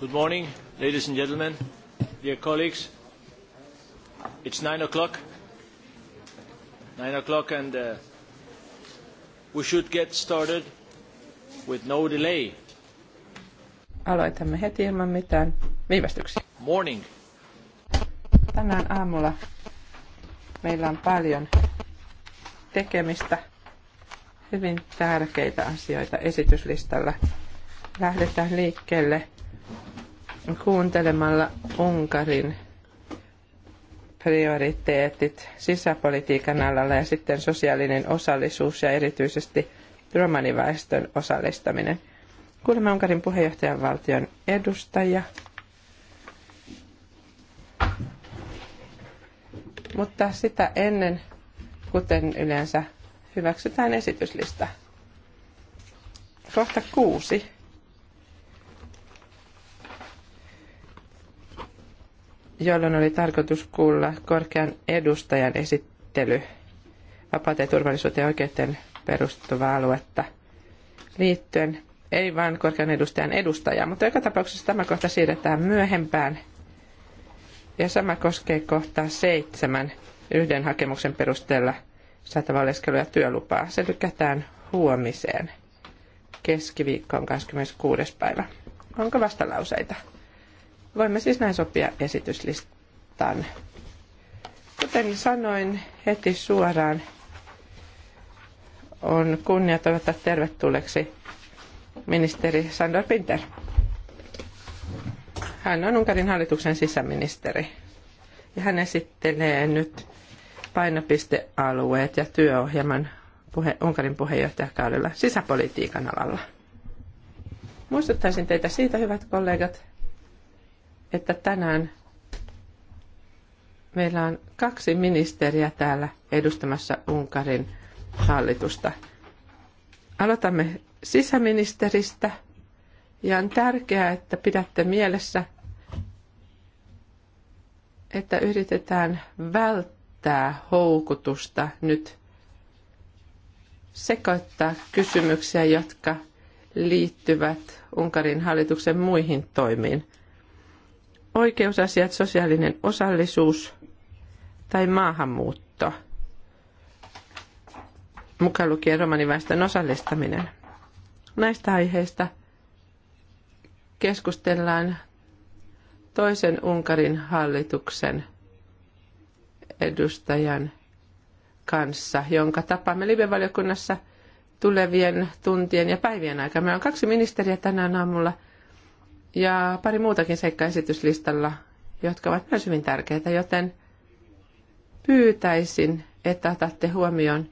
Good morning, ladies and gentlemen, dear colleagues. It's nine o'clock. Nine o'clock, and uh, we should get started with no delay. Aloitamme heti ilman mitään viivästyksiä. Morning. Tänään aamulla meillä on paljon tekemistä, hyvin tärkeitä asioita esityslistalla. Lähdetään liikkeelle kuuntelemalla Unkarin prioriteetit sisäpolitiikan alalla ja sitten sosiaalinen osallisuus ja erityisesti romaniväestön osallistaminen. Kuulemme Unkarin puheenjohtajan valtion edustaja. Mutta sitä ennen, kuten yleensä, hyväksytään esityslista. Kohta kuusi. jolloin oli tarkoitus kuulla korkean edustajan esittely vapauteen, turvallisuuteen ja oikeuteen perustuvaa aluetta liittyen. Ei vain korkean edustajan edustajaa, mutta joka tapauksessa tämä kohta siirretään myöhempään. Ja sama koskee kohtaa seitsemän yhden hakemuksen perusteella saatava oleskelu ja työlupaa. Se lykätään huomiseen keskiviikkoon 26. päivä. Onko vastalauseita? Voimme siis näin sopia esityslistan. Kuten sanoin heti suoraan, on kunnia toivottaa tervetulleeksi ministeri Sandor Pinter. Hän on Unkarin hallituksen sisäministeri ja hän esittelee nyt painopistealueet ja työohjelman puhe, Unkarin puheenjohtajakaudella sisäpolitiikan alalla. Muistuttaisin teitä siitä, hyvät kollegat, että tänään meillä on kaksi ministeriä täällä edustamassa Unkarin hallitusta. Aloitamme sisäministeristä ja on tärkeää, että pidätte mielessä, että yritetään välttää houkutusta nyt sekoittaa kysymyksiä, jotka liittyvät Unkarin hallituksen muihin toimiin. Oikeusasiat, sosiaalinen osallisuus tai maahanmuutto, mukaan lukien romaniväestön osallistaminen. Näistä aiheista keskustellaan toisen Unkarin hallituksen edustajan kanssa, jonka tapaamme live-valiokunnassa tulevien tuntien ja päivien aikana. Meillä on kaksi ministeriä tänään aamulla – ja pari muutakin seikkaa esityslistalla, jotka ovat myös hyvin tärkeitä, joten pyytäisin, että otatte huomioon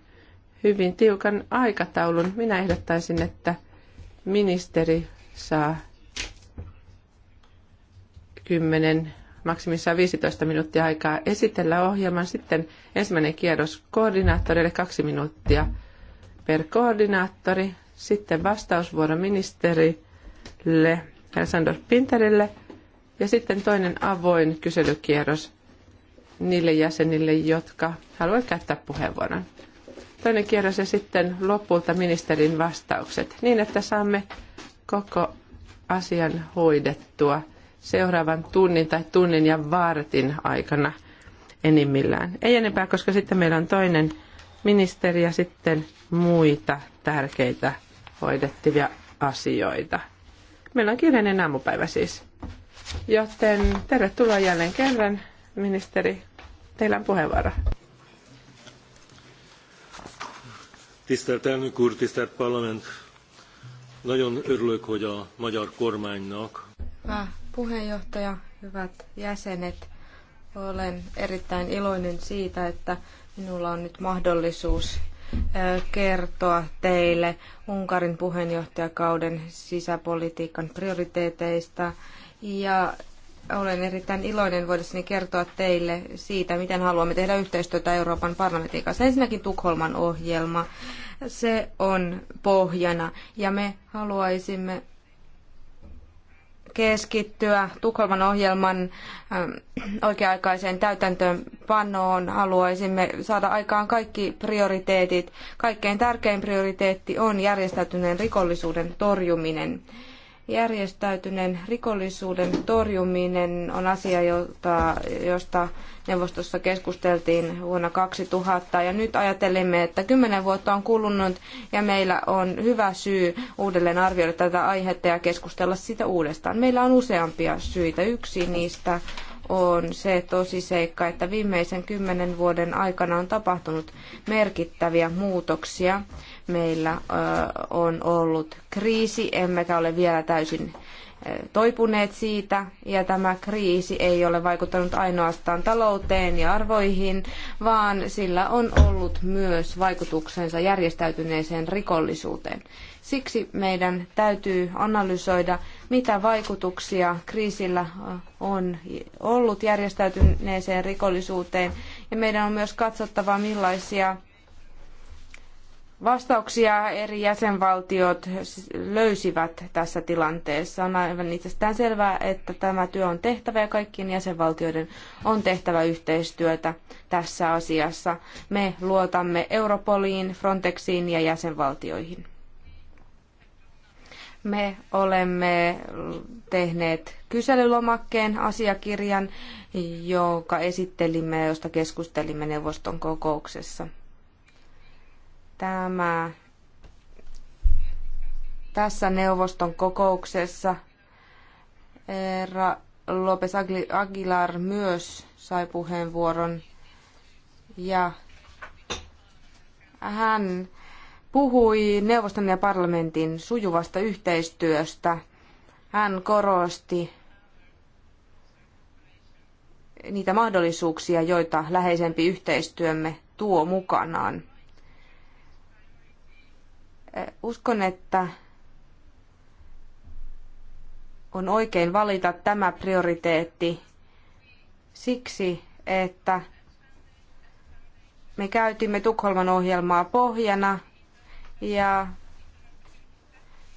hyvin tiukan aikataulun. Minä ehdottaisin, että ministeri saa 10, maksimissaan 15 minuuttia aikaa esitellä ohjelman. Sitten ensimmäinen kierros koordinaattorille, kaksi minuuttia per koordinaattori. Sitten vastausvuoro ministerille herra Sandor Pinterille. Ja sitten toinen avoin kyselykierros niille jäsenille, jotka haluavat käyttää puheenvuoron. Toinen kierros ja sitten lopulta ministerin vastaukset, niin että saamme koko asian hoidettua seuraavan tunnin tai tunnin ja vartin aikana enimmillään. Ei enempää, koska sitten meillä on toinen ministeri ja sitten muita tärkeitä hoidettavia asioita. Meillä on kiireinen aamupäivä siis. Joten tervetuloa jälleen kerran, ministeri. Teillä on puheenvuoro. Tisztelt elnök úr, tisztelt parlament! Nagyon örülök, hogy a magyar kormánynak... Hyvä puheenjohtaja, hyvät jäsenet. Olen erittäin iloinen siitä, että minulla on nyt mahdollisuus kertoa teille Unkarin puheenjohtajakauden sisäpolitiikan prioriteeteista ja olen erittäin iloinen voidessani kertoa teille siitä, miten haluamme tehdä yhteistyötä Euroopan parlamentin kanssa. Ensinnäkin Tukholman ohjelma. Se on pohjana ja me haluaisimme keskittyä Tukholman ohjelman ähm, oikea-aikaiseen täytäntöönpanoon. Haluaisimme saada aikaan kaikki prioriteetit. Kaikkein tärkein prioriteetti on järjestäytyneen rikollisuuden torjuminen. Järjestäytyneen rikollisuuden torjuminen on asia, jota, josta neuvostossa keskusteltiin vuonna 2000 ja nyt ajattelimme, että kymmenen vuotta on kulunut ja meillä on hyvä syy uudelleen arvioida tätä aihetta ja keskustella sitä uudestaan. Meillä on useampia syitä. Yksi niistä on se tosiseikka, että viimeisen kymmenen vuoden aikana on tapahtunut merkittäviä muutoksia meillä on ollut kriisi, emmekä ole vielä täysin toipuneet siitä, ja tämä kriisi ei ole vaikuttanut ainoastaan talouteen ja arvoihin, vaan sillä on ollut myös vaikutuksensa järjestäytyneeseen rikollisuuteen. Siksi meidän täytyy analysoida, mitä vaikutuksia kriisillä on ollut järjestäytyneeseen rikollisuuteen, ja meidän on myös katsottava, millaisia vastauksia eri jäsenvaltiot löysivät tässä tilanteessa. On aivan itsestään selvää, että tämä työ on tehtävä ja kaikkien jäsenvaltioiden on tehtävä yhteistyötä tässä asiassa. Me luotamme Europoliin, Frontexiin ja jäsenvaltioihin. Me olemme tehneet kyselylomakkeen asiakirjan, jonka esittelimme ja josta keskustelimme neuvoston kokouksessa. Tämä tässä neuvoston kokouksessa Herra Lopes Aguilar myös sai puheenvuoron ja hän puhui neuvoston ja parlamentin sujuvasta yhteistyöstä. Hän korosti niitä mahdollisuuksia, joita läheisempi yhteistyömme tuo mukanaan. Uskon, että on oikein valita tämä prioriteetti siksi, että me käytimme Tukholman ohjelmaa pohjana ja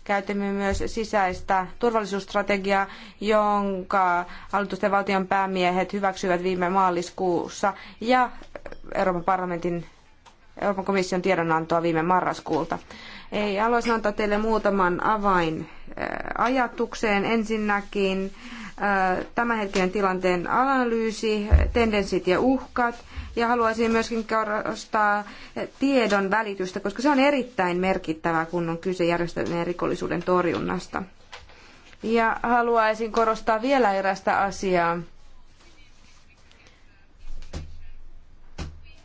käytimme myös sisäistä turvallisuusstrategiaa, jonka hallitusten valtion päämiehet hyväksyivät viime maaliskuussa ja Euroopan parlamentin Euroopan komission tiedonantoa viime marraskuulta. Ei, haluaisin antaa teille muutaman avain ajatukseen. Ensinnäkin tämänhetkinen tilanteen analyysi, tendenssit ja uhkat. Ja haluaisin myöskin korostaa tiedon välitystä, koska se on erittäin merkittävää, kun on kyse järjestäytyneen rikollisuuden torjunnasta. Ja haluaisin korostaa vielä erästä asiaa.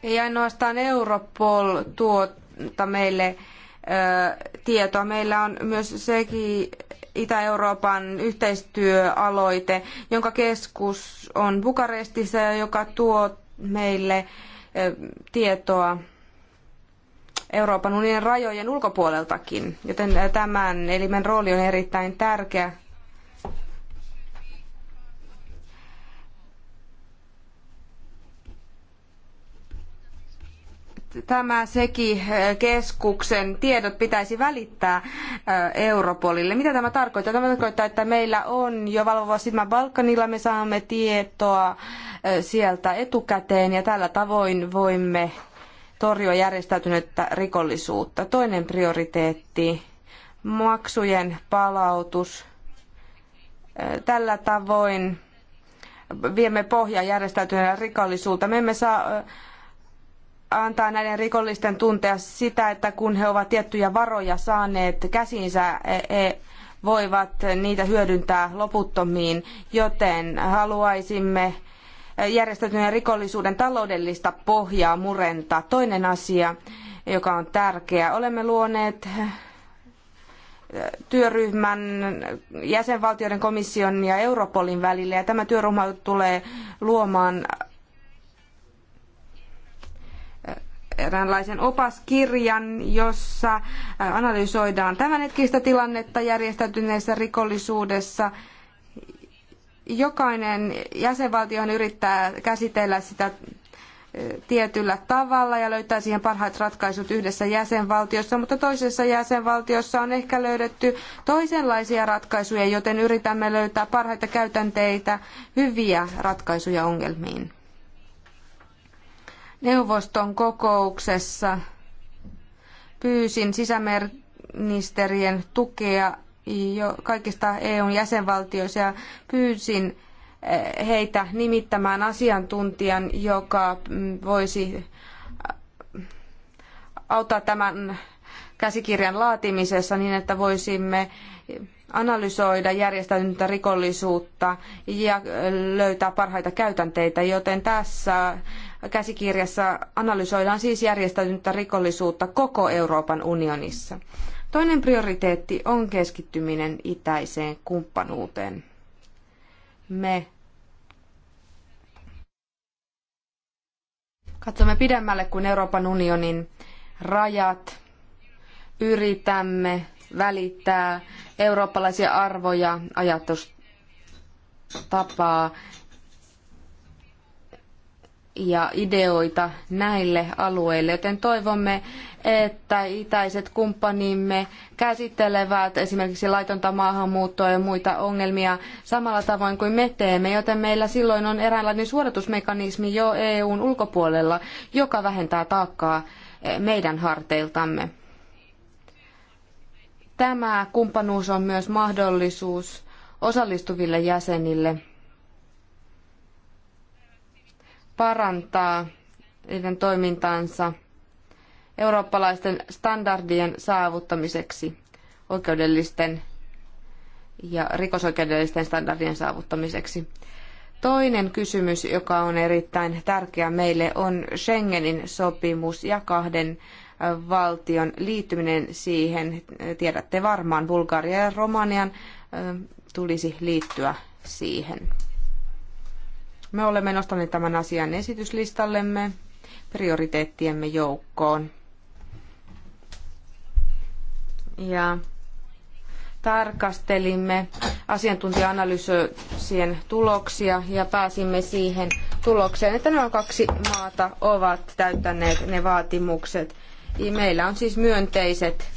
Ei ainoastaan Europol tuota meille tietoa. Meillä on myös sekin Itä-Euroopan yhteistyöaloite, jonka keskus on Bukarestissa ja joka tuo meille tietoa Euroopan unionin rajojen ulkopuoleltakin, joten tämän elimen rooli on erittäin tärkeä tämä seki eh, keskuksen tiedot pitäisi välittää eh, Europolille. Mitä tämä tarkoittaa? Tämä tarkoittaa, että meillä on jo valvova silmä Balkanilla, me saamme tietoa eh, sieltä etukäteen ja tällä tavoin voimme torjua järjestäytynyttä rikollisuutta. Toinen prioriteetti, maksujen palautus. Tällä tavoin viemme pohjaa järjestäytyneellä rikollisuutta. Me emme saa antaa näiden rikollisten tuntea sitä, että kun he ovat tiettyjä varoja saaneet käsiinsä, he voivat niitä hyödyntää loputtomiin, joten haluaisimme järjestäytyneen rikollisuuden taloudellista pohjaa murentaa. Toinen asia, joka on tärkeä, olemme luoneet eh, työryhmän jäsenvaltioiden komission ja Europolin välille. ja tämä työryhmä tulee luomaan eräänlaisen opaskirjan, jossa analysoidaan tämänhetkistä tilannetta järjestäytyneessä rikollisuudessa. Jokainen jäsenvaltiohan yrittää käsitellä sitä tietyllä tavalla ja löytää siihen parhaat ratkaisut yhdessä jäsenvaltiossa, mutta toisessa jäsenvaltiossa on ehkä löydetty toisenlaisia ratkaisuja, joten yritämme löytää parhaita käytänteitä, hyviä ratkaisuja ongelmiin neuvoston kokouksessa pyysin sisäministerien tukea jo kaikista EUn jäsenvaltioista ja pyysin eh, heitä nimittämään asiantuntijan, joka mm, voisi eh, auttaa tämän käsikirjan laatimisessa niin, että voisimme analysoida järjestäytynyttä rikollisuutta ja eh, löytää parhaita käytänteitä, joten tässä käsikirjassa analysoidaan siis järjestäytynyttä rikollisuutta koko Euroopan unionissa. Toinen prioriteetti on keskittyminen itäiseen kumppanuuteen. Me katsomme pidemmälle kuin Euroopan unionin rajat. Yritämme välittää eurooppalaisia arvoja, ajatustapaa ja ideoita näille alueille, joten toivomme, että itäiset kumppanimme käsittelevät esimerkiksi laitonta maahanmuuttoa ja muita ongelmia samalla tavoin kuin me teemme, joten meillä silloin on eräänlainen suoritusmekanismi jo EUn ulkopuolella, joka vähentää taakkaa eh, meidän harteiltamme. Tämä kumppanuus on myös mahdollisuus osallistuville jäsenille – parantaa heidän toimintaansa eurooppalaisten standardien saavuttamiseksi, oikeudellisten ja rikosoikeudellisten standardien saavuttamiseksi. Toinen kysymys, joka on erittäin tärkeä meille, on Schengenin sopimus ja kahden valtion liittyminen siihen. Tiedätte varmaan, Bulgarian ja Romanian tulisi liittyä siihen. Me olemme nostaneet tämän asian esityslistallemme prioriteettiemme joukkoon. Ja tarkastelimme asiantuntija-analyysien tuloksia ja pääsimme siihen tulokseen, että nämä kaksi maata ovat täyttäneet ne vaatimukset. Meillä on siis myönteiset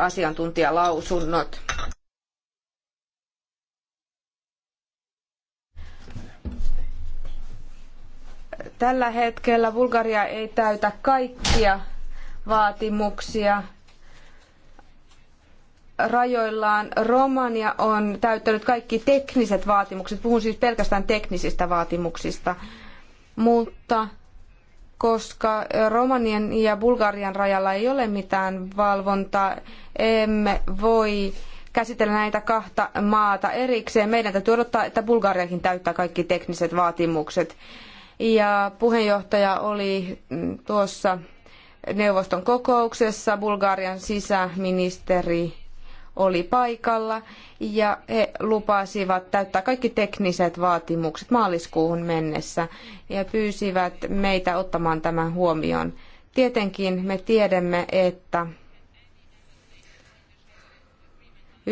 asiantuntijalausunnot. Tällä hetkellä Bulgaria ei täytä kaikkia vaatimuksia rajoillaan. Romania on täyttänyt kaikki tekniset vaatimukset, puhun siis pelkästään teknisistä vaatimuksista, mutta koska Romanian ja Bulgarian rajalla ei ole mitään valvontaa, emme voi käsitellä näitä kahta maata erikseen. Meidän täytyy odottaa, että Bulgariakin täyttää kaikki tekniset vaatimukset ja puheenjohtaja oli mm, tuossa neuvoston kokouksessa, Bulgarian sisäministeri oli paikalla ja he lupasivat täyttää kaikki tekniset vaatimukset maaliskuuhun mennessä ja pyysivät meitä ottamaan tämän huomioon. Tietenkin me tiedämme, että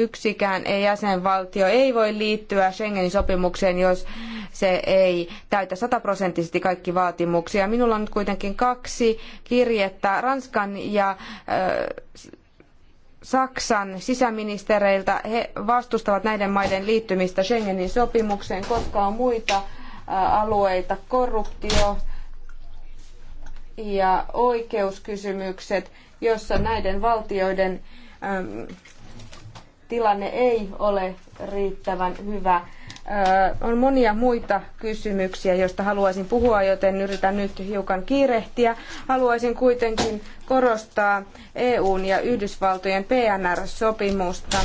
yksikään ei jäsenvaltio ei voi liittyä Schengenin sopimukseen, jos se ei täytä sataprosenttisesti kaikki vaatimuksia. Minulla on nyt kuitenkin kaksi kirjettä Ranskan ja Saksan sisäministereiltä. He vastustavat näiden maiden liittymistä Schengenin sopimukseen, koska on muita alueita, korruptio ja oikeuskysymykset, jossa näiden valtioiden tilanne ei ole riittävän hyvä. On monia muita kysymyksiä, joista haluaisin puhua, joten yritän nyt hiukan kiirehtiä. Haluaisin kuitenkin korostaa EUn ja Yhdysvaltojen PNR-sopimusta.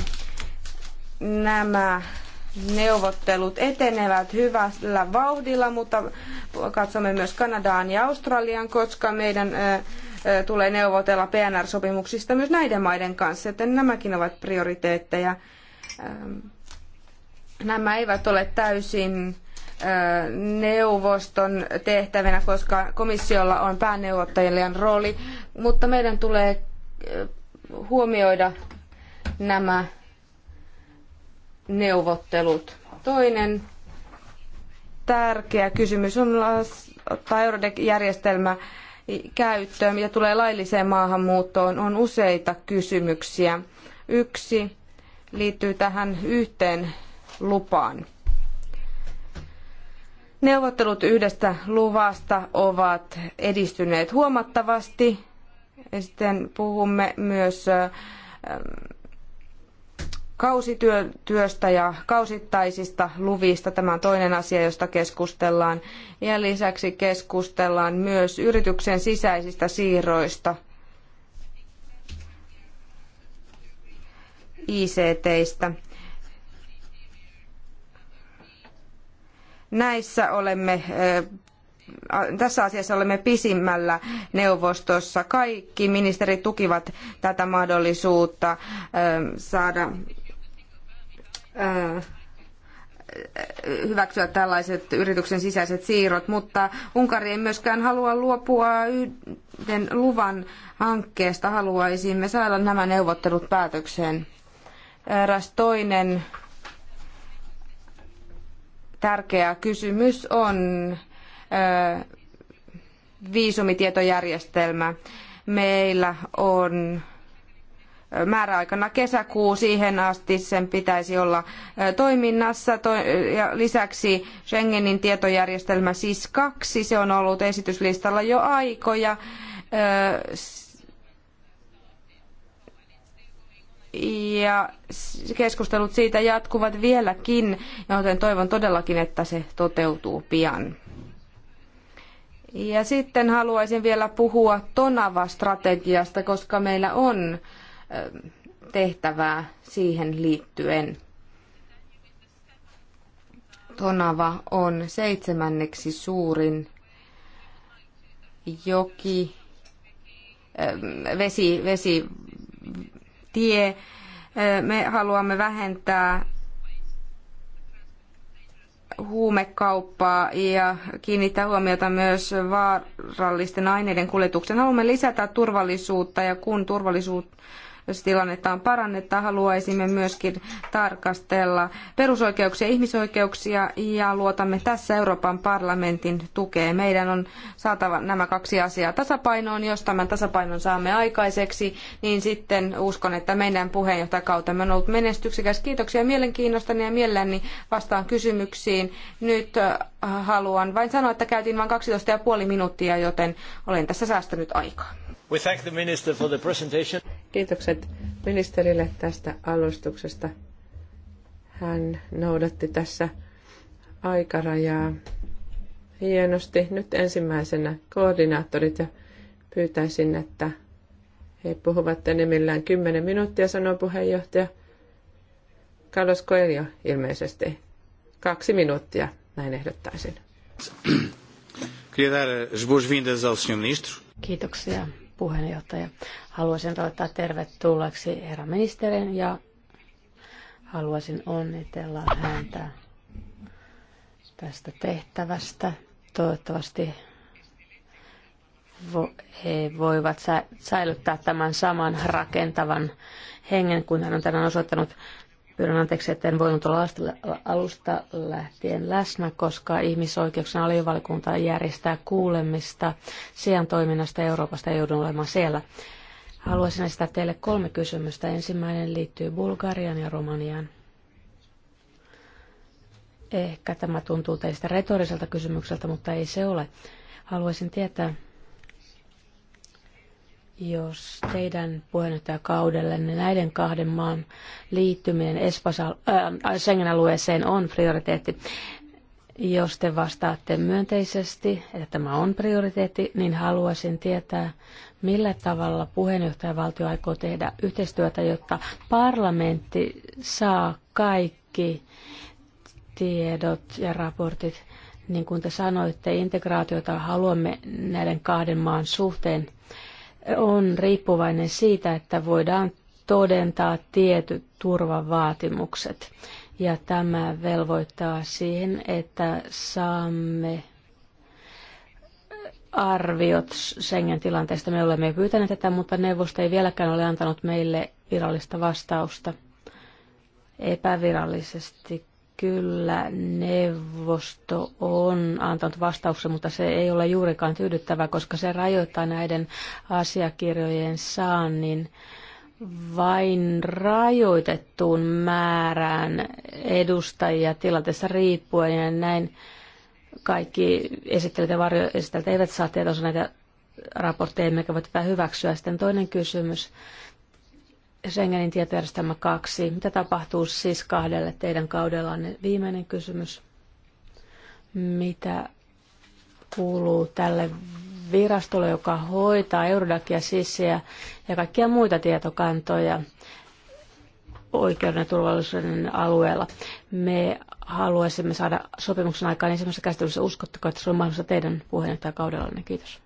Nämä neuvottelut etenevät hyvällä vauhdilla, mutta katsomme myös Kanadaan ja Australian, koska meidän tulee neuvotella PNR-sopimuksista myös näiden maiden kanssa, joten nämäkin ovat prioriteetteja. Nämä eivät ole täysin neuvoston tehtävänä, koska komissiolla on pääneuvottelijan rooli, mutta meidän tulee huomioida nämä neuvottelut. Toinen tärkeä kysymys on tai Eurodec-järjestelmä käyttöön ja tulee lailliseen maahanmuuttoon. On useita kysymyksiä. Yksi liittyy tähän yhteen lupaan. Neuvottelut yhdestä luvasta ovat edistyneet huomattavasti. Ja sitten puhumme myös ähm, kausityöstä ja kausittaisista luvista. Tämä on toinen asia, josta keskustellaan. Ja lisäksi keskustellaan myös yrityksen sisäisistä siirroista, ICTistä. Näissä olemme tässä asiassa olemme pisimmällä neuvostossa. Kaikki ministerit tukivat tätä mahdollisuutta saada hyväksyä tällaiset yrityksen sisäiset siirrot, mutta Unkari ei myöskään halua luopua yhden luvan hankkeesta. Haluaisimme saada nämä neuvottelut päätökseen. Eräs toinen tärkeä kysymys on viisumitietojärjestelmä. Meillä on määräaikana kesäkuu. Siihen asti sen pitäisi olla toiminnassa. ja lisäksi Schengenin tietojärjestelmä SIS 2, se on ollut esityslistalla jo aikoja. ja keskustelut siitä jatkuvat vieläkin, joten toivon todellakin, että se toteutuu pian. Ja sitten haluaisin vielä puhua Tonava-strategiasta, koska meillä on äh, tehtävää siihen liittyen. Tonava on seitsemänneksi suurin joki, vesi, vesi, tie. Me haluamme vähentää huumekauppaa ja kiinnittää huomiota myös vaarallisten aineiden kuljetukseen. Haluamme lisätä turvallisuutta ja kun turvallisuus jos tilannetta on parannetta, haluaisimme myöskin tarkastella perusoikeuksia ja ihmisoikeuksia ja luotamme tässä Euroopan parlamentin tukeen. Meidän on saatava nämä kaksi asiaa tasapainoon. Jos tämän tasapainon saamme aikaiseksi, niin sitten uskon, että meidän puheenjohtajakautemme on ollut menestyksekäs. Kiitoksia mielenkiinnostani ja mielelläni vastaan kysymyksiin. Nyt äh, haluan vain sanoa, että käytin vain 12,5 minuuttia, joten olen tässä säästänyt aikaa. We thank the minister for the presentation. Kiitokset ministerille tästä alustuksesta. Hän noudatti tässä aikarajaa hienosti. Nyt ensimmäisenä koordinaattorit ja pyytäisin, että he puhuvat enimmillään 10 minuuttia, sanoo puheenjohtaja. Carlos Coelho ilmeisesti. Kaksi minuuttia, näin ehdottaisin. Kiitoksia puheenjohtaja. Haluaisin toivottaa tervetulleeksi herra ministerin ja haluaisin onnitella häntä tästä tehtävästä. Toivottavasti he voivat säilyttää tämän saman rakentavan hengen, kun hän on tänään osoittanut Pyydän anteeksi, että en voinut olla alusta lähtien läsnä, koska ihmisoikeuksien alivalikunta järjestää kuulemista Sian toiminnasta Euroopasta ja joudun olemaan siellä. Haluaisin esittää teille kolme kysymystä. Ensimmäinen liittyy Bulgarian ja Romaniaan. Ehkä tämä tuntuu teistä retoriselta kysymykseltä, mutta ei se ole. Haluaisin tietää, jos teidän puheenjohtajakaudellenne niin näiden kahden maan liittyminen Espasal, äh, Schengen-alueeseen on prioriteetti, jos te vastaatte myönteisesti, että tämä on prioriteetti, niin haluaisin tietää, millä tavalla puheenjohtajavaltio aikoo tehdä yhteistyötä, jotta parlamentti saa kaikki tiedot ja raportit. Niin kuin te sanoitte, integraatiota haluamme näiden kahden maan suhteen on riippuvainen siitä, että voidaan todentaa tietyt turvavaatimukset. Ja tämä velvoittaa siihen, että saamme arviot Schengen tilanteesta. Me olemme jo pyytäneet tätä, mutta neuvosto ei vieläkään ole antanut meille virallista vastausta epävirallisesti Kyllä neuvosto on antanut vastauksen, mutta se ei ole juurikaan tyydyttävä, koska se rajoittaa näiden asiakirjojen saannin vain rajoitettuun määrään edustajia tilanteessa riippuen ja näin kaikki esittelijät ja varjoesittelijät eivät saa tietoa näitä raportteja, emmekä voi tätä hyväksyä. Sitten toinen kysymys Schengenin tietojärjestelmä 2. Mitä tapahtuu siis kahdelle teidän kaudellanne? Viimeinen kysymys. Mitä kuuluu tälle virastolle, joka hoitaa Eurodacia, SISiä ja kaikkia muita tietokantoja oikeuden ja turvallisuuden alueella. Me haluaisimme saada sopimuksen aikaan ensimmäisessä käsittelyssä. Uskotteko, että se on mahdollista teidän puheenjohtajakaudellanne? Kiitos.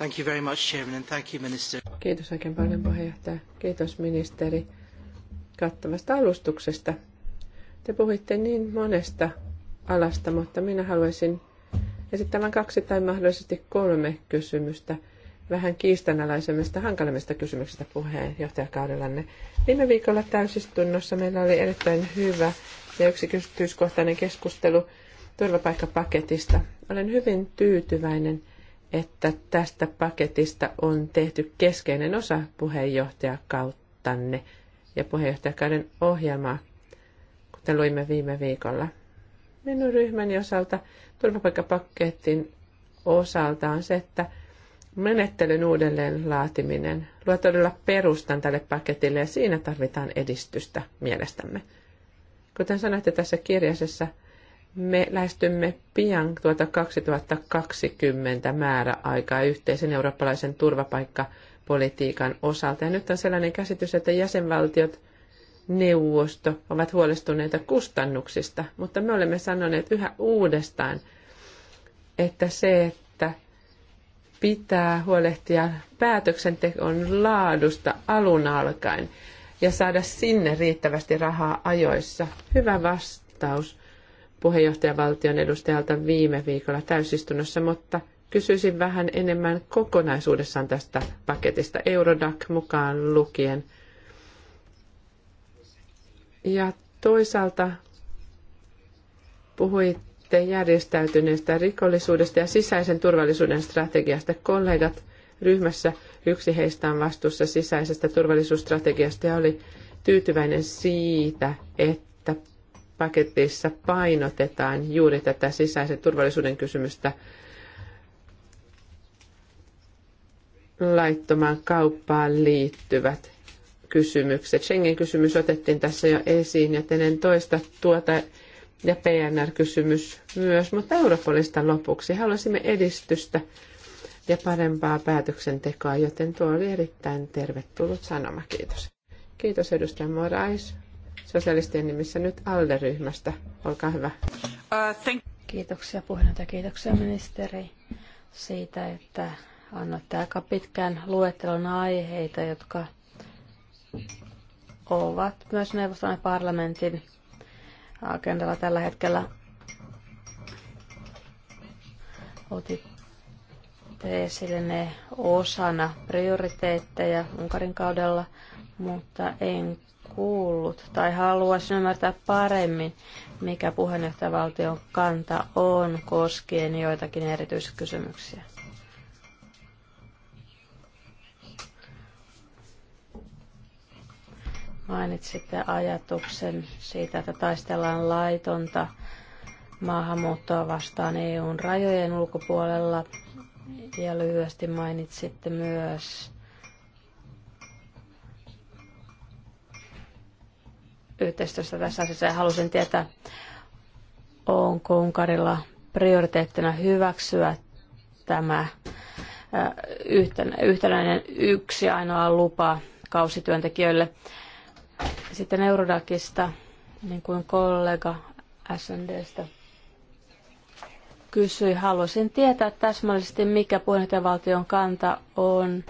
Thank you very much, Chairman, and thank you, Minister. Kiitos oikein paljon puheenjohtaja. Kiitos ministeri kattavasta alustuksesta. Te puhuitte niin monesta alasta, mutta minä haluaisin esittää vain kaksi tai mahdollisesti kolme kysymystä vähän kiistanalaisemmista, hankalammista kysymyksistä puheenjohtajakaudellanne. Viime viikolla täysistunnossa meillä oli erittäin hyvä ja yksityiskohtainen keskustelu turvapaikkapaketista. Olen hyvin tyytyväinen että tästä paketista on tehty keskeinen osa puheenjohtajakauttanne ja puheenjohtajakauden ohjelmaa, kuten luimme viime viikolla. Minun ryhmäni osalta turvapaikkapaketin osalta on se, että menettelyn uudelleen laatiminen luo todella perustan tälle paketille ja siinä tarvitaan edistystä mielestämme. Kuten sanoitte tässä kirjasessa, me lähestymme pian tuota 2020 määräaikaa yhteisen eurooppalaisen turvapaikkapolitiikan osalta. Ja nyt on sellainen käsitys, että jäsenvaltiot, neuvosto ovat huolestuneita kustannuksista, mutta me olemme sanoneet yhä uudestaan, että se, että pitää huolehtia päätöksentekon laadusta alun alkaen ja saada sinne riittävästi rahaa ajoissa. Hyvä vastaus puheenjohtajavaltion edustajalta viime viikolla täysistunnossa, mutta kysyisin vähän enemmän kokonaisuudessaan tästä paketista Eurodac mukaan lukien. Ja toisaalta puhuitte järjestäytyneestä rikollisuudesta ja sisäisen turvallisuuden strategiasta. Kollegat ryhmässä yksi heistä on vastuussa sisäisestä turvallisuusstrategiasta ja oli tyytyväinen siitä, että paketissa painotetaan juuri tätä sisäisen turvallisuuden kysymystä laittomaan kauppaan liittyvät kysymykset. Schengen-kysymys otettiin tässä jo esiin, joten en toista tuota ja PNR-kysymys myös, mutta Europolista lopuksi haluaisimme edistystä ja parempaa päätöksentekoa, joten tuo oli erittäin tervetullut sanoma. Kiitos. Kiitos edustaja Morais sosialistien nimissä nyt ALDE-ryhmästä. Olkaa hyvä. Uh, kiitoksia puheenjohtaja, kiitoksia ministeri siitä, että annoitte aika pitkään luettelon aiheita, jotka ovat myös neuvoston ja parlamentin agendalla tällä hetkellä. Otitte esille ne osana prioriteetteja Unkarin kaudella, mutta en kuullut tai haluaisin ymmärtää paremmin, mikä puheenjohtajavaltion kanta on koskien joitakin erityiskysymyksiä. Mainitsitte ajatuksen siitä, että taistellaan laitonta maahanmuuttoa vastaan EUn rajojen ulkopuolella ja lyhyesti mainitsitte myös yhteistyöstä tässä asiassa ja halusin tietää, onko Unkarilla prioriteettina hyväksyä tämä yhtenäinen yksi ainoa lupa kausityöntekijöille. Sitten Eurodakista, niin kuin kollega SNDstä kysyi, haluaisin tietää täsmällisesti, mikä puheenjohtajavaltion kanta on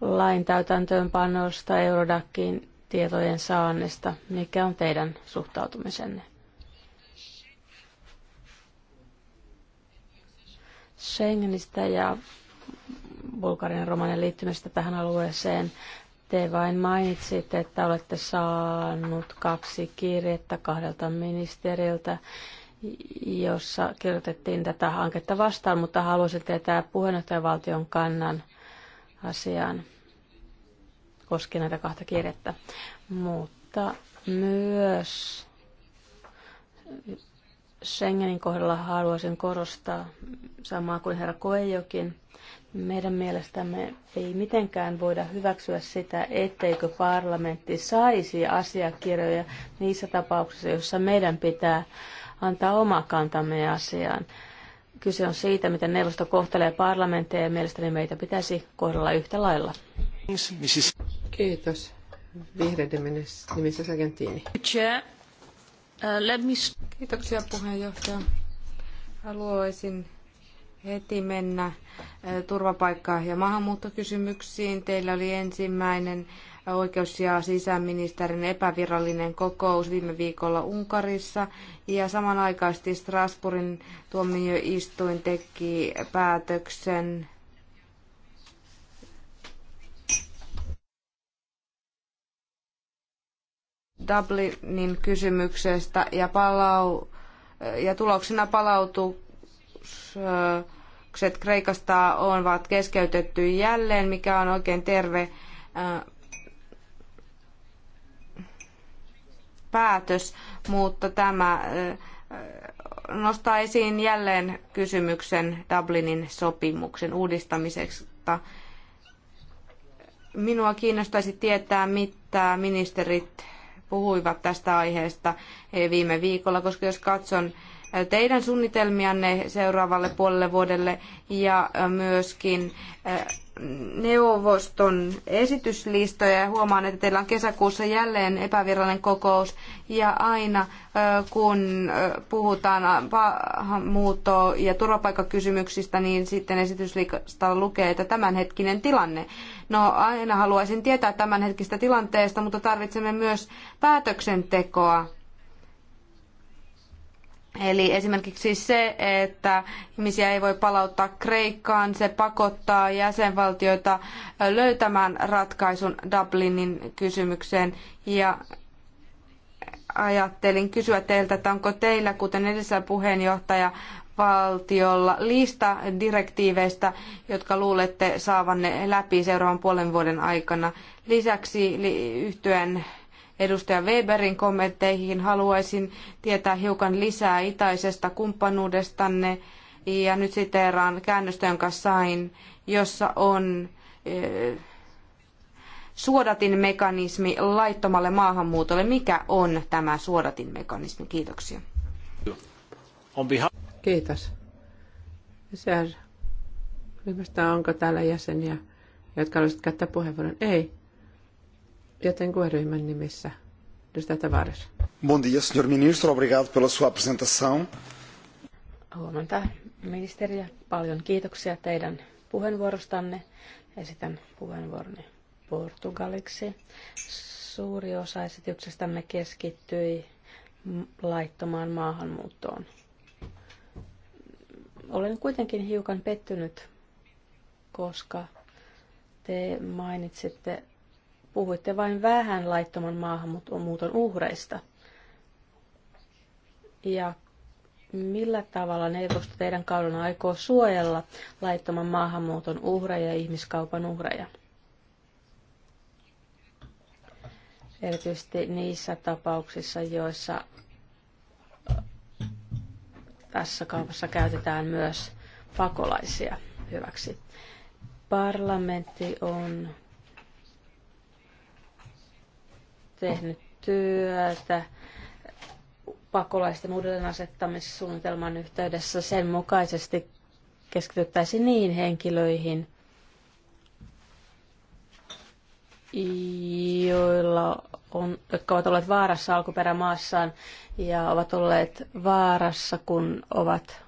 lain täytäntöönpanosta Eurodakin tietojen saannista. Mikä on teidän suhtautumisenne? Schengenistä ja Bulgarian romanen liittymistä tähän alueeseen. Te vain mainitsitte, että olette saanut kaksi kirjettä kahdelta ministeriltä, jossa kirjoitettiin tätä hanketta vastaan, mutta haluaisin tietää puheenjohtajavaltion kannan asiaan koskee näitä kahta kirjettä. Mutta myös Schengenin kohdalla haluaisin korostaa samaa kuin herra Koejokin. Meidän mielestämme ei mitenkään voida hyväksyä sitä, etteikö parlamentti saisi asiakirjoja niissä tapauksissa, joissa meidän pitää antaa oma kantamme asiaan. Kyse on siitä, miten neuvosto kohtelee parlamentteja ja mielestäni meitä pitäisi kohdella yhtä lailla. Kiitos. Vihreiden nimissä Sargentini. Uh, Kiitoksia puheenjohtaja. Haluaisin heti mennä uh, turvapaikka- ja maahanmuuttokysymyksiin. Teillä oli ensimmäinen uh, oikeus- ja sisäministerin epävirallinen kokous viime viikolla Unkarissa ja samanaikaisesti Strasbourgin tuomioistuin teki päätöksen Dublinin kysymyksestä ja, palau, ja tuloksena palautukset Kreikasta on vaat keskeytetty jälleen, mikä on oikein terve äh, päätös, mutta tämä äh, nostaa esiin jälleen kysymyksen Dublinin sopimuksen uudistamisesta. Minua kiinnostaisi tietää, mitä ministerit puhuivat tästä aiheesta eh, viime viikolla, koska jos katson teidän suunnitelmianne seuraavalle puolelle vuodelle ja myöskin neuvoston esityslistoja huomaan, että teillä on kesäkuussa jälleen epävirallinen kokous ja aina kun puhutaan muutto- ja turvapaikkakysymyksistä, niin sitten esityslistalla lukee, että tämänhetkinen tilanne. No aina haluaisin tietää tämänhetkistä tilanteesta, mutta tarvitsemme myös päätöksentekoa Eli esimerkiksi siis se, että ihmisiä ei voi palauttaa Kreikkaan, se pakottaa jäsenvaltioita löytämään ratkaisun Dublinin kysymykseen. Ja ajattelin kysyä teiltä, että onko teillä, kuten edellisellä puheenjohtaja, valtiolla lista direktiiveistä, jotka luulette saavanne läpi seuraavan puolen vuoden aikana. Lisäksi yhtyen edustaja Weberin kommentteihin. Haluaisin tietää hiukan lisää itäisestä kumppanuudestanne ja nyt siteeraan käännöstä, jonka sain, jossa on suodatinmekanismi laittomalle maahanmuutolle. Mikä on tämä suodatinmekanismi? Kiitoksia. Kiitos. Sär, ryhmästä onko täällä jäseniä, jotka haluaisivat käyttää puheenvuoron? Ei joten nimissä edustaja Tavares. Bom dia, senhor ministro. Obrigado pela sua apresentação. Huomenta, ministeri, ja paljon kiitoksia teidän puheenvuorostanne. Esitän puheenvuoroni portugaliksi. Suuri osa esityksestämme keskittyi laittomaan maahanmuuttoon. Olen kuitenkin hiukan pettynyt, koska te mainitsitte Puhuitte vain vähän laittoman maahanmuuton uhreista. Ja millä tavalla neuvosto teidän kaudella aikoo suojella laittoman maahanmuuton uhreja ja ihmiskaupan uhreja? Erityisesti niissä tapauksissa, joissa äh, tässä kaupassa käytetään myös pakolaisia hyväksi. Parlamentti on tehnyt työtä pakolaisten asettamissuunnitelman yhteydessä sen mukaisesti keskityttäisiin niin henkilöihin, joilla on, jotka ovat olleet vaarassa alkuperämaassaan ja ovat olleet vaarassa, kun ovat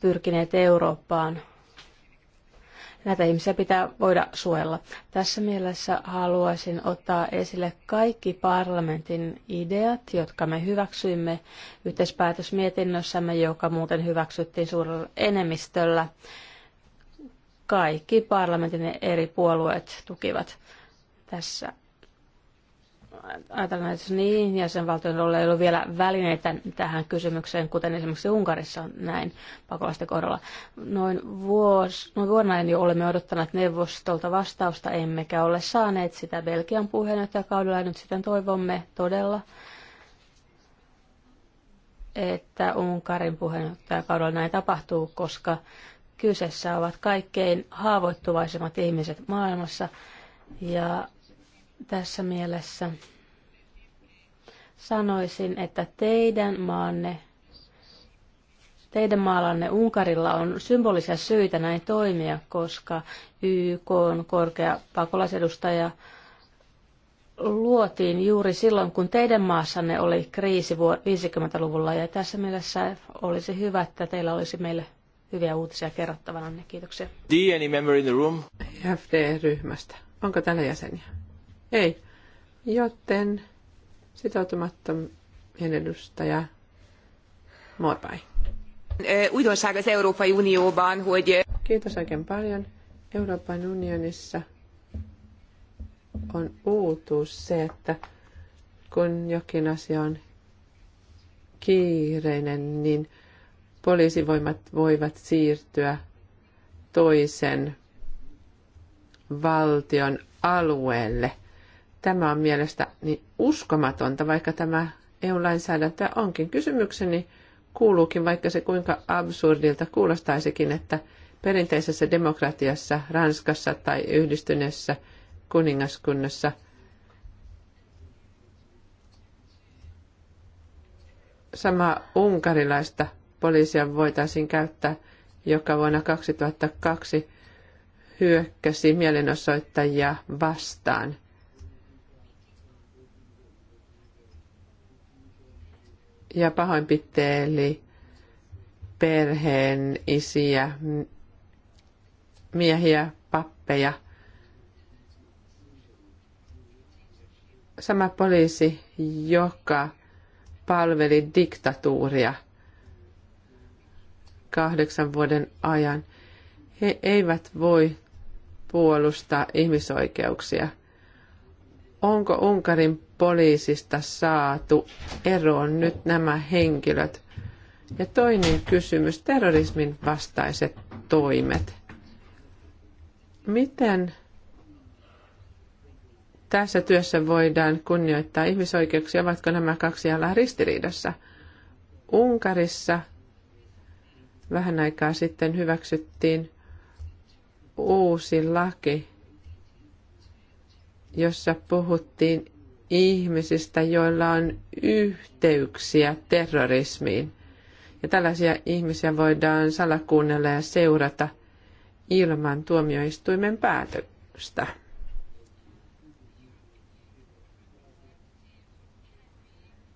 pyrkineet Eurooppaan Näitä ihmisiä pitää voida suojella. Tässä mielessä haluaisin ottaa esille kaikki parlamentin ideat, jotka me hyväksyimme yhteispäätösmietinnössämme, joka muuten hyväksyttiin suurella enemmistöllä. Kaikki parlamentin eri puolueet tukivat tässä ajatellaan, että niin, jäsenvaltioilla ei ole vielä välineitä tähän kysymykseen, kuten esimerkiksi Unkarissa on näin pakolaisten kohdalla. Noin, vuos, noin vuonna jo olemme odottaneet neuvostolta vastausta, emmekä ole saaneet sitä Belgian puheenjohtajakaudella, ja nyt sitten toivomme todella, että Unkarin puheenjohtajakaudella näin tapahtuu, koska kyseessä ovat kaikkein haavoittuvaisimmat ihmiset maailmassa, ja tässä mielessä sanoisin, että teidän maanne, teidän maalanne Unkarilla on symbolisia syitä näin toimia, koska YK on korkea pakolaisedustaja luotiin juuri silloin, kun teidän maassanne oli kriisi 50-luvulla, ja tässä mielessä olisi hyvä, että teillä olisi meille hyviä uutisia kerrottavana. Kiitoksia. any member in the room? ryhmästä Onko täällä jäseniä? Ei. Joten sitoutumattomien edustaja Morbai. Újdonság az Európai Unióban, hogy... Kiitos oikein paljon. Euroopan unionissa on uutuus se, että kun jokin asia on kiireinen, niin poliisivoimat voivat siirtyä toisen valtion alueelle – Tämä on mielestäni uskomatonta, vaikka tämä EU-lainsäädäntö onkin. Kysymykseni kuuluukin, vaikka se kuinka absurdilta kuulostaisikin, että perinteisessä demokratiassa, Ranskassa tai yhdistyneessä kuningaskunnassa sama unkarilaista poliisia voitaisiin käyttää, joka vuonna 2002 hyökkäsi mielenosoittajia vastaan – ja pahoinpitteeli perheen isiä, miehiä, pappeja. Sama poliisi, joka palveli diktatuuria kahdeksan vuoden ajan. He eivät voi puolustaa ihmisoikeuksia. Onko Unkarin poliisista saatu eroon nyt nämä henkilöt? Ja toinen kysymys, terrorismin vastaiset toimet. Miten tässä työssä voidaan kunnioittaa ihmisoikeuksia, ovatko nämä kaksi alaa ristiriidassa? Unkarissa vähän aikaa sitten hyväksyttiin uusi laki, jossa puhuttiin ihmisistä, joilla on yhteyksiä terrorismiin. Ja tällaisia ihmisiä voidaan salakuunnella ja seurata ilman tuomioistuimen päätöstä.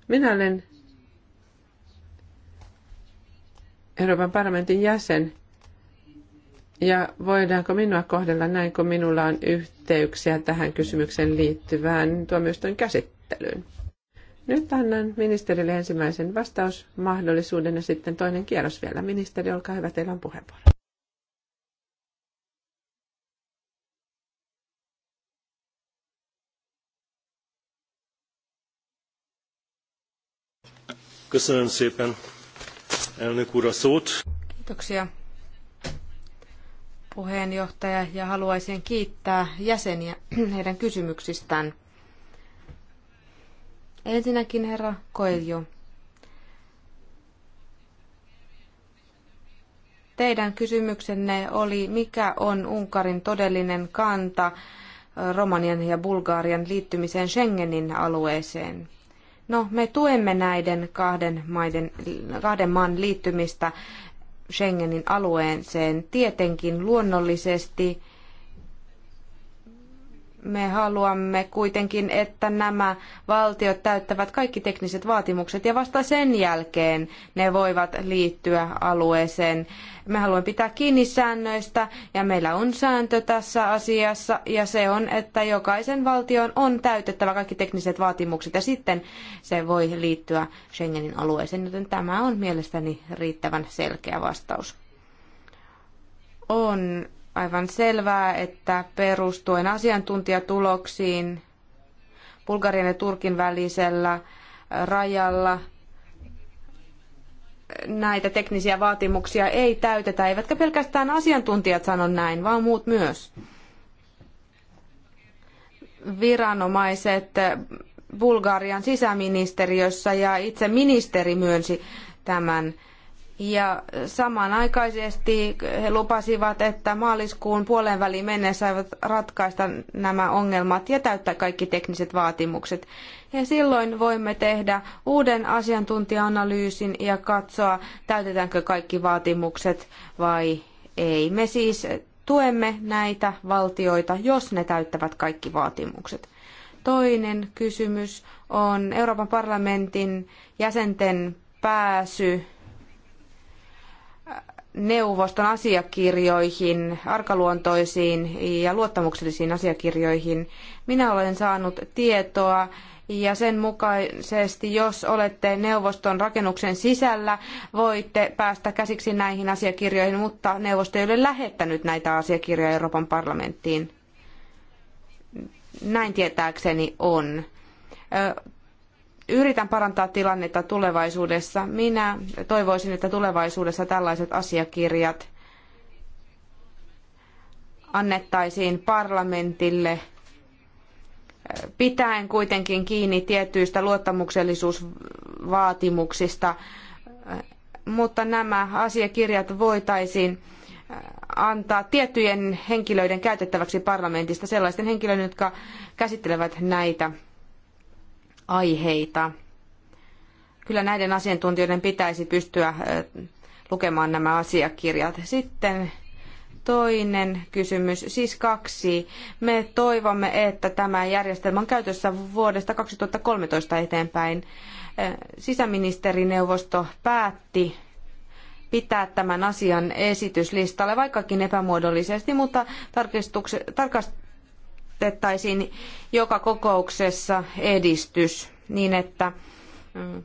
Minä olen Euroopan parlamentin jäsen ja voidaanko minua kohdella näin, kun minulla on yhteyksiä tähän kysymykseen liittyvään tuomioistuin käsittelyyn? Nyt annan ministerille ensimmäisen vastausmahdollisuuden ja sitten toinen kierros vielä. Ministeri, olkaa hyvä, teillä on puheenvuoro. Köszönöm szépen, elnök úr, a szót. Kiitoksia, puheenjohtaja ja haluaisin kiittää jäseniä heidän kysymyksistään. Ensinnäkin herra Koeljo. Teidän kysymyksenne oli, mikä on Unkarin todellinen kanta Romanian ja Bulgarian liittymiseen Schengenin alueeseen. No, me tuemme näiden kahden, maiden, kahden maan liittymistä Schengenin alueeseen. Tietenkin luonnollisesti me haluamme kuitenkin, että nämä valtiot täyttävät kaikki tekniset vaatimukset ja vasta sen jälkeen ne voivat liittyä alueeseen. Me haluamme pitää kiinni säännöistä ja meillä on sääntö tässä asiassa ja se on, että jokaisen valtion on täytettävä kaikki tekniset vaatimukset ja sitten se voi liittyä Schengenin alueeseen, joten tämä on mielestäni riittävän selkeä vastaus. On aivan selvää, että perustuen asiantuntijatuloksiin Bulgarian ja Turkin välisellä rajalla näitä teknisiä vaatimuksia ei täytetä, eivätkä pelkästään asiantuntijat sano näin, vaan muut myös. Viranomaiset Bulgarian sisäministeriössä ja itse ministeri myönsi tämän ja samanaikaisesti he lupasivat, että maaliskuun puolen väliin mennessä saivat ratkaista nämä ongelmat ja täyttää kaikki tekniset vaatimukset. Ja silloin voimme tehdä uuden asiantuntija-analyysin ja katsoa, täytetäänkö kaikki vaatimukset vai ei. Me siis tuemme näitä valtioita, jos ne täyttävät kaikki vaatimukset. Toinen kysymys on Euroopan parlamentin jäsenten pääsy neuvoston asiakirjoihin, arkaluontoisiin ja luottamuksellisiin asiakirjoihin. Minä olen saanut tietoa ja sen mukaisesti, jos olette neuvoston rakennuksen sisällä, voitte päästä käsiksi näihin asiakirjoihin, mutta neuvosto ei ole lähettänyt näitä asiakirjoja Euroopan parlamenttiin. Näin tietääkseni on yritän parantaa tilannetta tulevaisuudessa. Minä toivoisin, että tulevaisuudessa tällaiset asiakirjat annettaisiin parlamentille eh, pitäen kuitenkin kiinni tietyistä luottamuksellisuusvaatimuksista, eh, mutta nämä asiakirjat voitaisiin eh, antaa tiettyjen henkilöiden käytettäväksi parlamentista, sellaisten henkilöiden, jotka käsittelevät näitä aiheita. Kyllä näiden asiantuntijoiden pitäisi pystyä lukemaan nämä asiakirjat. Sitten toinen kysymys, siis kaksi. Me toivomme, että tämä järjestelmä on käytössä vuodesta 2013 eteenpäin. Sisäministerineuvosto päätti pitää tämän asian esityslistalle, vaikkakin epämuodollisesti, mutta tarkastukset, tarkast, otettaisiin joka kokouksessa edistys niin, että mm,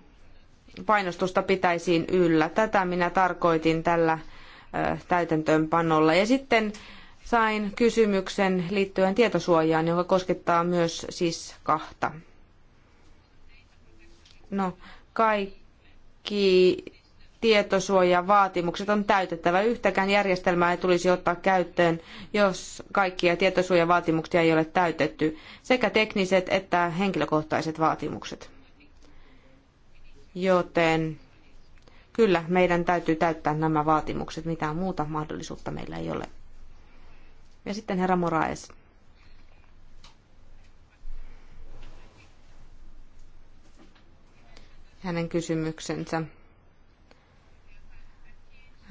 painostusta pitäisiin yllä. Tätä minä tarkoitin tällä täytäntöönpanolla. Ja sitten sain kysymyksen liittyen tietosuojaan, joka koskettaa myös siis kahta. No, kaikki tietosuojavaatimukset on täytettävä. Yhtäkään järjestelmää ei tulisi ottaa käyttöön, jos kaikkia tietosuojavaatimuksia ei ole täytetty, sekä tekniset että henkilökohtaiset vaatimukset. Joten kyllä, meidän täytyy täyttää nämä vaatimukset, mitään muuta mahdollisuutta meillä ei ole. Ja sitten herra Moraes. Hänen kysymyksensä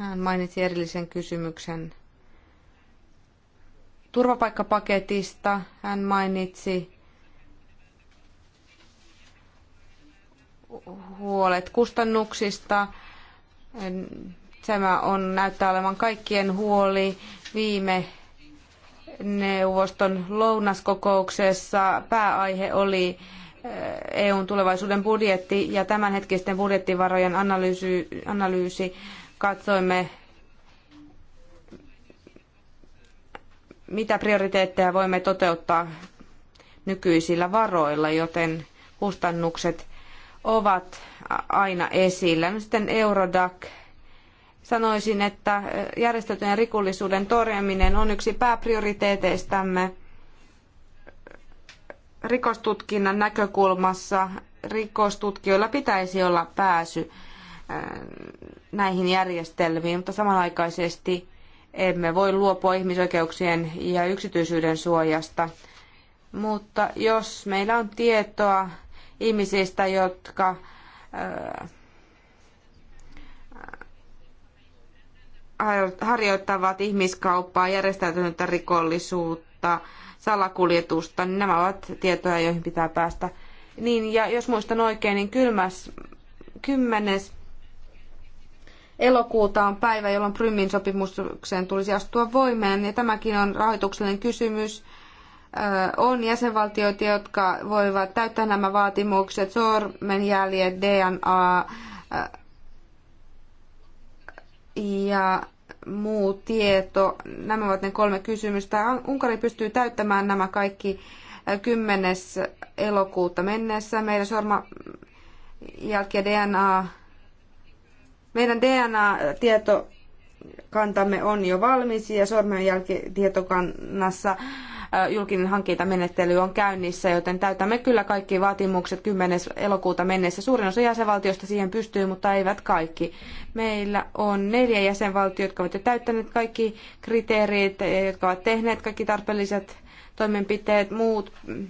hän mainitsi erillisen kysymyksen turvapaikkapaketista. Hän mainitsi huolet kustannuksista. Tämä on, näyttää olevan kaikkien huoli. Viime neuvoston lounaskokouksessa pääaihe oli eh, EUn tulevaisuuden budjetti ja tämänhetkisten budjettivarojen analyysi, analyysi katsoimme, mitä prioriteetteja voimme toteuttaa nykyisillä varoilla, joten kustannukset ovat aina esillä. No sitten Eurodac. Sanoisin, että järjestetyn rikollisuuden torjuminen on yksi pääprioriteeteistämme rikostutkinnan näkökulmassa. Rikostutkijoilla pitäisi olla pääsy näihin järjestelmiin, mutta samanaikaisesti emme voi luopua ihmisoikeuksien ja yksityisyyden suojasta. Mutta jos meillä on tietoa ihmisistä, jotka harjoittavat ihmiskauppaa, järjestäytynyttä rikollisuutta, salakuljetusta, niin nämä ovat tietoja, joihin pitää päästä. Niin, ja jos muistan oikein, niin kylmäs, kymmenes elokuuta on päivä, jolloin Prymin sopimukseen tulisi astua voimeen, ja tämäkin on rahoituksellinen kysymys. On jäsenvaltioita, jotka voivat täyttää nämä vaatimukset, sormenjäljet, DNA ja muu tieto. Nämä ovat ne kolme kysymystä. Unkari pystyy täyttämään nämä kaikki 10. elokuuta mennessä. Meidän sorma ja DNA meidän DNA-tieto kantamme on jo valmis ja sormenjälkitietokannassa äh, julkinen hankintamenettely on käynnissä, joten täytämme kyllä kaikki vaatimukset 10. elokuuta mennessä. Suurin osa jäsenvaltioista siihen pystyy, mutta eivät kaikki. Meillä on neljä jäsenvaltiota, jotka ovat jo täyttäneet kaikki kriteerit, eh, jotka ovat tehneet kaikki tarpeelliset toimenpiteet. Muut mm,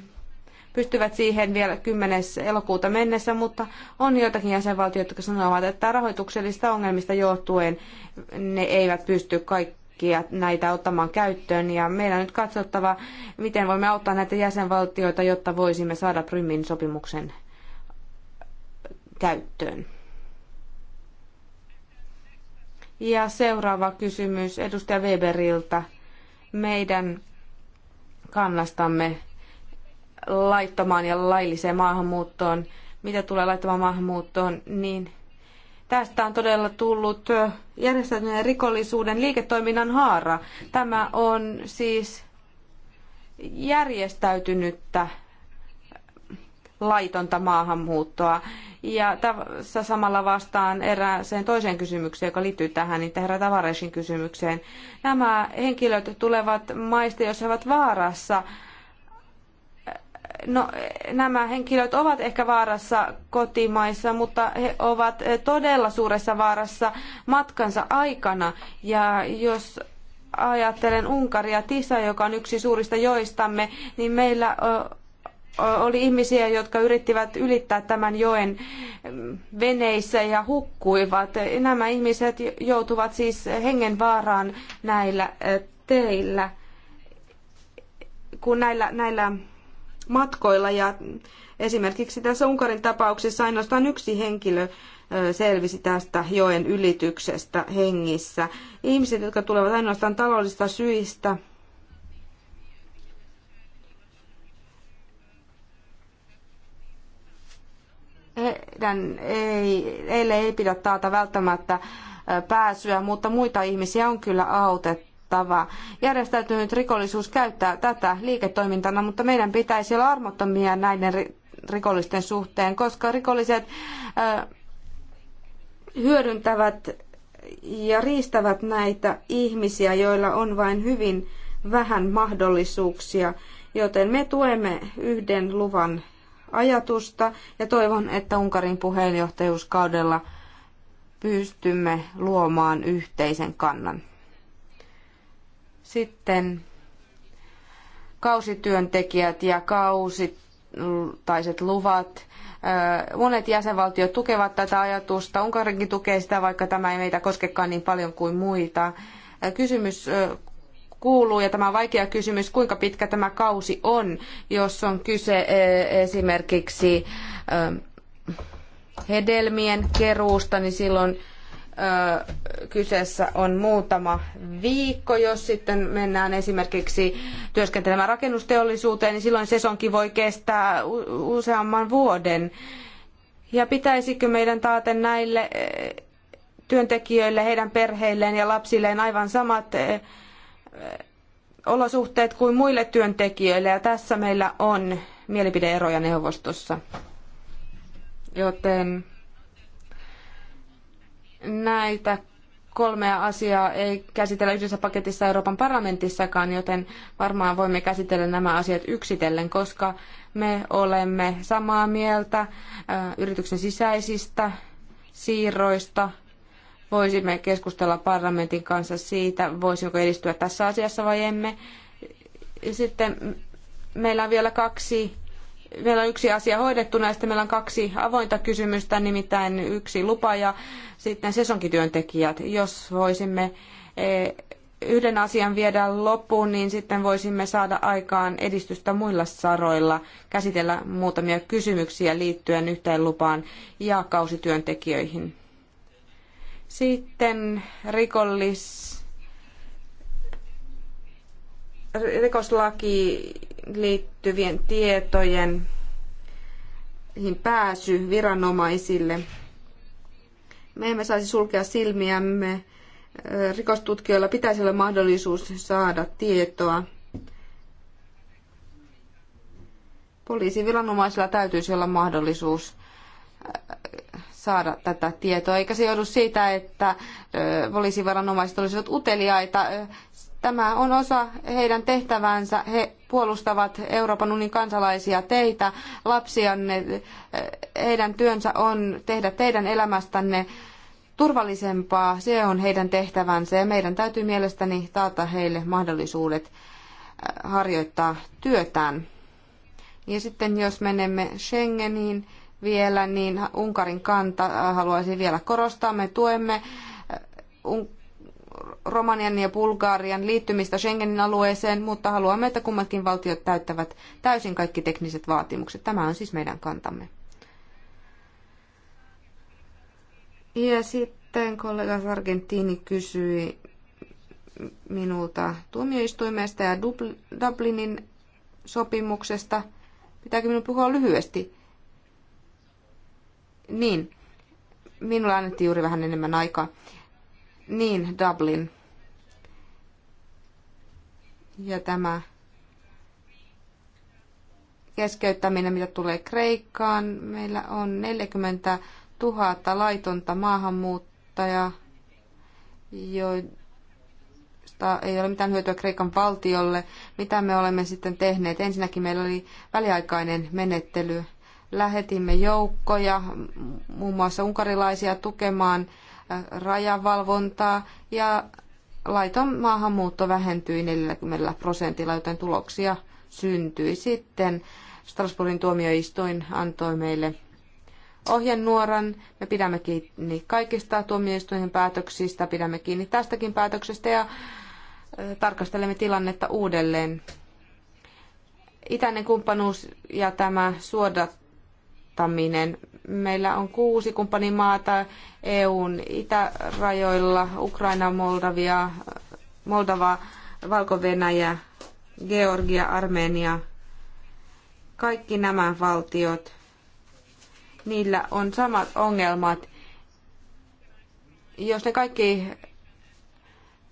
pystyvät siihen vielä 10. elokuuta mennessä, mutta on joitakin jäsenvaltioita, jotka sanovat, että rahoituksellista ongelmista johtuen ne eivät pysty kaikkia näitä ottamaan käyttöön. Ja meidän on nyt katsottava, miten voimme auttaa näitä jäsenvaltioita, jotta voisimme saada Prymin sopimuksen käyttöön. Ja seuraava kysymys edustaja Weberiltä meidän kannastamme laittomaan ja lailliseen maahanmuuttoon, mitä tulee laittomaan maahanmuuttoon, niin tästä on todella tullut järjestäytyneen rikollisuuden liiketoiminnan haara. Tämä on siis järjestäytynyttä laitonta maahanmuuttoa. Ja tässä samalla vastaan erääseen toiseen kysymykseen, joka liittyy tähän, niin herra Tavaresin kysymykseen. Nämä henkilöt tulevat maista, jos he ovat vaarassa No, nämä henkilöt ovat ehkä vaarassa kotimaissa, mutta he ovat todella suuressa vaarassa matkansa aikana. Ja jos ajattelen Unkaria, Tisa, joka on yksi suurista joistamme, niin meillä oli ihmisiä, jotka yrittivät ylittää tämän joen mm, veneissä ja hukkuivat. Nämä ihmiset joutuvat siis hengenvaaraan näillä teillä, kun näillä, näillä matkoilla ja esimerkiksi tässä Unkarin tapauksessa ainoastaan yksi henkilö selvisi tästä joen ylityksestä hengissä. Ihmiset, jotka tulevat ainoastaan taloudellisista syistä, heidän ei, heille ei pidä taata välttämättä pääsyä, mutta muita ihmisiä on kyllä autettu huolestuttava. Järjestäytynyt rikollisuus käyttää tätä liiketoimintana, mutta meidän pitäisi olla armottomia näiden rikollisten suhteen, koska rikolliset hyödyntävät ja riistävät näitä ihmisiä, joilla on vain hyvin vähän mahdollisuuksia, joten me tuemme yhden luvan ajatusta ja toivon, että Unkarin puheenjohtajuuskaudella pystymme luomaan yhteisen kannan. Sitten kausityöntekijät ja kausitaiset luvat. Monet jäsenvaltiot tukevat tätä ajatusta. Unkarinkin tukee sitä, vaikka tämä ei meitä koskekaan niin paljon kuin muita. Kysymys kuuluu, ja tämä on vaikea kysymys, kuinka pitkä tämä kausi on, jos on kyse esimerkiksi hedelmien keruusta, niin silloin kyseessä on muutama viikko. Jos sitten mennään esimerkiksi työskentelemään rakennusteollisuuteen, niin silloin sesonki voi kestää useamman vuoden. Ja pitäisikö meidän taata näille työntekijöille, heidän perheilleen ja lapsilleen aivan samat olosuhteet kuin muille työntekijöille? Ja tässä meillä on mielipideeroja neuvostossa. Joten näitä kolmea asiaa ei käsitellä yhdessä paketissa Euroopan parlamentissakaan, joten varmaan voimme käsitellä nämä asiat yksitellen, koska me olemme samaa mieltä äh, yrityksen sisäisistä siirroista. Voisimme keskustella parlamentin kanssa siitä, voisimmeko edistyä tässä asiassa vai emme. Sitten meillä on vielä kaksi vielä yksi asia hoidettuna ja sitten meillä on kaksi avointa kysymystä, nimittäin yksi lupa ja sitten sesonkityöntekijät. Jos voisimme e, yhden asian viedä loppuun, niin sitten voisimme saada aikaan edistystä muilla saroilla, käsitellä muutamia kysymyksiä liittyen yhteen lupaan ja kausityöntekijöihin. Sitten rikollis rikoslakiin liittyvien tietojen pääsy viranomaisille. Me emme saisi sulkea silmiämme. Rikostutkijoilla pitäisi olla mahdollisuus saada tietoa. Poliisiviranomaisilla täytyisi olla mahdollisuus äh, saada tätä tietoa, eikä se joudu siitä, että äh, poliisiviranomaiset olisivat uteliaita äh, Tämä on osa heidän tehtävänsä. He puolustavat Euroopan unionin kansalaisia, teitä, lapsianne. Heidän työnsä on tehdä teidän elämästänne turvallisempaa. Se on heidän tehtävänsä ja meidän täytyy mielestäni taata heille mahdollisuudet äh, harjoittaa työtään. Ja sitten jos menemme Schengeniin vielä, niin Unkarin kanta haluaisin vielä korostaa. Me tuemme äh, Romanian ja Bulgarian liittymistä Schengenin alueeseen, mutta haluamme, että kummatkin valtiot täyttävät täysin kaikki tekniset vaatimukset. Tämä on siis meidän kantamme. Ja sitten kollega Sargentini kysyi minulta tuomioistuimesta ja Dublinin sopimuksesta. Pitääkö minun puhua lyhyesti? Niin, minulla annettiin juuri vähän enemmän aikaa. Niin, Dublin. Ja tämä keskeyttäminen, mitä tulee Kreikkaan. Meillä on 40 000 laitonta maahanmuuttajaa, joista ei ole mitään hyötyä Kreikan valtiolle. Mitä me olemme sitten tehneet? Ensinnäkin meillä oli väliaikainen menettely. Lähetimme joukkoja, muun muassa unkarilaisia, tukemaan rajavalvontaa ja laiton maahanmuutto vähentyi 40 prosentilla, joten tuloksia syntyi. Sitten Strasbourgin tuomioistuin antoi meille ohjenuoran. Me pidämme kiinni kaikista tuomioistuimen päätöksistä, pidämme kiinni tästäkin päätöksestä ja tarkastelemme tilannetta uudelleen. Itäinen kumppanuus ja tämä suodattaminen Meillä on kuusi kumppanimaata EUn itärajoilla, Ukraina, Moldavia, Moldava, Valko-Venäjä, Georgia, Armenia. Kaikki nämä valtiot, niillä on samat ongelmat. Jos ne kaikki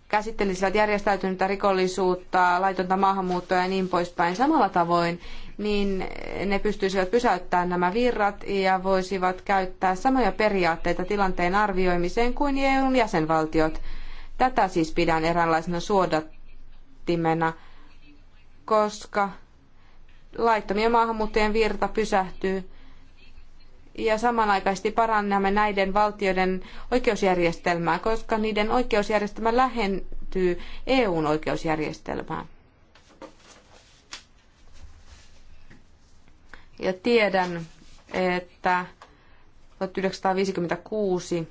käsittelisivät järjestäytynyttä rikollisuutta, laitonta maahanmuuttoa ja niin poispäin samalla tavoin, niin ne pystyisivät pysäyttämään nämä virrat ja voisivat käyttää samoja periaatteita tilanteen arvioimiseen kuin EUn jäsenvaltiot. Tätä siis pidän eräänlaisena suodattimena, koska laittomien maahanmuuttajien virta pysähtyy ja samanaikaisesti parannamme näiden valtioiden oikeusjärjestelmää, koska niiden oikeusjärjestelmä lähentyy EUn oikeusjärjestelmään. Ja tiedän, että 1956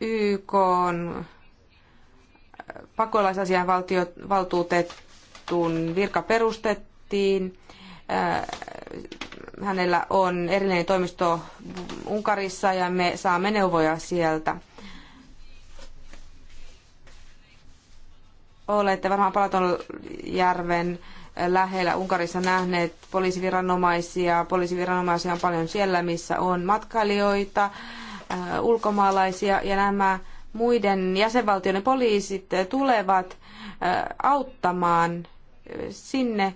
YK on pakolaisasian valtuutettuun virka perustettiin. Hänellä on erillinen toimisto Unkarissa ja me saamme neuvoja sieltä. olette varmaan Palatonjärven lähellä Unkarissa nähneet poliisiviranomaisia. Poliisiviranomaisia on paljon siellä, missä on matkailijoita, äh, ulkomaalaisia ja nämä muiden jäsenvaltioiden poliisit tulevat äh, auttamaan sinne,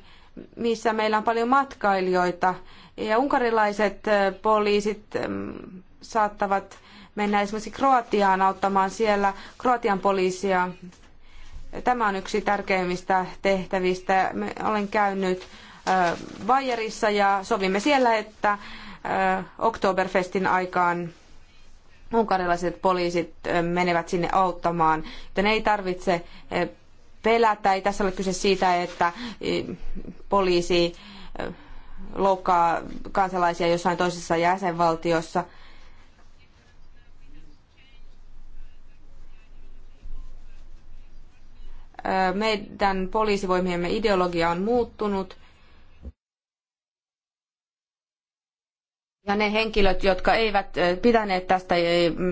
missä meillä on paljon matkailijoita. Ja unkarilaiset äh, poliisit mm, saattavat mennä esimerkiksi Kroatiaan auttamaan siellä Kroatian poliisia Tämä on yksi tärkeimmistä tehtävistä. olen käynyt Bayerissa ja sovimme siellä, että Oktoberfestin aikaan unkarilaiset poliisit menevät sinne auttamaan, joten ei tarvitse pelätä. Ei tässä ole kyse siitä, että poliisi loukkaa kansalaisia jossain toisessa jäsenvaltiossa – meidän poliisivoimiemme ideologia on muuttunut. Ja ne henkilöt, jotka eivät pitäneet tästä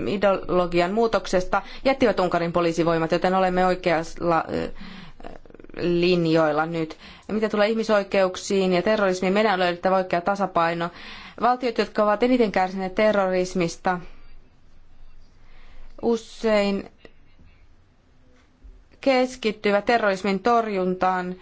ideologian muutoksesta, jättivät Unkarin poliisivoimat, joten olemme oikealla linjoilla nyt. Ja mitä tulee ihmisoikeuksiin ja terrorismiin, meidän on löydettävä oikea tasapaino. Valtiot, jotka ovat eniten kärsineet terrorismista, usein keskittyvät terrorismin torjuntaan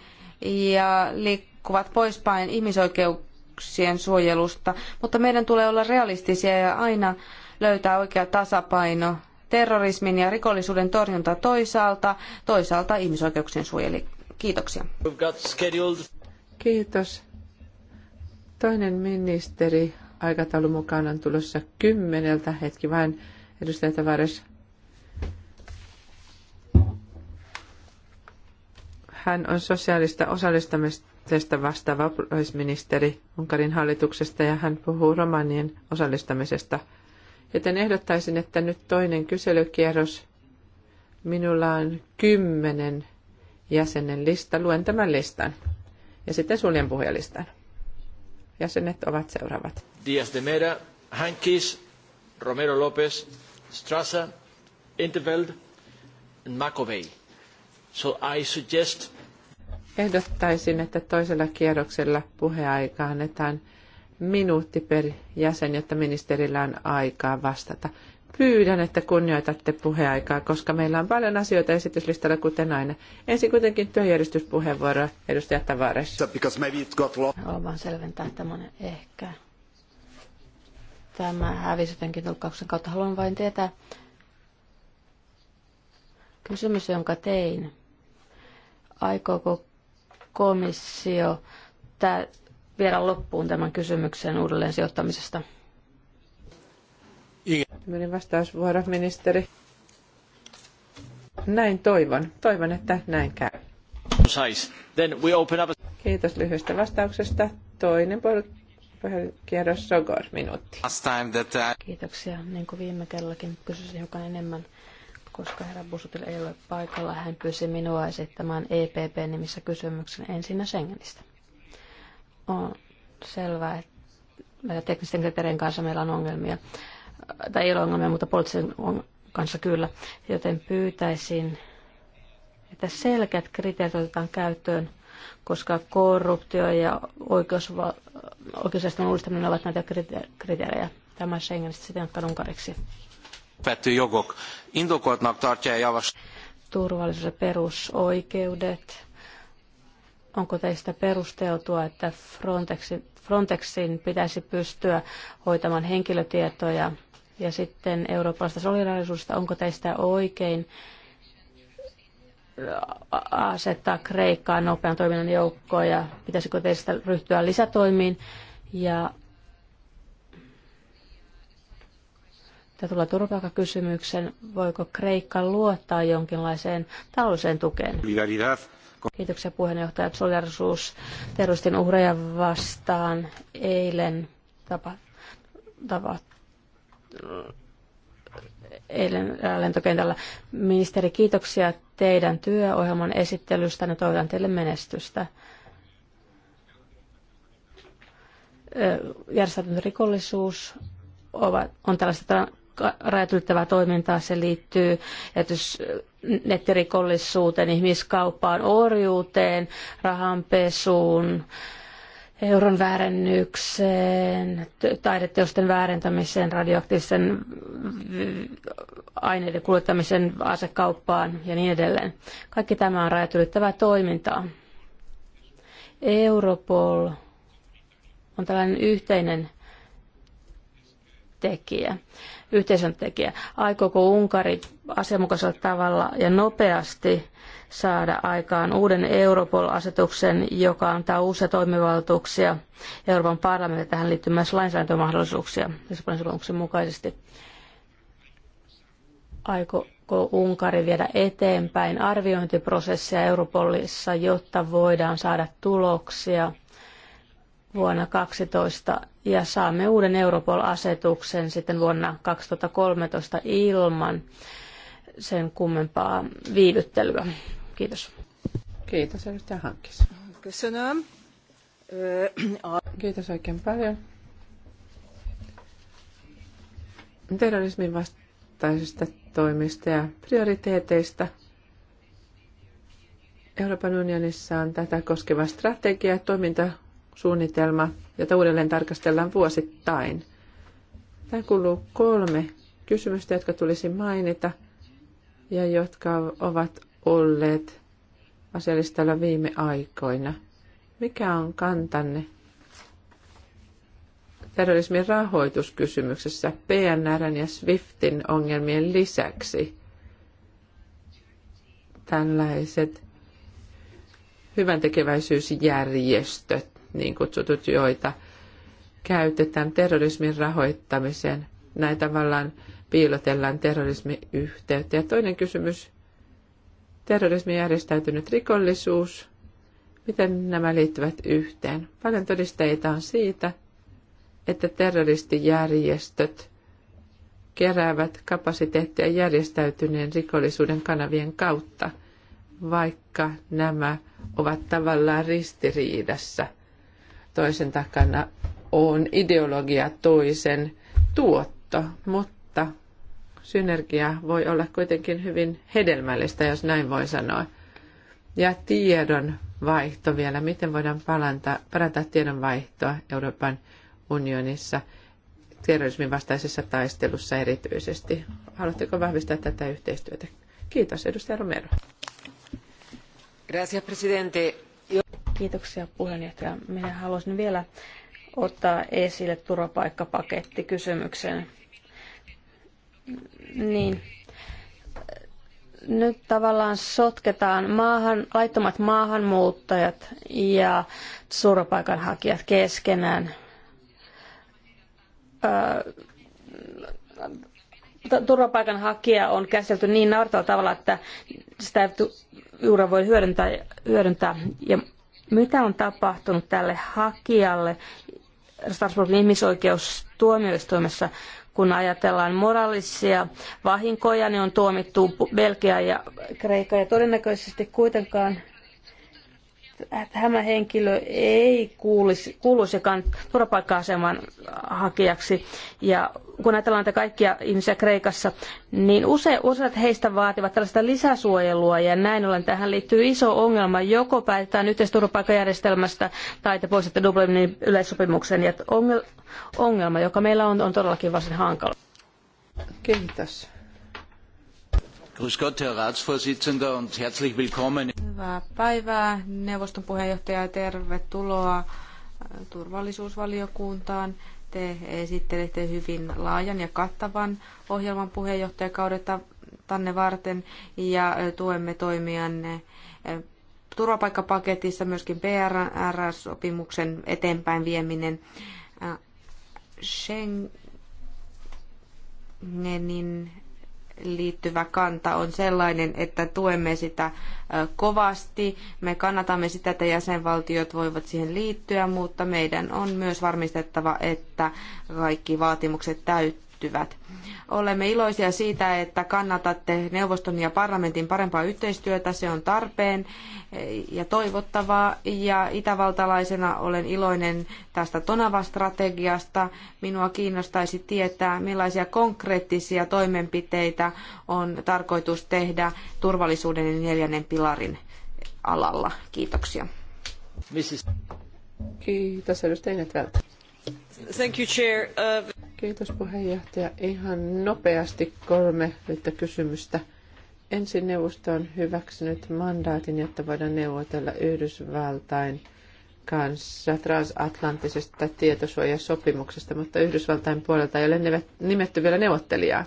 ja liikkuvat poispäin ihmisoikeuksien suojelusta, mutta meidän tulee olla realistisia ja aina löytää oikea tasapaino terrorismin ja rikollisuuden torjunta toisaalta, toisaalta ihmisoikeuksien suojeli. Kiitoksia. Kiitos. Toinen ministeri aikataulun mukaan on tulossa kymmeneltä hetki vain. Edustaja Tavares, Hän on sosiaalista osallistamisesta vastaava puhemisministeri Unkarin hallituksesta ja hän puhuu romanien osallistamisesta. Joten ehdottaisin, että nyt toinen kyselykierros. Minulla on kymmenen jäsenen lista. Luen tämän listan. Ja sitten suljen puhujalistan. Jäsenet ovat seuraavat. Diaz de Mera, Hankis, Romero Lopez, Strassa, Interveld, Makovei. So I suggest... Ehdottaisin, että toisella kierroksella puheaika annetaan minuutti per jäsen, jotta ministerillä on aikaa vastata. Pyydän, että kunnioitatte puheaikaa, koska meillä on paljon asioita esityslistalla, kuten aina. Ensin kuitenkin työjärjestyspuheenvuoro, edustaja Tavares. Haluan selventää tämän ehkä. Tämä hävisi jotenkin tulkkauksen kautta. Haluan vain tietää kysymys, jonka tein aikooko komissio tää viedä loppuun tämän kysymyksen uudelleen sijoittamisesta? Tämmöinen vastausvuoro, ministeri. Näin toivon. Toivon, että näin käy. Kiitos lyhyestä vastauksesta. Toinen puhelinkierros Sogor, minuutti. Uh, Kiitoksia. Niin kuin viime kerrallakin kysyisin hiukan enemmän koska herra Busutil ei ole paikalla, hän pyysi minua esittämään EPP-nimissä kysymyksen ensinnä Schengenistä. On selvää, että teknisten kriteerien kanssa meillä on ongelmia. Tai ei ole ongelmia, mutta poliittisen on kanssa kyllä. Joten pyytäisin, että selkeät kriteerit otetaan käyttöön koska korruptio ja oikeusjärjestelmän uudistaminen ovat näitä kriteerejä. Tämä Schengenistä sitten jatkan kariksi alapvető jogok. Indokoltnak tartja javas... Turvallisuus ja perusoikeudet. Onko teistä perusteltua, että Frontexin, Frontexin pitäisi pystyä hoitamaan henkilötietoja ja sitten eurooppalaista solidaarisuudesta, onko teistä oikein asettaa Kreikkaan nopean toiminnan joukkoon ja pitäisikö teistä ryhtyä lisätoimiin ja Tämä tulee turvapaikkakysymyksen, voiko Kreikka luottaa jonkinlaiseen taloudelliseen tukeen? Kiitoksia puheenjohtaja. Solidarisuus terroristin uhreja vastaan eilen tapa, tapa, eilen äh, lentokentällä. Ministeri, kiitoksia teidän työohjelman esittelystä ja toivotan teille menestystä. Järjestäytynyt rikollisuus ovat, on tällaista rajat ylittävää toimintaa. Se liittyy nettirikollisuuteen, ihmiskauppaan, orjuuteen, rahanpesuun, euron väärennykseen, taideteosten väärentämiseen, radioaktiivisten aineiden kuljettamisen asekauppaan ja niin edelleen. Kaikki tämä on rajat ylittävää toimintaa. Europol on tällainen yhteinen tekijä yhteisön tekijä. Aikooko Unkari asianmukaisella tavalla ja nopeasti saada aikaan uuden Europol-asetuksen, joka antaa uusia toimivaltuuksia Euroopan parlamentille. Tähän liittyy myös lainsäädäntömahdollisuuksia Lissabonin sopimuksen mukaisesti. Aikooko Unkari viedä eteenpäin arviointiprosessia Europolissa, jotta voidaan saada tuloksia vuonna 12 ja saamme uuden Europol-asetuksen sitten vuonna 2013 ilman sen kummempaa viivyttelyä. Kiitos. Kiitos edustaja Hankis. Kiitos oikein paljon. Terrorismin vastaisista toimista ja prioriteeteista. Euroopan unionissa on tätä koskeva strategia ja toimintasuunnitelma jota uudelleen tarkastellaan vuosittain. Tähän kuuluu kolme kysymystä, jotka tulisi mainita ja jotka ovat olleet asialistalla viime aikoina. Mikä on kantanne terrorismin rahoituskysymyksessä PNRn ja SWIFTin ongelmien lisäksi? Tällaiset hyväntekeväisyysjärjestöt niin kutsutut, joita käytetään terrorismin rahoittamiseen. Näin tavallaan piilotellaan terrorismiyhteyttä. Ja toinen kysymys, terrorismi järjestäytynyt rikollisuus, miten nämä liittyvät yhteen. Paljon todisteita on siitä, että terroristijärjestöt keräävät kapasiteettia järjestäytyneen rikollisuuden kanavien kautta, vaikka nämä ovat tavallaan ristiriidassa – toisen takana on ideologia toisen tuotto, mutta synergia voi olla kuitenkin hyvin hedelmällistä, jos näin voi sanoa. Ja tiedon vaihto vielä, miten voidaan parantaa, parantaa tiedon vaihtoa Euroopan unionissa terrorismin vastaisessa taistelussa erityisesti. Haluatteko vahvistaa tätä yhteistyötä? Kiitos, edustaja Romero. Gracias, presidente. Kiitoksia puheenjohtaja. Minä haluaisin vielä ottaa esille turvapaikkapakettikysymyksen. Niin. Nyt tavallaan sotketaan maahan, laittomat maahanmuuttajat ja turvapaikanhakijat keskenään. turvapaikanhakija on käsitelty niin naurettavalla tavalla, että sitä ei juuri voi hyödyntää, hyödyntää ja mitä on tapahtunut tälle hakijalle Strasbourgin ihmisoikeustuomioistuimessa, kun ajatellaan moraalisia vahinkoja, niin on tuomittu Belgia ja Kreikka ja todennäköisesti kuitenkaan tämä henkilö ei kuulisi, kuuluisikaan turvapaikka-aseman hakijaksi. Ja kun ajatellaan näitä kaikkia ihmisiä Kreikassa, niin useat heistä vaativat tällaista lisäsuojelua ja näin ollen tähän liittyy iso ongelma. Joko päätetään yhteisturvapaikkajärjestelmästä tai te poistatte Dublinin yleissopimuksen. Ja ongelma, joka meillä on, on todellakin varsin hankala. Kiitos. Grüß Gott, Herr Ratsvorsitzender und herzlich willkommen. Hyvää päivää neuvoston puheenjohtaja ja tervetuloa äh, turvallisuusvaliokuntaan. Te esittelette hyvin laajan ja kattavan ohjelman puheenjohtajakaudetta tänne varten ja äh, tuemme toimijanne äh, turvapaikkapaketissa myöskin PRR-sopimuksen eteenpäin vieminen. Schengenin liittyvä kanta on sellainen, että tuemme sitä kovasti. Me kannatamme sitä, että jäsenvaltiot voivat siihen liittyä, mutta meidän on myös varmistettava, että kaikki vaatimukset täyttyvät liittyvät. Olemme iloisia siitä, että kannatatte neuvoston ja parlamentin parempaa yhteistyötä. Se on tarpeen ja toivottavaa. Ja itävaltalaisena olen iloinen tästä Tonava-strategiasta. Minua kiinnostaisi tietää, millaisia konkreettisia toimenpiteitä on tarkoitus tehdä turvallisuuden ja neljännen pilarin alalla. Kiitoksia. Kiitos edustaja Thank you, Chair. Uh... Kiitos puheenjohtaja. Ihan nopeasti kolme lyhyttä kysymystä. Ensin neuvosto on hyväksynyt mandaatin, jotta voidaan neuvotella Yhdysvaltain kanssa transatlanttisesta tietosuojasopimuksesta, mutta Yhdysvaltain puolelta ei ole nimetty vielä neuvottelijaa.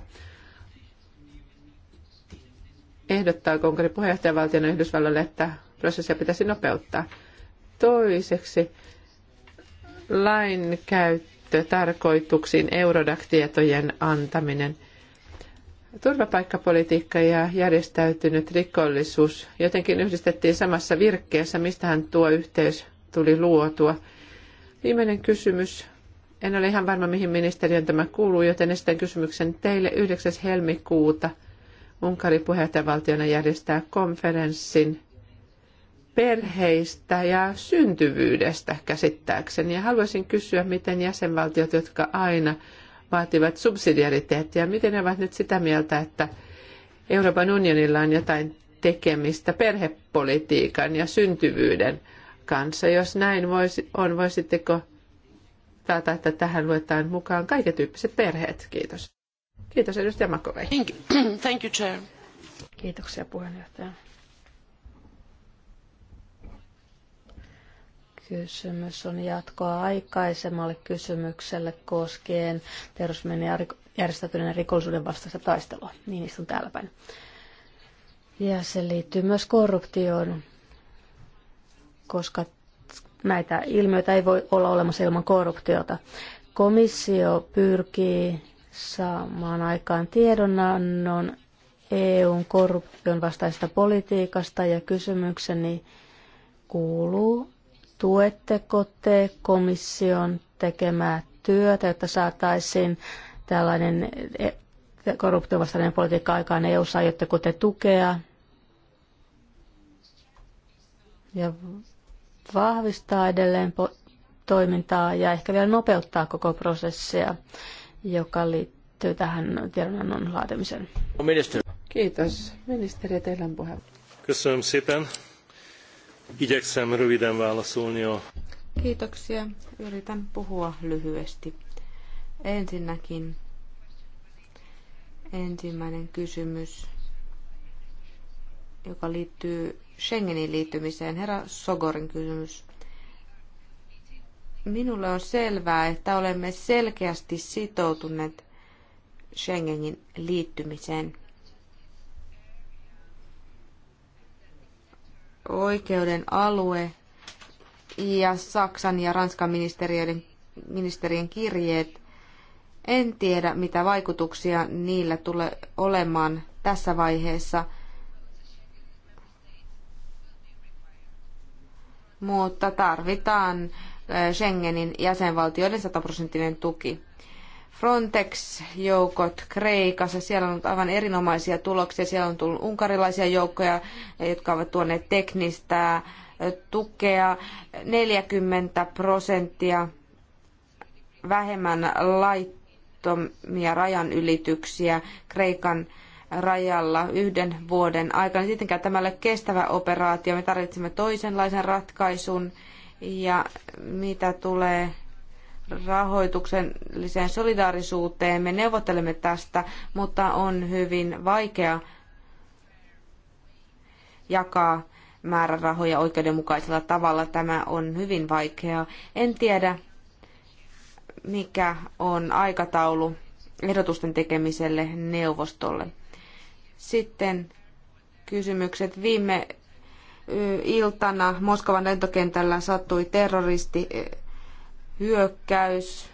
Ehdottaako Unkarin puheenjohtajavaltiona Yhdysvalloille, että prosessia pitäisi nopeuttaa? Toiseksi lain käyttö käyttötarkoituksiin, Eurodac-tietojen antaminen. Turvapaikkapolitiikka ja järjestäytynyt rikollisuus jotenkin yhdistettiin samassa virkkeessä, mistähän tuo yhteys tuli luotua. Viimeinen kysymys. En ole ihan varma, mihin ministeriön tämä kuuluu, joten esitän kysymyksen teille 9. helmikuuta. Unkari puheenjohtajavaltiona järjestää konferenssin perheistä ja syntyvyydestä käsittääkseni. Ja haluaisin kysyä, miten jäsenvaltiot, jotka aina vaativat subsidiariteettia, miten ne ovat nyt sitä mieltä, että Euroopan unionilla on jotain tekemistä perhepolitiikan ja syntyvyyden kanssa. Jos näin voisi, on, voisitteko taata, että tähän luetaan mukaan kaiken tyyppiset perheet? Kiitos. Kiitos edustaja Makovei. Thank you, Chair. Kiitoksia puheenjohtaja. Kysymys on jatkoa aikaisemmalle kysymykselle koskien terrorismin ja järjestäytyneen rikollisuuden vastaista taistelua. Niin istun täällä päin. Ja se liittyy myös korruptioon, koska näitä ilmiöitä ei voi olla olemassa ilman korruptiota. Komissio pyrkii saamaan aikaan tiedonannon EUn korruption vastaisesta politiikasta ja kysymykseni kuuluu, Tuetteko te komission tekemää työtä, jotta saataisiin tällainen e-, korruptiovastainen politiikka aikaan EU-ssa? Aiotteko te tukea ja vahvistaa edelleen toimintaa ja ehkä vielä nopeuttaa koko prosessia, joka liittyy tähän tiedonannon laatimiseen? Kiitos. Ministeri, teillä on puheenvuoro. Igyekszem röviden válaszolni a... Kiitoksia. Yritän puhua lyhyesti. Ensinnäkin ensimmäinen kysymys, joka liittyy Schengenin liittymiseen. Herra Sogorin kysymys. Minulle on selvää, että olemme selkeästi sitoutuneet Schengenin liittymiseen. oikeuden alue ja Saksan ja Ranskan ministeriöiden, ministerien kirjeet. En tiedä, mitä vaikutuksia niillä tulee olemaan tässä vaiheessa, mutta tarvitaan eh, Schengenin jäsenvaltioiden sataprosenttinen tuki. Frontex-joukot Kreikassa. Siellä on ollut aivan erinomaisia tuloksia. Siellä on tullut unkarilaisia joukkoja, jotka ovat tuoneet teknistä tukea. 40 prosenttia vähemmän laittomia rajanylityksiä Kreikan rajalla yhden vuoden aikana. Tietenkään tämä ole kestävä operaatio. Me tarvitsemme toisenlaisen ratkaisun. Ja mitä tulee rahoitukselliseen solidaarisuuteen. Me neuvottelemme tästä, mutta on hyvin vaikea jakaa määrärahoja oikeudenmukaisella tavalla. Tämä on hyvin vaikeaa. En tiedä, mikä on aikataulu ehdotusten tekemiselle neuvostolle. Sitten kysymykset. Viime iltana Moskovan lentokentällä sattui terroristi hyökkäys,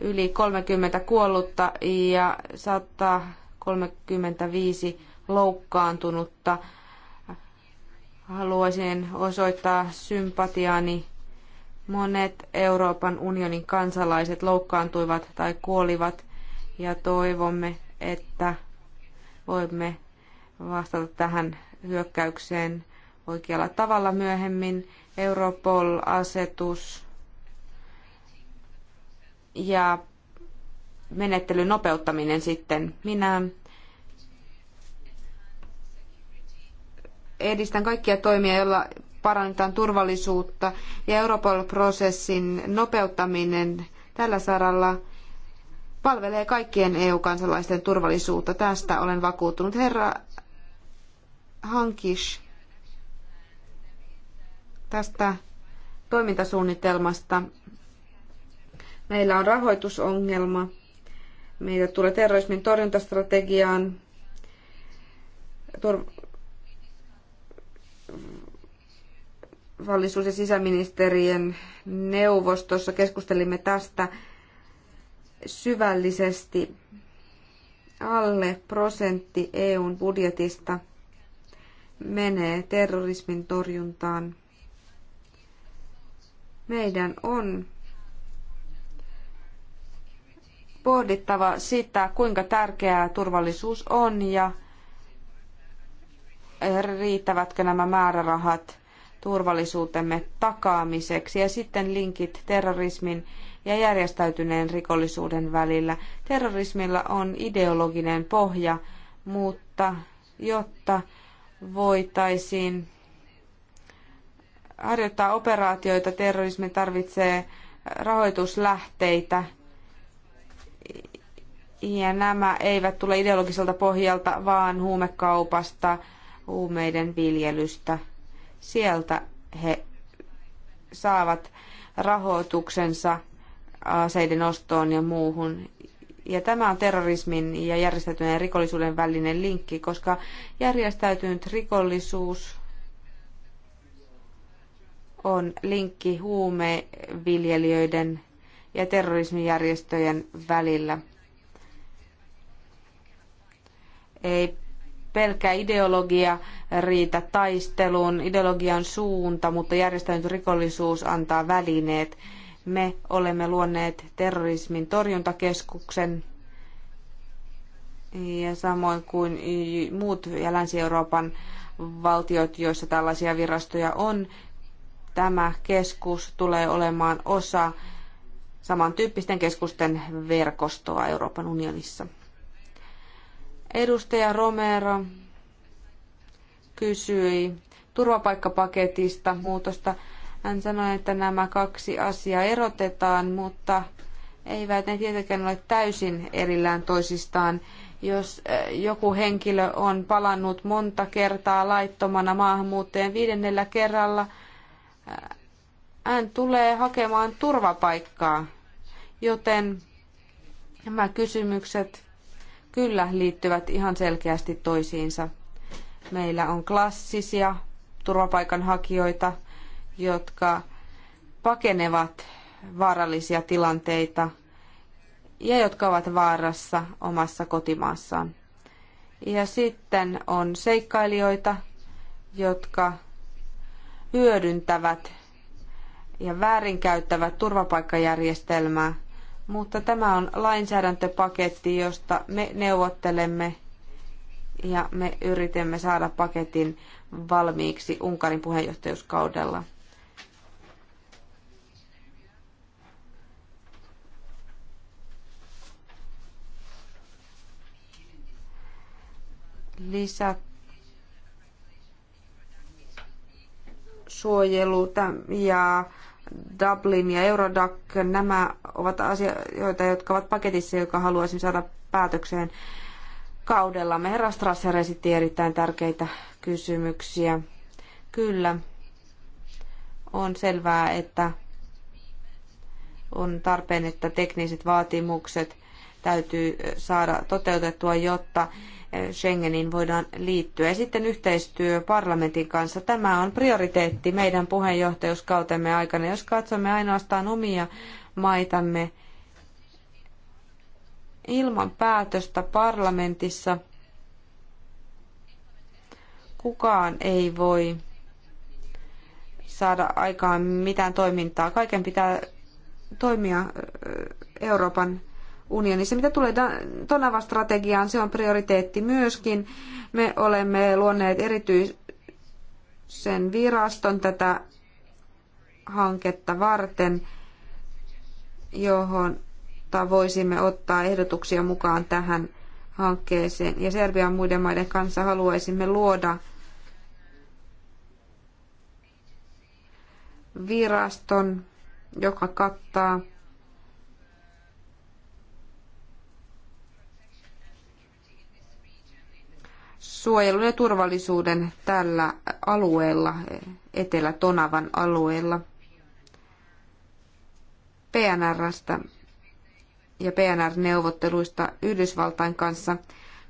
yli 30 kuollutta ja 135 loukkaantunutta. Haluaisin osoittaa sympatiaani. Monet Euroopan unionin kansalaiset loukkaantuivat tai kuolivat ja toivomme, että voimme vastata tähän hyökkäykseen oikealla tavalla myöhemmin. Europol-asetus ja menettelyn nopeuttaminen sitten. Minä edistän kaikkia toimia, joilla parannetaan turvallisuutta ja Europol-prosessin nopeuttaminen tällä saralla palvelee kaikkien EU-kansalaisten turvallisuutta. Tästä olen vakuuttunut. Herra Hankish, tästä toimintasuunnitelmasta Meillä on rahoitusongelma. Meitä tulee terrorismin torjuntastrategiaan. Tur- vallisuus- ja sisäministerien neuvostossa keskustelimme tästä syvällisesti alle prosentti EUn budjetista menee terrorismin torjuntaan. Meidän on pohdittava sitä, kuinka tärkeää turvallisuus on ja riittävätkö nämä määrärahat turvallisuutemme takaamiseksi ja sitten linkit terrorismin ja järjestäytyneen rikollisuuden välillä. Terrorismilla on ideologinen pohja, mutta jotta voitaisiin harjoittaa operaatioita, terrorismi tarvitsee rahoituslähteitä – ja nämä eivät tule ideologiselta pohjalta, vaan huumekaupasta, huumeiden viljelystä. Sieltä he saavat rahoituksensa aseiden ostoon ja muuhun. Ja tämä on terrorismin ja järjestäytyneen rikollisuuden välinen linkki, koska järjestäytynyt rikollisuus on linkki huumeviljelijöiden ja terrorismijärjestöjen välillä. Ei pelkkä ideologia riitä taisteluun. Ideologia on suunta, mutta järjestäytynyt rikollisuus antaa välineet. Me olemme luoneet terrorismin torjuntakeskuksen ja samoin kuin muut ja Länsi-Euroopan valtiot, joissa tällaisia virastoja on. Tämä keskus tulee olemaan osa samantyyppisten keskusten verkostoa Euroopan unionissa. Edustaja Romero kysyi turvapaikkapaketista muutosta. Hän sanoi, että nämä kaksi asiaa erotetaan, mutta eivät ne tietenkään ole täysin erillään toisistaan. Jos eh, joku henkilö on palannut monta kertaa laittomana maahanmuuttajan viidennellä kerralla, eh, hän tulee hakemaan turvapaikkaa. Joten nämä kysymykset kyllä liittyvät ihan selkeästi toisiinsa. Meillä on klassisia turvapaikanhakijoita, jotka pakenevat vaarallisia tilanteita ja jotka ovat vaarassa omassa kotimaassaan. Ja sitten on seikkailijoita, jotka hyödyntävät ja väärinkäyttävät turvapaikkajärjestelmää – mutta tämä on lainsäädäntöpaketti, josta me neuvottelemme ja me yritämme saada paketin valmiiksi Unkarin puheenjohtajuuskaudella. Lisäsuojelu ja Dublin ja Eurodac, nämä ovat asioita, jotka ovat paketissa, joka haluaisin saada päätökseen Me Herra Strasser esitti erittäin tärkeitä kysymyksiä. Kyllä, on selvää, että on tarpeen, että tekniset vaatimukset täytyy saada toteutettua, jotta Schengenin voidaan liittyä. Ja sitten yhteistyö parlamentin kanssa. Tämä on prioriteetti meidän puheenjohtajuuskautemme aikana. Jos katsomme ainoastaan omia maitamme ilman päätöstä parlamentissa, kukaan ei voi saada aikaan mitään toimintaa. Kaiken pitää toimia Euroopan unionissa. Mitä tulee Tonava-strategiaan, se on prioriteetti myöskin. Me olemme luonneet erityisen viraston tätä hanketta varten, johon voisimme ottaa ehdotuksia mukaan tähän hankkeeseen. Ja Serbian muiden maiden kanssa haluaisimme luoda viraston, joka kattaa suojelun ja turvallisuuden tällä alueella, Etelä-Tonavan alueella. PNRstä ja PNR-neuvotteluista Yhdysvaltain kanssa.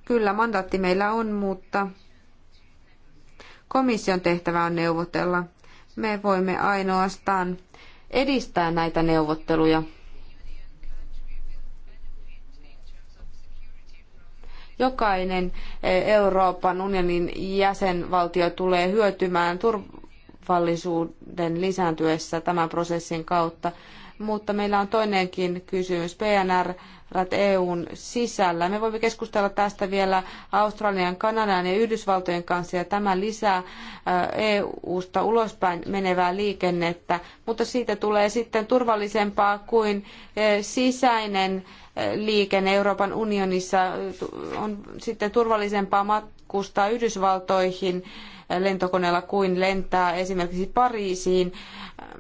Kyllä, mandaatti meillä on, mutta komission tehtävä on neuvotella. Me voimme ainoastaan edistää näitä neuvotteluja. jokainen eh, Euroopan unionin jäsenvaltio tulee hyötymään turvallisuuden lisääntyessä tämän prosessin kautta. Mutta meillä on toinenkin kysymys, PNR EUn sisällä. Me voimme keskustella tästä vielä Australian, Kanadan ja Yhdysvaltojen kanssa ja tämä lisää eh, EUsta ulospäin menevää liikennettä, mutta siitä tulee sitten turvallisempaa kuin eh, sisäinen liikenne Euroopan unionissa. On sitten turvallisempaa matkustaa Yhdysvaltoihin lentokoneella kuin lentää esimerkiksi Pariisiin ähm,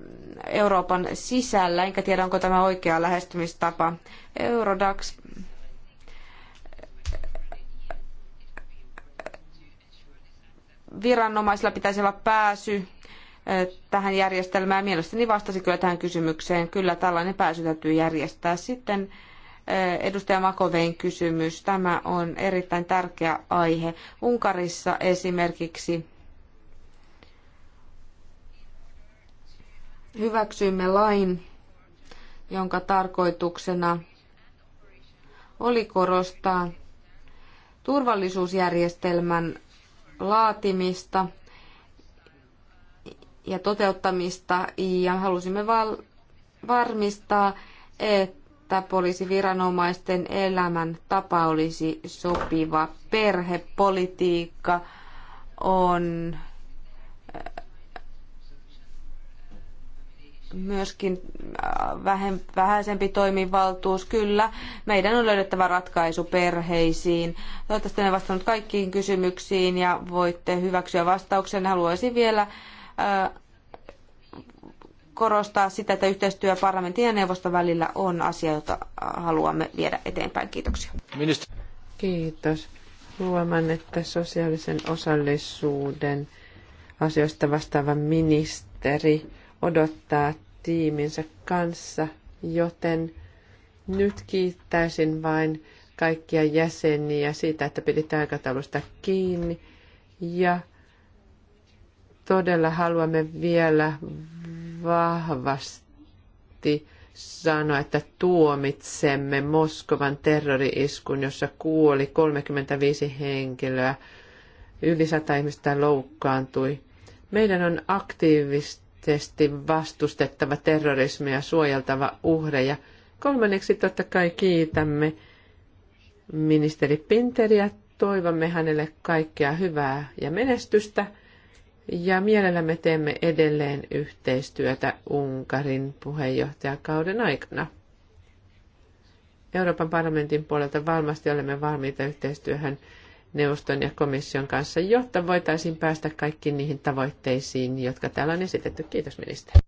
Euroopan sisällä. Enkä tiedä, onko tämä oikea lähestymistapa. Eurodax viranomaisilla pitäisi olla pääsy äh, tähän järjestelmään. Mielestäni vastasi kyllä tähän kysymykseen. Kyllä tällainen pääsy täytyy järjestää. Sitten Eh, edustaja Makovein kysymys. Tämä on erittäin tärkeä aihe. Unkarissa esimerkiksi hyväksyimme lain, jonka tarkoituksena oli korostaa turvallisuusjärjestelmän laatimista ja toteuttamista ja halusimme varmistaa, että että poliisiviranomaisten elämän tapa olisi sopiva. Perhepolitiikka on äh, myöskin äh, vähem, vähäisempi toimivaltuus. Kyllä, meidän on löydettävä ratkaisu perheisiin. Toivottavasti ne vastannut kaikkiin kysymyksiin ja voitte hyväksyä vastauksen. Haluaisin vielä äh, korostaa sitä, että yhteistyö parlamentin ja neuvoston välillä on asia, jota haluamme viedä eteenpäin. Kiitoksia. Ministeri. Kiitos. Huomaan, että sosiaalisen osallisuuden asioista vastaava ministeri odottaa tiiminsä kanssa, joten nyt kiittäisin vain kaikkia jäseniä siitä, että pidit aikataulusta kiinni ja todella haluamme vielä vahvasti sanoa, että tuomitsemme Moskovan terrori-iskun, jossa kuoli 35 henkilöä, yli 100 ihmistä loukkaantui. Meidän on aktiivisesti vastustettava terrorismia, suojeltava uhreja. Kolmanneksi totta kai kiitämme ministeri Pinteriä, toivomme hänelle kaikkea hyvää ja menestystä – ja mielellämme teemme edelleen yhteistyötä Unkarin puheenjohtajakauden aikana. Euroopan parlamentin puolelta varmasti olemme valmiita yhteistyöhön neuvoston ja komission kanssa, jotta voitaisiin päästä kaikkiin niihin tavoitteisiin, jotka täällä on esitetty. Kiitos ministeri.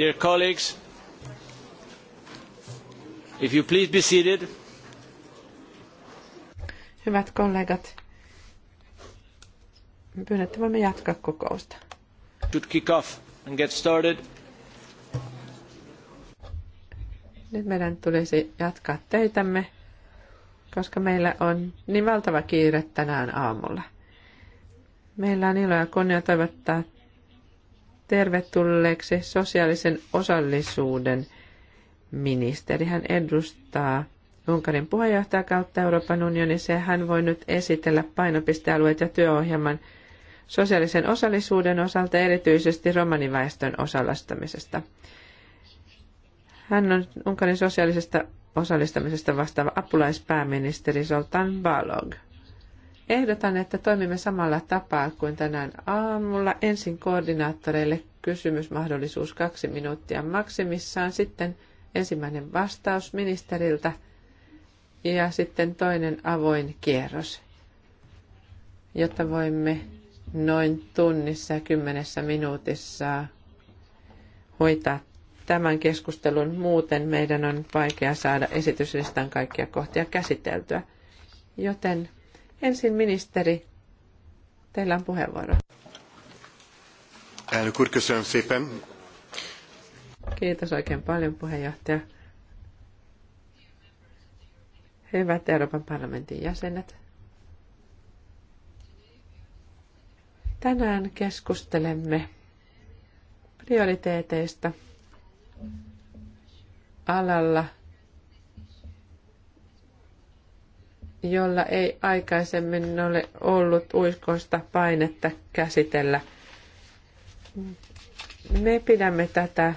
Dear colleagues, if you please be seated. Hyvät kollegat, pyydän, että voimme jatkaa kokousta. Should kick off and get started. Nyt meidän tulisi jatkaa töitämme, koska meillä on niin valtava kiire tänään aamulla. Meillä on ilo ja kunnia toivottaa tervetulleeksi sosiaalisen osallisuuden ministeri. Hän edustaa Unkarin kautta Euroopan unionissa ja hän voi nyt esitellä painopistealueet ja työohjelman sosiaalisen osallisuuden osalta, erityisesti romaniväestön osallistamisesta. Hän on Unkarin sosiaalisesta osallistamisesta vastaava apulaispääministeri Soltan Balog. Ehdotan, että toimimme samalla tapaa kuin tänään aamulla. Ensin koordinaattoreille kysymysmahdollisuus kaksi minuuttia maksimissaan, sitten ensimmäinen vastaus ministeriltä ja sitten toinen avoin kierros, jotta voimme noin tunnissa ja kymmenessä minuutissa hoitaa tämän keskustelun. Muuten meidän on vaikea saada esityslistan kaikkia kohtia käsiteltyä. Joten Ensin ministeri, teillä on puheenvuoro. Elnök úr, köszönöm szépen. Kiitos oikein paljon puheenjohtaja. Hyvät Euroopan parlamentin jäsenet. Tänään keskustelemme prioriteeteista alalla – jolla ei aikaisemmin ole ollut uiskoista painetta käsitellä. Me pidämme tätä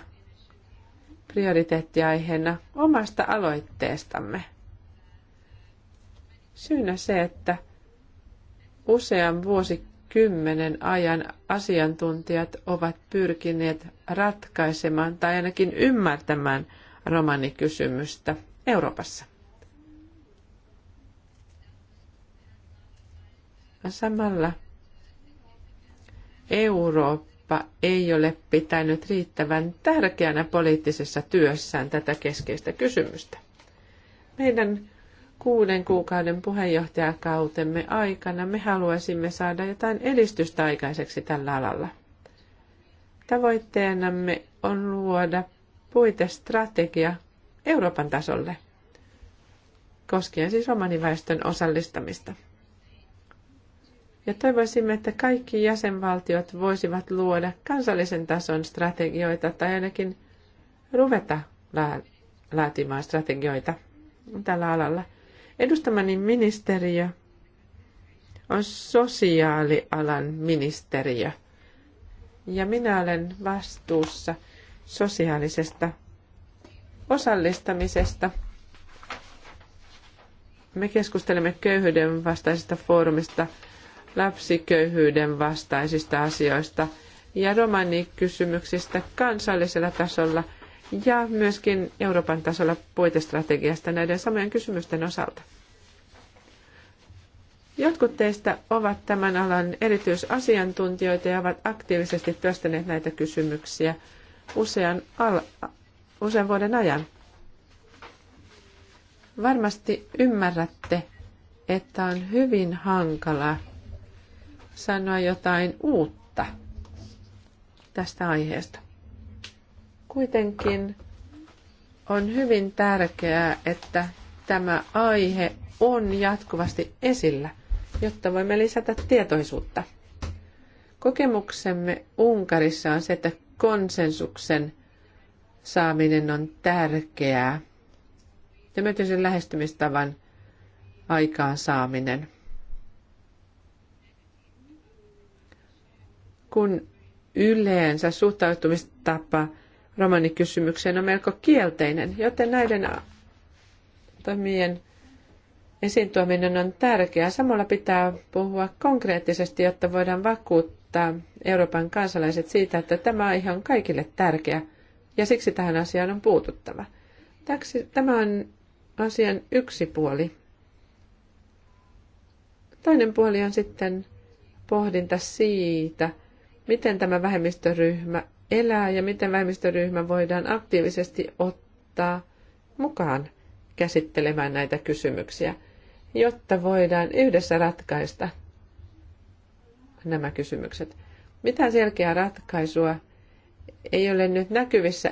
prioriteettiaiheena omasta aloitteestamme. Syynä se, että usean vuosikymmenen ajan asiantuntijat ovat pyrkineet ratkaisemaan tai ainakin ymmärtämään romanikysymystä Euroopassa. Samalla Eurooppa ei ole pitänyt riittävän tärkeänä poliittisessa työssään tätä keskeistä kysymystä. Meidän kuuden kuukauden puheenjohtajakautemme aikana me haluaisimme saada jotain edistystä aikaiseksi tällä alalla. Tavoitteenamme on luoda puitestrategia Euroopan tasolle, koskien siis romaniväestön osallistamista. Ja toivoisimme, että kaikki jäsenvaltiot voisivat luoda kansallisen tason strategioita tai ainakin ruveta laatimaan strategioita tällä alalla. Edustamani ministeriö on sosiaalialan ministeriö. Ja minä olen vastuussa sosiaalisesta osallistamisesta. Me keskustelemme köyhyyden vastaisesta foorumista – lapsiköyhyyden vastaisista asioista ja romanikysymyksistä kansallisella tasolla ja myöskin Euroopan tasolla puitestrategiasta näiden samojen kysymysten osalta. Jotkut teistä ovat tämän alan erityisasiantuntijoita ja ovat aktiivisesti työstäneet näitä kysymyksiä usean, al- usean vuoden ajan. Varmasti ymmärrätte, että on hyvin hankalaa sanoa jotain uutta tästä aiheesta. Kuitenkin on hyvin tärkeää, että tämä aihe on jatkuvasti esillä, jotta voimme lisätä tietoisuutta. Kokemuksemme Unkarissa on se, että konsensuksen saaminen on tärkeää. Demokratian lähestymistavan aikaansaaminen. kun yleensä suhtautumistapa romanikysymykseen on melko kielteinen, joten näiden toimien esiintuominen on tärkeää. Samalla pitää puhua konkreettisesti, jotta voidaan vakuuttaa Euroopan kansalaiset siitä, että tämä aihe on kaikille tärkeä ja siksi tähän asiaan on puututtava. Tämä on asian yksi puoli. Toinen puoli on sitten pohdinta siitä, miten tämä vähemmistöryhmä elää ja miten vähemmistöryhmä voidaan aktiivisesti ottaa mukaan käsittelemään näitä kysymyksiä, jotta voidaan yhdessä ratkaista nämä kysymykset. Mitään selkeää ratkaisua ei ole nyt näkyvissä.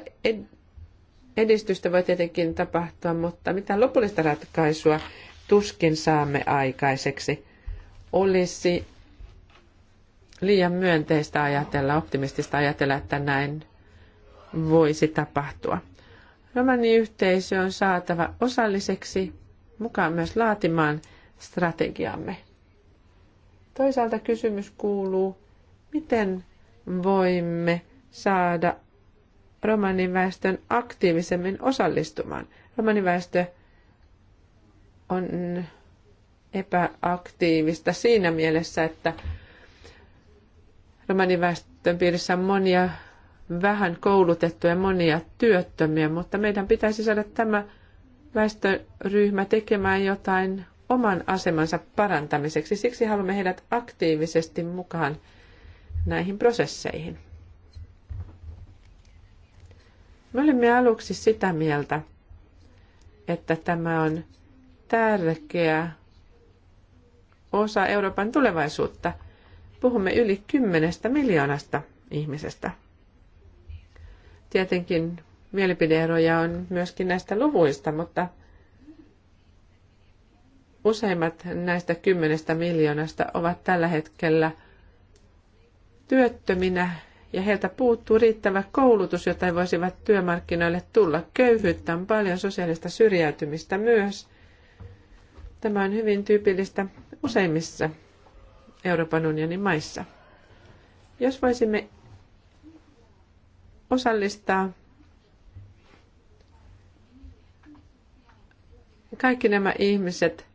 Edistystä voi tietenkin tapahtua, mutta mitään lopullista ratkaisua tuskin saamme aikaiseksi. Olisi liian myönteistä ajatella, optimistista ajatella, että näin voisi tapahtua. Romaniyhteisö on saatava osalliseksi mukaan myös laatimaan strategiamme. Toisaalta kysymys kuuluu, miten voimme saada romaniväestön aktiivisemmin osallistumaan. Romaniväestö on epäaktiivista siinä mielessä, että romaniväestön piirissä on monia vähän koulutettuja, monia työttömiä, mutta meidän pitäisi saada tämä väestöryhmä tekemään jotain oman asemansa parantamiseksi. Siksi haluamme heidät aktiivisesti mukaan näihin prosesseihin. Me olimme aluksi sitä mieltä, että tämä on tärkeä osa Euroopan tulevaisuutta – Puhumme yli kymmenestä miljoonasta ihmisestä. Tietenkin mielipideeroja on myöskin näistä luvuista, mutta useimmat näistä kymmenestä miljoonasta ovat tällä hetkellä työttöminä ja heiltä puuttuu riittävä koulutus, jota he voisivat työmarkkinoille tulla. Köyhyyttä on paljon, sosiaalista syrjäytymistä myös. Tämä on hyvin tyypillistä useimmissa Euroopan unionin maissa. Jos voisimme osallistaa kaikki nämä ihmiset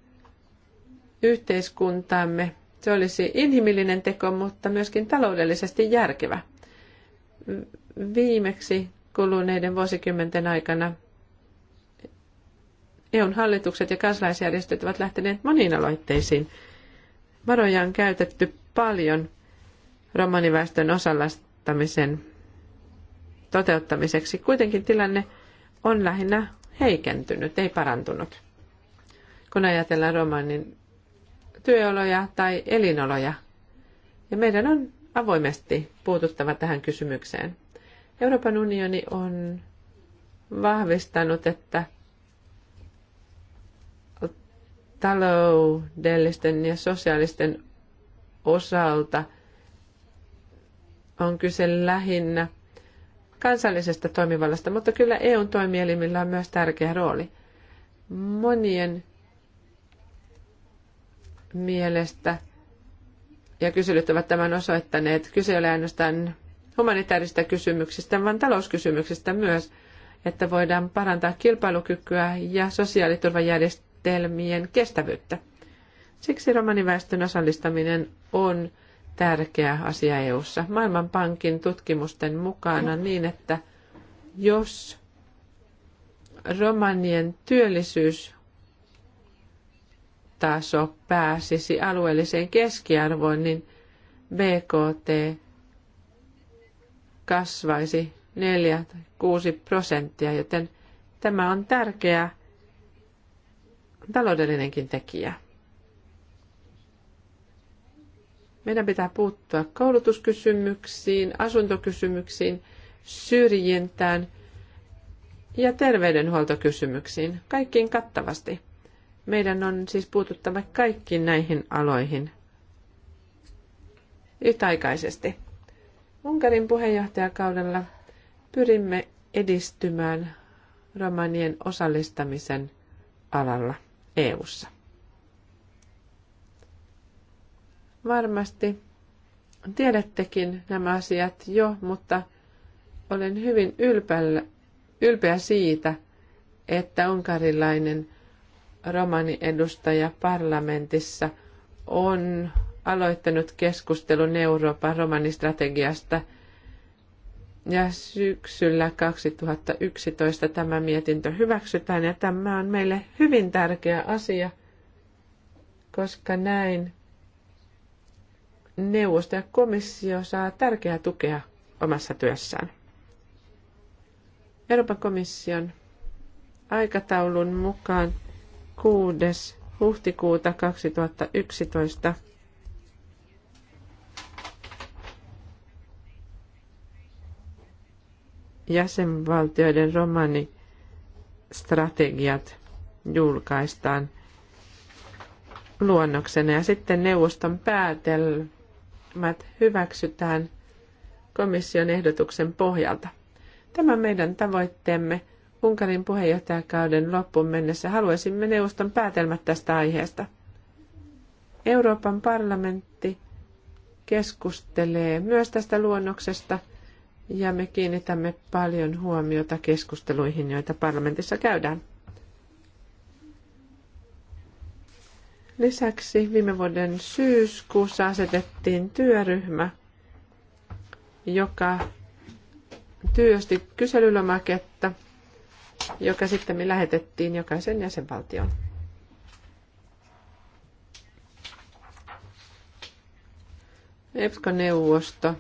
yhteiskuntaamme, se olisi inhimillinen teko, mutta myöskin taloudellisesti järkevä. Viimeksi kuluneiden vuosikymmenten aikana EUn hallitukset ja kansalaisjärjestöt ovat lähteneet moniin aloitteisiin – Varoja on käytetty paljon romaniväestön osallistamisen toteuttamiseksi. Kuitenkin tilanne on lähinnä heikentynyt, ei parantunut. Kun ajatellaan romanin työoloja tai elinoloja. Ja meidän on avoimesti puututtava tähän kysymykseen. Euroopan unioni on vahvistanut, että taloudellisten ja sosiaalisten osalta on kyse lähinnä kansallisesta toimivallasta, mutta kyllä EUn toimielimillä on myös tärkeä rooli. Monien mielestä, ja kyselyt ovat tämän osoittaneet, kyse ei ole ainoastaan humanitaarista kysymyksistä, vaan talouskysymyksistä myös, että voidaan parantaa kilpailukykyä ja sosiaaliturvajärjestelmää järjestelmien kestävyyttä. Siksi romaniväestön osallistaminen on tärkeä asia EU-ssa. Maailmanpankin tutkimusten mukana niin, että jos romanien taso pääsisi alueelliseen keskiarvoon, niin BKT kasvaisi 4-6 prosenttia, joten tämä on tärkeä taloudellinenkin tekijä. Meidän pitää puuttua koulutuskysymyksiin, asuntokysymyksiin, syrjintään ja terveydenhuoltokysymyksiin, kaikkiin kattavasti. Meidän on siis puututtava kaikkiin näihin aloihin yhtäaikaisesti. Unkarin puheenjohtajakaudella pyrimme edistymään romanien osallistamisen alalla. EU:ssa. Varmasti tiedättekin nämä asiat jo, mutta olen hyvin ylpeä, ylpeä siitä, että unkarilainen romaniedustaja parlamentissa on aloittanut keskustelun Euroopan romanistrategiasta – ja syksyllä 2011 tämä mietintö hyväksytään ja tämä on meille hyvin tärkeä asia, koska näin neuvosto ja komissio saa tärkeää tukea omassa työssään. Euroopan komission aikataulun mukaan 6. huhtikuuta 2011 jäsenvaltioiden romanistrategiat julkaistaan luonnoksena ja sitten neuvoston päätelmät hyväksytään komission ehdotuksen pohjalta. Tämä meidän tavoitteemme Unkarin puheenjohtajakauden loppuun mennessä haluaisimme neuvoston päätelmät tästä aiheesta. Euroopan parlamentti keskustelee myös tästä luonnoksesta – ja me kiinnitämme paljon huomiota keskusteluihin, joita parlamentissa käydään. Lisäksi viime vuoden syyskuussa asetettiin työryhmä, joka työsti kyselylomaketta, joka sitten me lähetettiin jokaisen jäsenvaltioon. EPSCO-neuvosto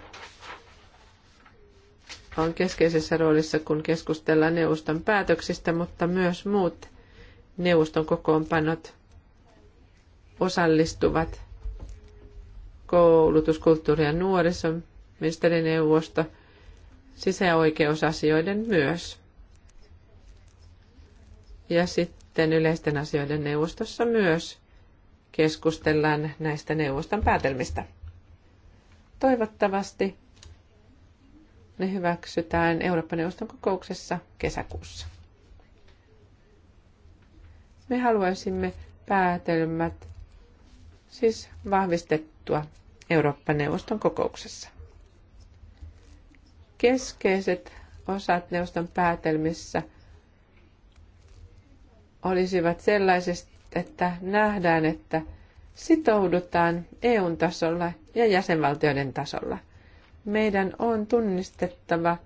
on keskeisessä roolissa, kun keskustellaan neuvoston päätöksistä, mutta myös muut neuvoston kokoonpanot osallistuvat koulutus, kulttuuri ja nuoriso, ministerineuvosto, sisä- ja oikeusasioiden myös. Ja sitten yleisten asioiden neuvostossa myös keskustellaan näistä neuvoston päätelmistä. Toivottavasti ne hyväksytään Euroopan neuvoston kokouksessa kesäkuussa. Me haluaisimme päätelmät siis vahvistettua Eurooppa-neuvoston kokouksessa. Keskeiset osat neuvoston päätelmissä olisivat sellaisista, että nähdään, että sitoudutaan eu tasolla ja jäsenvaltioiden tasolla meidän on tunnistettava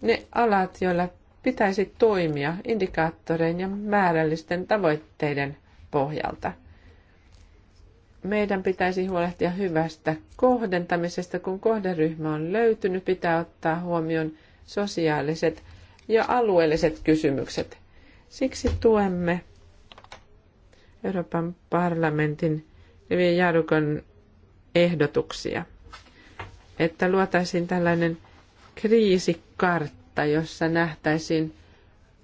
ne alat, joilla pitäisi toimia indikaattoreiden ja määrällisten tavoitteiden pohjalta. Meidän pitäisi huolehtia hyvästä kohdentamisesta, kun kohderyhmä on löytynyt, pitää ottaa huomioon sosiaaliset ja alueelliset kysymykset. Siksi tuemme Euroopan parlamentin Livien Jarukon ehdotuksia että luotaisiin tällainen kriisikartta, jossa nähtäisiin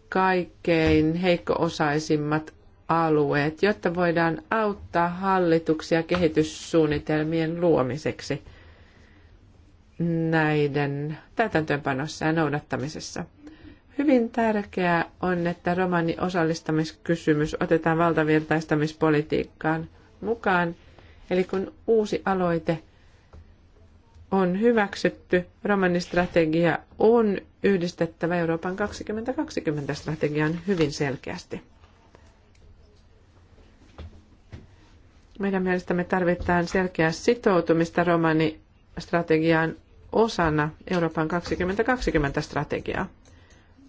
kaikkein heikko-osaisimmat alueet, jotta voidaan auttaa hallituksia kehityssuunnitelmien luomiseksi näiden täytäntöönpanossa ja noudattamisessa. Hyvin tärkeää on, että romani osallistamiskysymys otetaan valtavirtaistamispolitiikkaan mukaan, eli kun uusi aloite – on hyväksytty. strategia on yhdistettävä Euroopan 2020 strategian hyvin selkeästi. Meidän mielestämme tarvitaan selkeää sitoutumista strategiaan osana Euroopan 2020-strategiaa.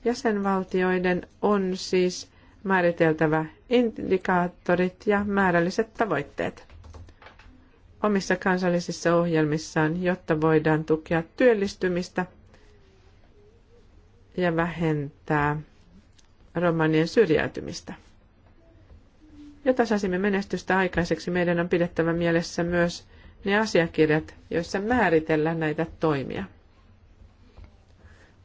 Jäsenvaltioiden on siis määriteltävä indikaattorit ja määrälliset tavoitteet omissa kansallisissa ohjelmissaan, jotta voidaan tukea työllistymistä ja vähentää romanien syrjäytymistä. Jotta saisimme menestystä aikaiseksi, meidän on pidettävä mielessä myös ne asiakirjat, joissa määritellään näitä toimia.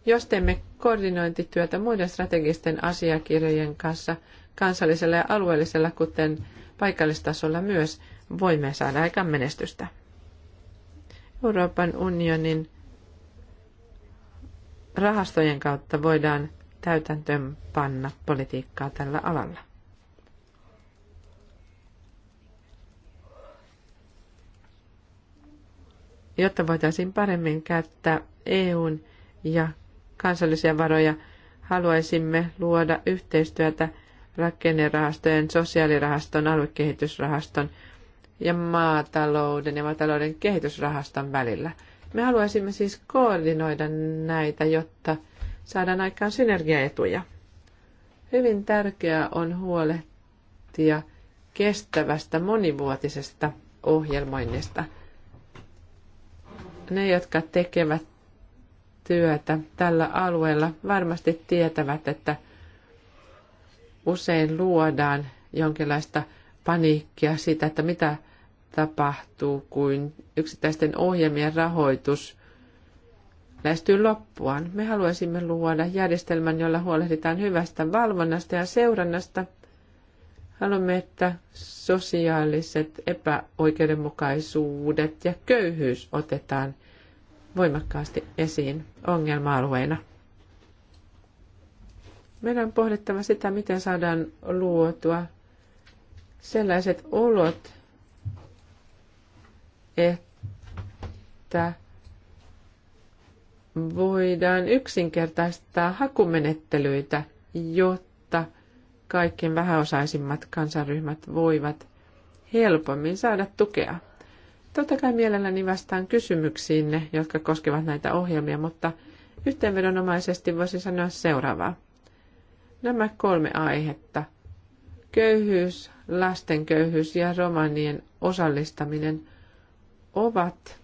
Jos teemme koordinointityötä muiden strategisten asiakirjojen kanssa kansallisella ja alueellisella, kuten paikallistasolla myös, voimme saada aikaan menestystä. Euroopan unionin rahastojen kautta voidaan täytäntöön panna politiikkaa tällä alalla. Jotta voitaisiin paremmin käyttää EUn ja kansallisia varoja, haluaisimme luoda yhteistyötä rakennerahastojen, sosiaalirahaston, aluekehitysrahaston, ja maatalouden ja maatalouden kehitysrahaston välillä. Me haluaisimme siis koordinoida näitä, jotta saadaan aikaan synergiaetuja. Hyvin tärkeää on huolehtia kestävästä monivuotisesta ohjelmoinnista. Ne, jotka tekevät työtä tällä alueella, varmasti tietävät, että usein luodaan jonkinlaista – paniikkia siitä, että mitä tapahtuu, kun yksittäisten ohjelmien rahoitus lähestyy loppuaan. Me haluaisimme luoda järjestelmän, jolla huolehditaan hyvästä valvonnasta ja seurannasta. Haluamme, että sosiaaliset epäoikeudenmukaisuudet ja köyhyys otetaan voimakkaasti esiin ongelma alueena Meidän on pohdittava sitä, miten saadaan luotua sellaiset olot, että voidaan yksinkertaistaa hakumenettelyitä, jotta kaikkien vähäosaisimmat kansaryhmät voivat helpommin saada tukea. Totta kai mielelläni vastaan kysymyksiinne, jotka koskevat näitä ohjelmia, mutta yhteenvedonomaisesti voisin sanoa seuraavaa. Nämä kolme aihetta – Köyhyys, lasten köyhyys ja romanien osallistaminen ovat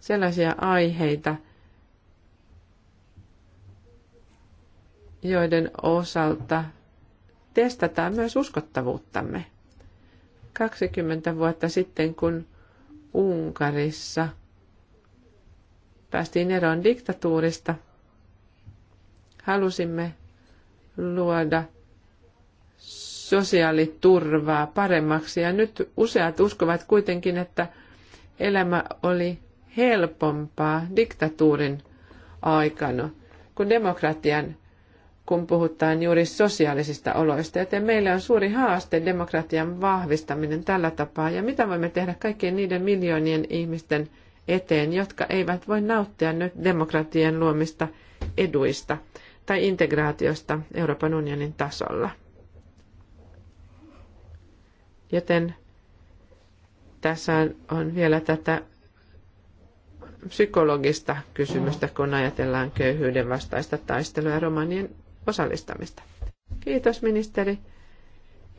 sellaisia aiheita, joiden osalta testataan myös uskottavuuttamme. 20 vuotta sitten, kun Unkarissa päästiin eroon diktatuurista, halusimme luoda sosiaaliturvaa paremmaksi. Ja nyt useat uskovat kuitenkin, että elämä oli helpompaa diktatuurin aikana kuin demokratian, kun puhutaan juuri sosiaalisista oloista. Joten meillä on suuri haaste demokratian vahvistaminen tällä tapaa. Ja mitä voimme tehdä kaikkien niiden miljoonien ihmisten eteen, jotka eivät voi nauttia nyt demokratian luomista eduista – tai integraatiosta Euroopan unionin tasolla. Joten tässä on vielä tätä psykologista kysymystä, kun ajatellaan köyhyyden vastaista taistelua ja romanien osallistamista. Kiitos ministeri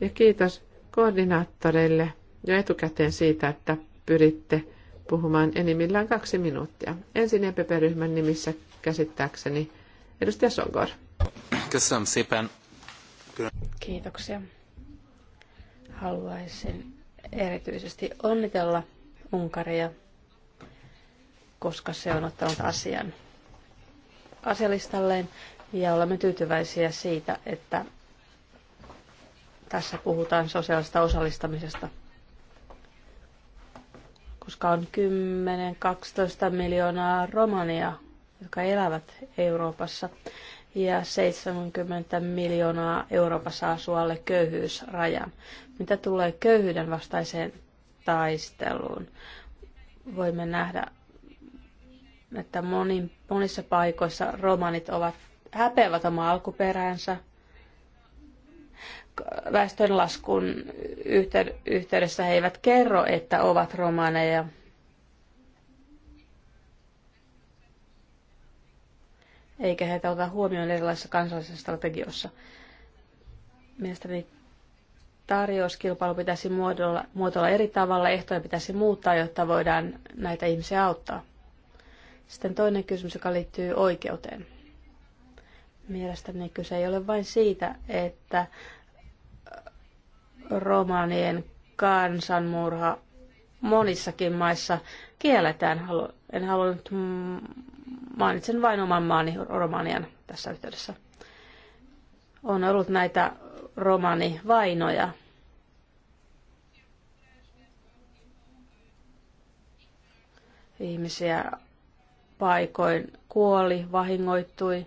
ja kiitos koordinaattoreille jo etukäteen siitä, että pyritte puhumaan enimmillään kaksi minuuttia. Ensin EPP-ryhmän nimissä käsittääkseni Edustaja Sogor. Köszönöm szépen. Kiitoksia. Haluaisin erityisesti onnitella Unkaria, koska se on ottanut asian asialistalleen ja olemme tyytyväisiä siitä, että tässä puhutaan sosiaalista osallistamisesta, koska on 10-12 miljoonaa romania jotka elävät Euroopassa ja 70 miljoonaa Euroopassa asuu alle köyhyysrajan. Mitä tulee köyhyyden vastaiseen taisteluun, voimme nähdä, että monin, monissa paikoissa romanit ovat häpeävät oma alkuperänsä. Väestönlaskun yhteydessä he eivät kerro, että ovat romaneja – eikä heitä ota huomioon erilaisissa kansallisissa strategioissa. Mielestäni tarjouskilpailu pitäisi muotoilla, muotoilla eri tavalla, ehtoja pitäisi muuttaa, jotta voidaan näitä ihmisiä auttaa. Sitten toinen kysymys, joka liittyy oikeuteen. Mielestäni kyse ei ole vain siitä, että romanien kansanmurha monissakin maissa kielletään. En halua nyt Mainitsen vain oman maani, Romanian, tässä yhteydessä. On ollut näitä romanivainoja. Ihmisiä paikoin kuoli, vahingoittui.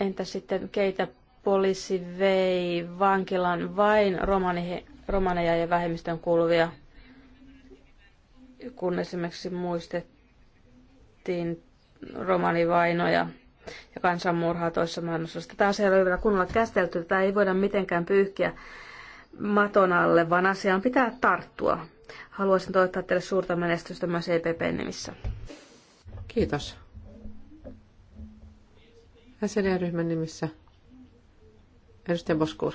Entä sitten keitä poliisi vei vankilan vain romani, romaneja ja vähemmistön kuuluvia kun esimerkiksi muistettiin romanivainoja ja kansanmurhaa toisessa maailmassa. tämä asia ei ole vielä kunnolla käsitelty, tätä ei voida mitenkään pyyhkiä maton alle, vaan asiaan pitää tarttua. Haluaisin toivottaa teille suurta menestystä myös epp nimissä. Kiitos. SNE-ryhmän nimissä edustaja Boskuur.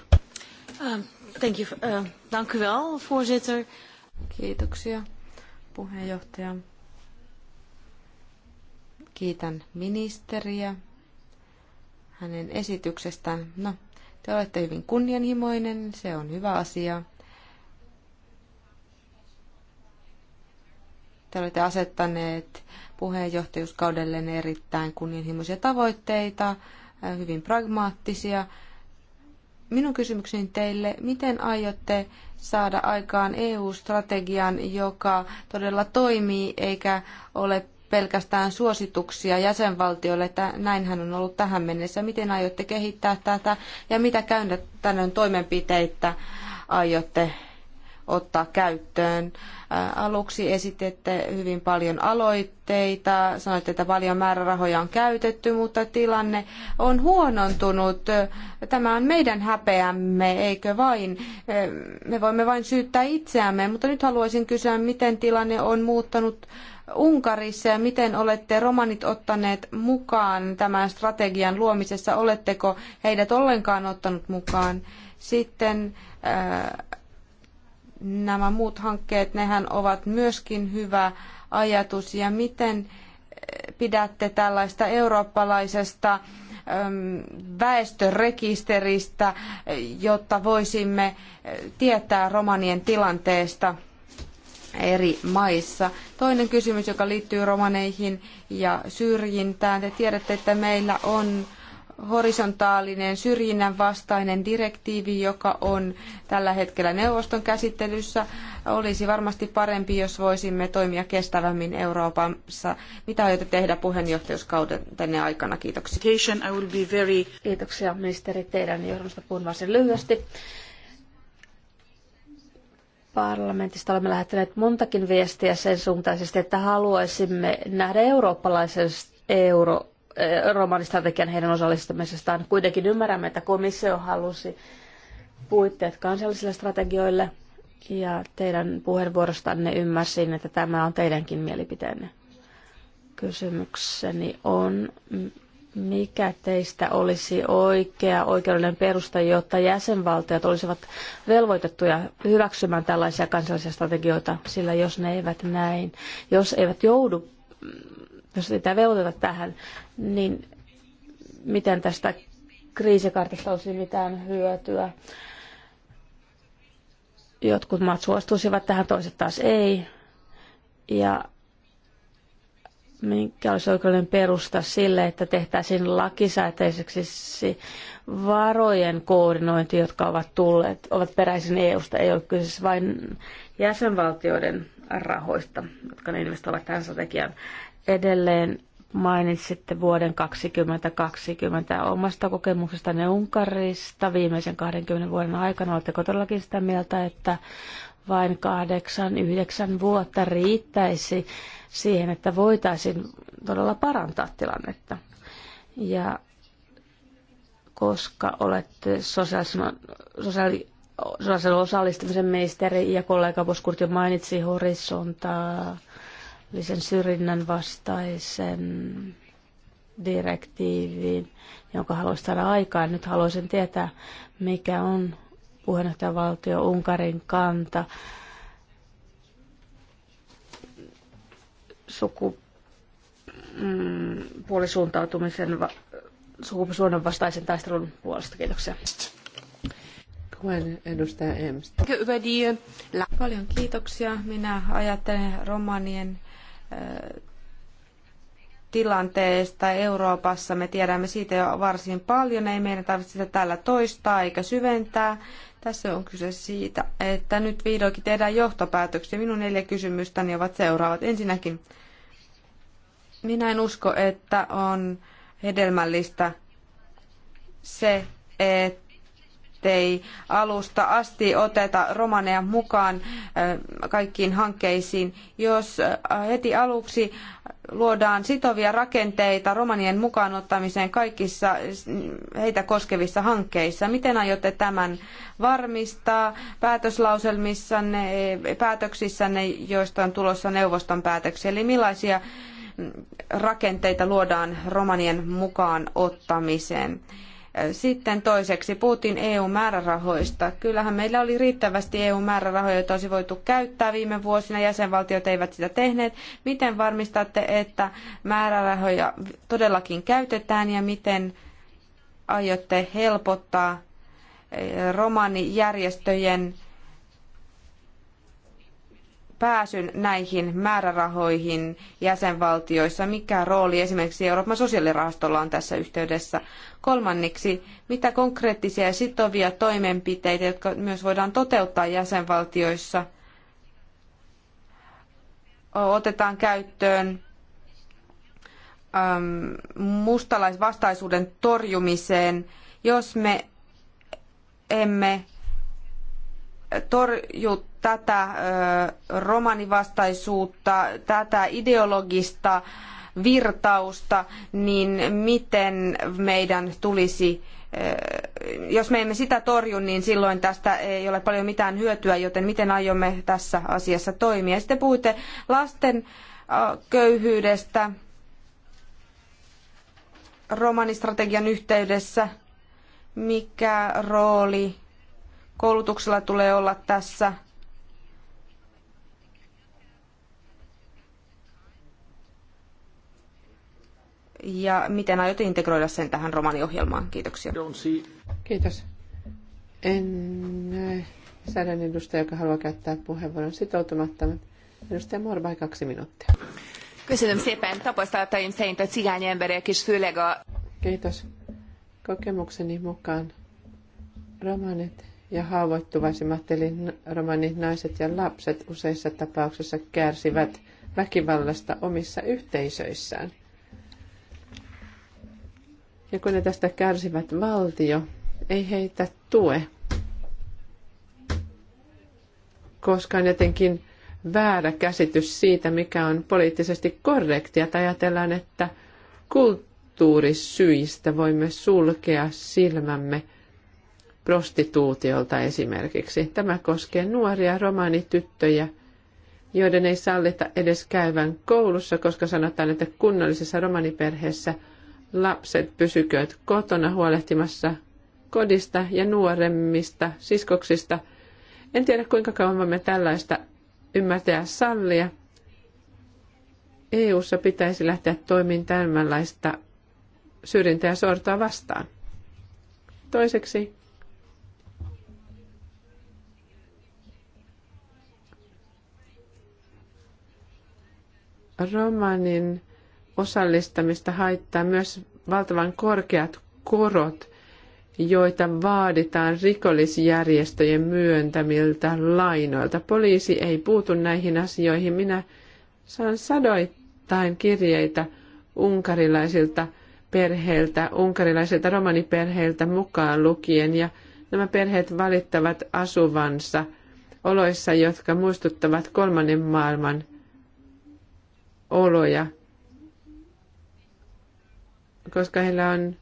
Uh, um, thank you, uh, dank u wel, voorzitter. Kiitoksia puheenjohtaja. Kiitän ministeriä hänen esityksestään. No, te olette hyvin kunnianhimoinen, se on hyvä asia. Te olette asettaneet puheenjohtajuuskaudelle erittäin kunnianhimoisia tavoitteita, hyvin pragmaattisia. Minun kysymykseni teille, miten aiotte saada aikaan EU-strategian, joka todella toimii eikä ole pelkästään suosituksia jäsenvaltioille, että näinhän on ollut tähän mennessä. Miten aiotte kehittää tätä ja mitä käytännön toimenpiteitä aiotte ottaa käyttöön. Aluksi esitette hyvin paljon aloitteita, sanoitte, että paljon määrärahoja on käytetty, mutta tilanne on huonontunut. Tämä on meidän häpeämme, eikö vain? Me voimme vain syyttää itseämme, mutta nyt haluaisin kysyä, miten tilanne on muuttanut Unkarissa ja miten olette romanit ottaneet mukaan tämän strategian luomisessa? Oletteko heidät ollenkaan ottanut mukaan? Sitten nämä muut hankkeet, nehän ovat myöskin hyvä ajatus. Ja miten pidätte tällaista eurooppalaisesta väestörekisteristä, jotta voisimme tietää romanien tilanteesta eri maissa. Toinen kysymys, joka liittyy romaneihin ja syrjintään. Te tiedätte, että meillä on horisontaalinen syrjinnän vastainen direktiivi, joka on tällä hetkellä neuvoston käsittelyssä. Olisi varmasti parempi, jos voisimme toimia kestävämmin Euroopassa. Mitä aiotte tehdä puheenjohtajuuskauden tänne aikana? Kiitoksia. Kiitoksia ministeri teidän johdosta puhun varsin lyhyesti. Parlamentista olemme lähettäneet montakin viestiä sen suuntaisesti, että haluaisimme nähdä eurooppalaisen euro Eh, romanistrategian heidän osallistumisestaan. Kuitenkin ymmärrämme, että komissio halusi puitteet kansallisille strategioille ja teidän puheenvuorostanne ymmärsin, että tämä on teidänkin mielipiteenne. Kysymykseni on, mikä teistä olisi oikea oikeudellinen perusta, jotta jäsenvaltiot olisivat velvoitettuja hyväksymään tällaisia kansallisia strategioita, sillä jos ne eivät näin, jos eivät joudu jos sitä velvoiteta tähän, niin miten tästä kriisikartasta olisi mitään hyötyä? Jotkut maat suostuisivat tähän, toiset taas ei. Ja minkä olisi oikeudellinen perusta sille, että tehtäisiin lakisääteiseksi varojen koordinointi, jotka ovat tulleet, ovat peräisin EU-sta, ei ole kyse vain jäsenvaltioiden rahoista, jotka ne investoivat tähän strategiaan. Edelleen mainitsitte vuoden 2020 omasta kokemuksestanne Unkarista viimeisen 20 vuoden aikana. Oletteko todellakin sitä mieltä, että vain kahdeksan, yhdeksän vuotta riittäisi siihen, että voitaisiin todella parantaa tilannetta? Ja koska olette sosiaalisen, sosiaali, sosiaalisen osallistumisen ministeri ja kollega Boskurt jo mainitsi horisontaa, sen syrjinnän vastaisen direktiiviin, jonka haluaisi saada aikaan. Nyt haluaisin tietää, mikä on puheenjohtajavaltio Unkarin kanta sukupuolisuuntautumisen mm, va- sukupuolisuuden vastaisen taistelun puolesta. Kiitoksia. edustaja Paljon kiitoksia. Minä ajattelen romanien tilanteesta Euroopassa. Me tiedämme siitä jo varsin paljon, ei meidän tarvitse sitä täällä toistaa eikä syventää. Tässä on kyse siitä, että nyt vihdoinkin tehdään johtopäätöksiä. Minun neljä kysymystäni ovat seuraavat. Ensinnäkin, minä en usko, että on hedelmällistä se, että ettei alusta asti oteta romaneja mukaan eh, kaikkiin hankkeisiin. Jos eh, heti aluksi luodaan sitovia rakenteita romanien mukaan ottamiseen kaikissa heitä koskevissa hankkeissa, miten aiotte tämän varmistaa päätöslauselmissanne, eh, päätöksissänne, joista on tulossa neuvoston päätöksiä? Eli millaisia mm, rakenteita luodaan romanien mukaan ottamiseen? Sitten toiseksi Putin EU-määrärahoista. Kyllähän meillä oli riittävästi EU-määrärahoja, joita olisi voitu käyttää viime vuosina. Jäsenvaltiot eivät sitä tehneet. Miten varmistatte, että määrärahoja todellakin käytetään ja miten aiotte helpottaa romanijärjestöjen pääsyn näihin määrärahoihin jäsenvaltioissa? Mikä rooli esimerkiksi Euroopan sosiaalirahastolla on tässä yhteydessä? Kolmanneksi, mitä konkreettisia ja sitovia toimenpiteitä, jotka myös voidaan toteuttaa jäsenvaltioissa, otetaan käyttöön ähm, mustalaisvastaisuuden torjumiseen, jos me emme torju tätä romanivastaisuutta, tätä ideologista virtausta, niin miten meidän tulisi jos me emme sitä torju, niin silloin tästä ei ole paljon mitään hyötyä, joten miten aiomme tässä asiassa toimia. sitten puhuitte lasten köyhyydestä romanistrategian yhteydessä. Mikä rooli koulutuksella tulee olla tässä? ja miten aiotte integroida sen tähän romaniohjelmaan? Kiitoksia. Kiitos. En näe säädän edustaja, joka haluaa käyttää puheenvuoron sitoutumatta. Edustaja Morbai, kaksi minuuttia. Köszönöm szépen. Tapasztalataim szerint a cigány emberek főleg a... Kiitos. Kokemukseni mukaan romanit ja haavoittuvaisimmat eli romanit, naiset ja lapset useissa tapauksissa kärsivät väkivallasta omissa yhteisöissään – ja kun ne tästä kärsivät valtio, ei heitä tue, koska on jotenkin väärä käsitys siitä, mikä on poliittisesti korrektia. Tai ajatellaan, että kulttuurisyistä voimme sulkea silmämme prostituutiolta esimerkiksi. Tämä koskee nuoria romaanityttöjä, joiden ei sallita edes käyvän koulussa, koska sanotaan, että kunnollisessa romaniperheessä – lapset pysykööt kotona huolehtimassa kodista ja nuoremmista siskoksista. En tiedä kuinka kauan me tällaista ymmärtää sallia. EU:ssa pitäisi lähteä toimiin tämänlaista syrjintää ja sortoa vastaan. Toiseksi romanin osallistamista haittaa myös valtavan korkeat korot, joita vaaditaan rikollisjärjestöjen myöntämiltä lainoilta. Poliisi ei puutu näihin asioihin. Minä saan sadoittain kirjeitä unkarilaisilta perheiltä, unkarilaisilta romaniperheiltä mukaan lukien, ja nämä perheet valittavat asuvansa oloissa, jotka muistuttavat kolmannen maailman oloja – koska heillä on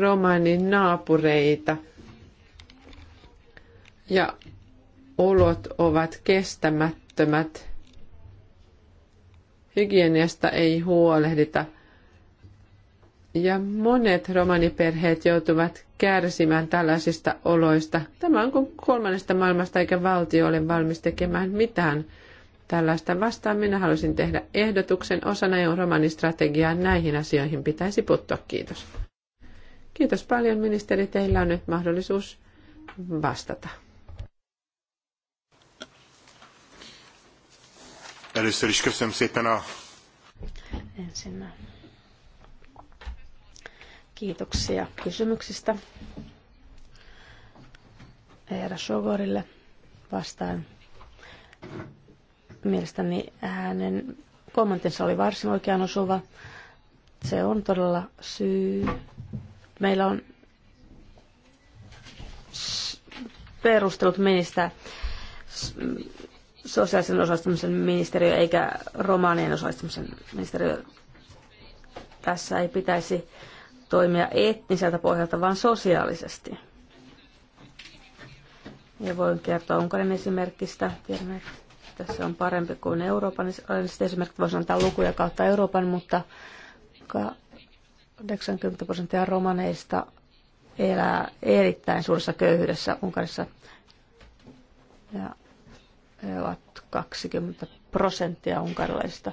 romanin naapureita ja olot ovat kestämättömät. Hygieniasta ei huolehdita. Ja monet romaniperheet joutuvat kärsimään tällaisista oloista. Tämä on kuin kolmannesta maailmasta, eikä valtio ole valmis tekemään mitään – tällaista vastaan. Minä halusin tehdä ehdotuksen osana eu romanistrategiaa. Näihin asioihin pitäisi puuttua. Kiitos. Kiitos paljon, ministeri. Teillä on nyt mahdollisuus vastata. Először is köszönöm szépen a... Ensinnä. Kiitoksia kysymyksistä. Eera Sogorille vastaan Mielestäni hänen kommenttinsa oli varsin oikean osuva. Se on todella syy. Meillä on perustelut meistä sosiaalisen osallistumisen ministeriö eikä romaanien osallistumisen ministeriö. Tässä ei pitäisi toimia etniseltä pohjalta, vaan sosiaalisesti. Ja voin kertoa Unkarin esimerkistä. Tiedämme, että tässä on parempi kuin Euroopan. Esimerkiksi voisi antaa lukuja kautta Euroopan, mutta 80 prosenttia romaneista elää erittäin suuressa köyhyydessä Unkarissa. Ja he ovat 20 prosenttia unkarilaisista.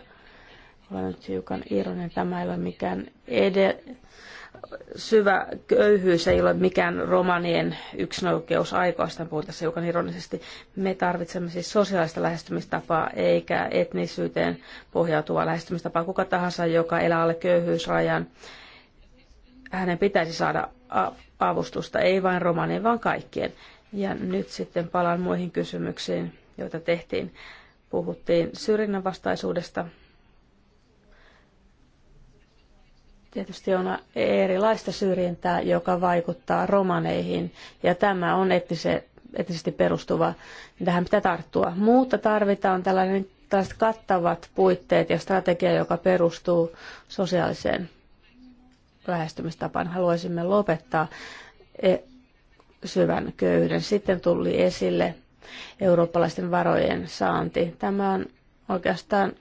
Olen nyt hiukan ironinen. Tämä ei ole mikään edellä syvä köyhyys ei ole mikään romanien yksinoikeus aikoista, puhun tässä hiukan ironisesti. Me tarvitsemme siis sosiaalista lähestymistapaa eikä etnisyyteen pohjautuvaa lähestymistapaa. Kuka tahansa, joka elää alle köyhyysrajan, hänen pitäisi saada avustusta, ei vain romanien, vaan kaikkien. Ja nyt sitten palaan muihin kysymyksiin, joita tehtiin. Puhuttiin syrjinnän vastaisuudesta, Tietysti on erilaista syrjintää, joka vaikuttaa romaneihin, ja tämä on etnise, etnisesti perustuva. Tähän pitää tarttua. Mutta tarvitaan tällainen, tällaiset kattavat puitteet ja strategia, joka perustuu sosiaaliseen lähestymistapaan. Haluaisimme lopettaa e- syvän köyhyyden. Sitten tuli esille eurooppalaisten varojen saanti. Tämä on oikeastaan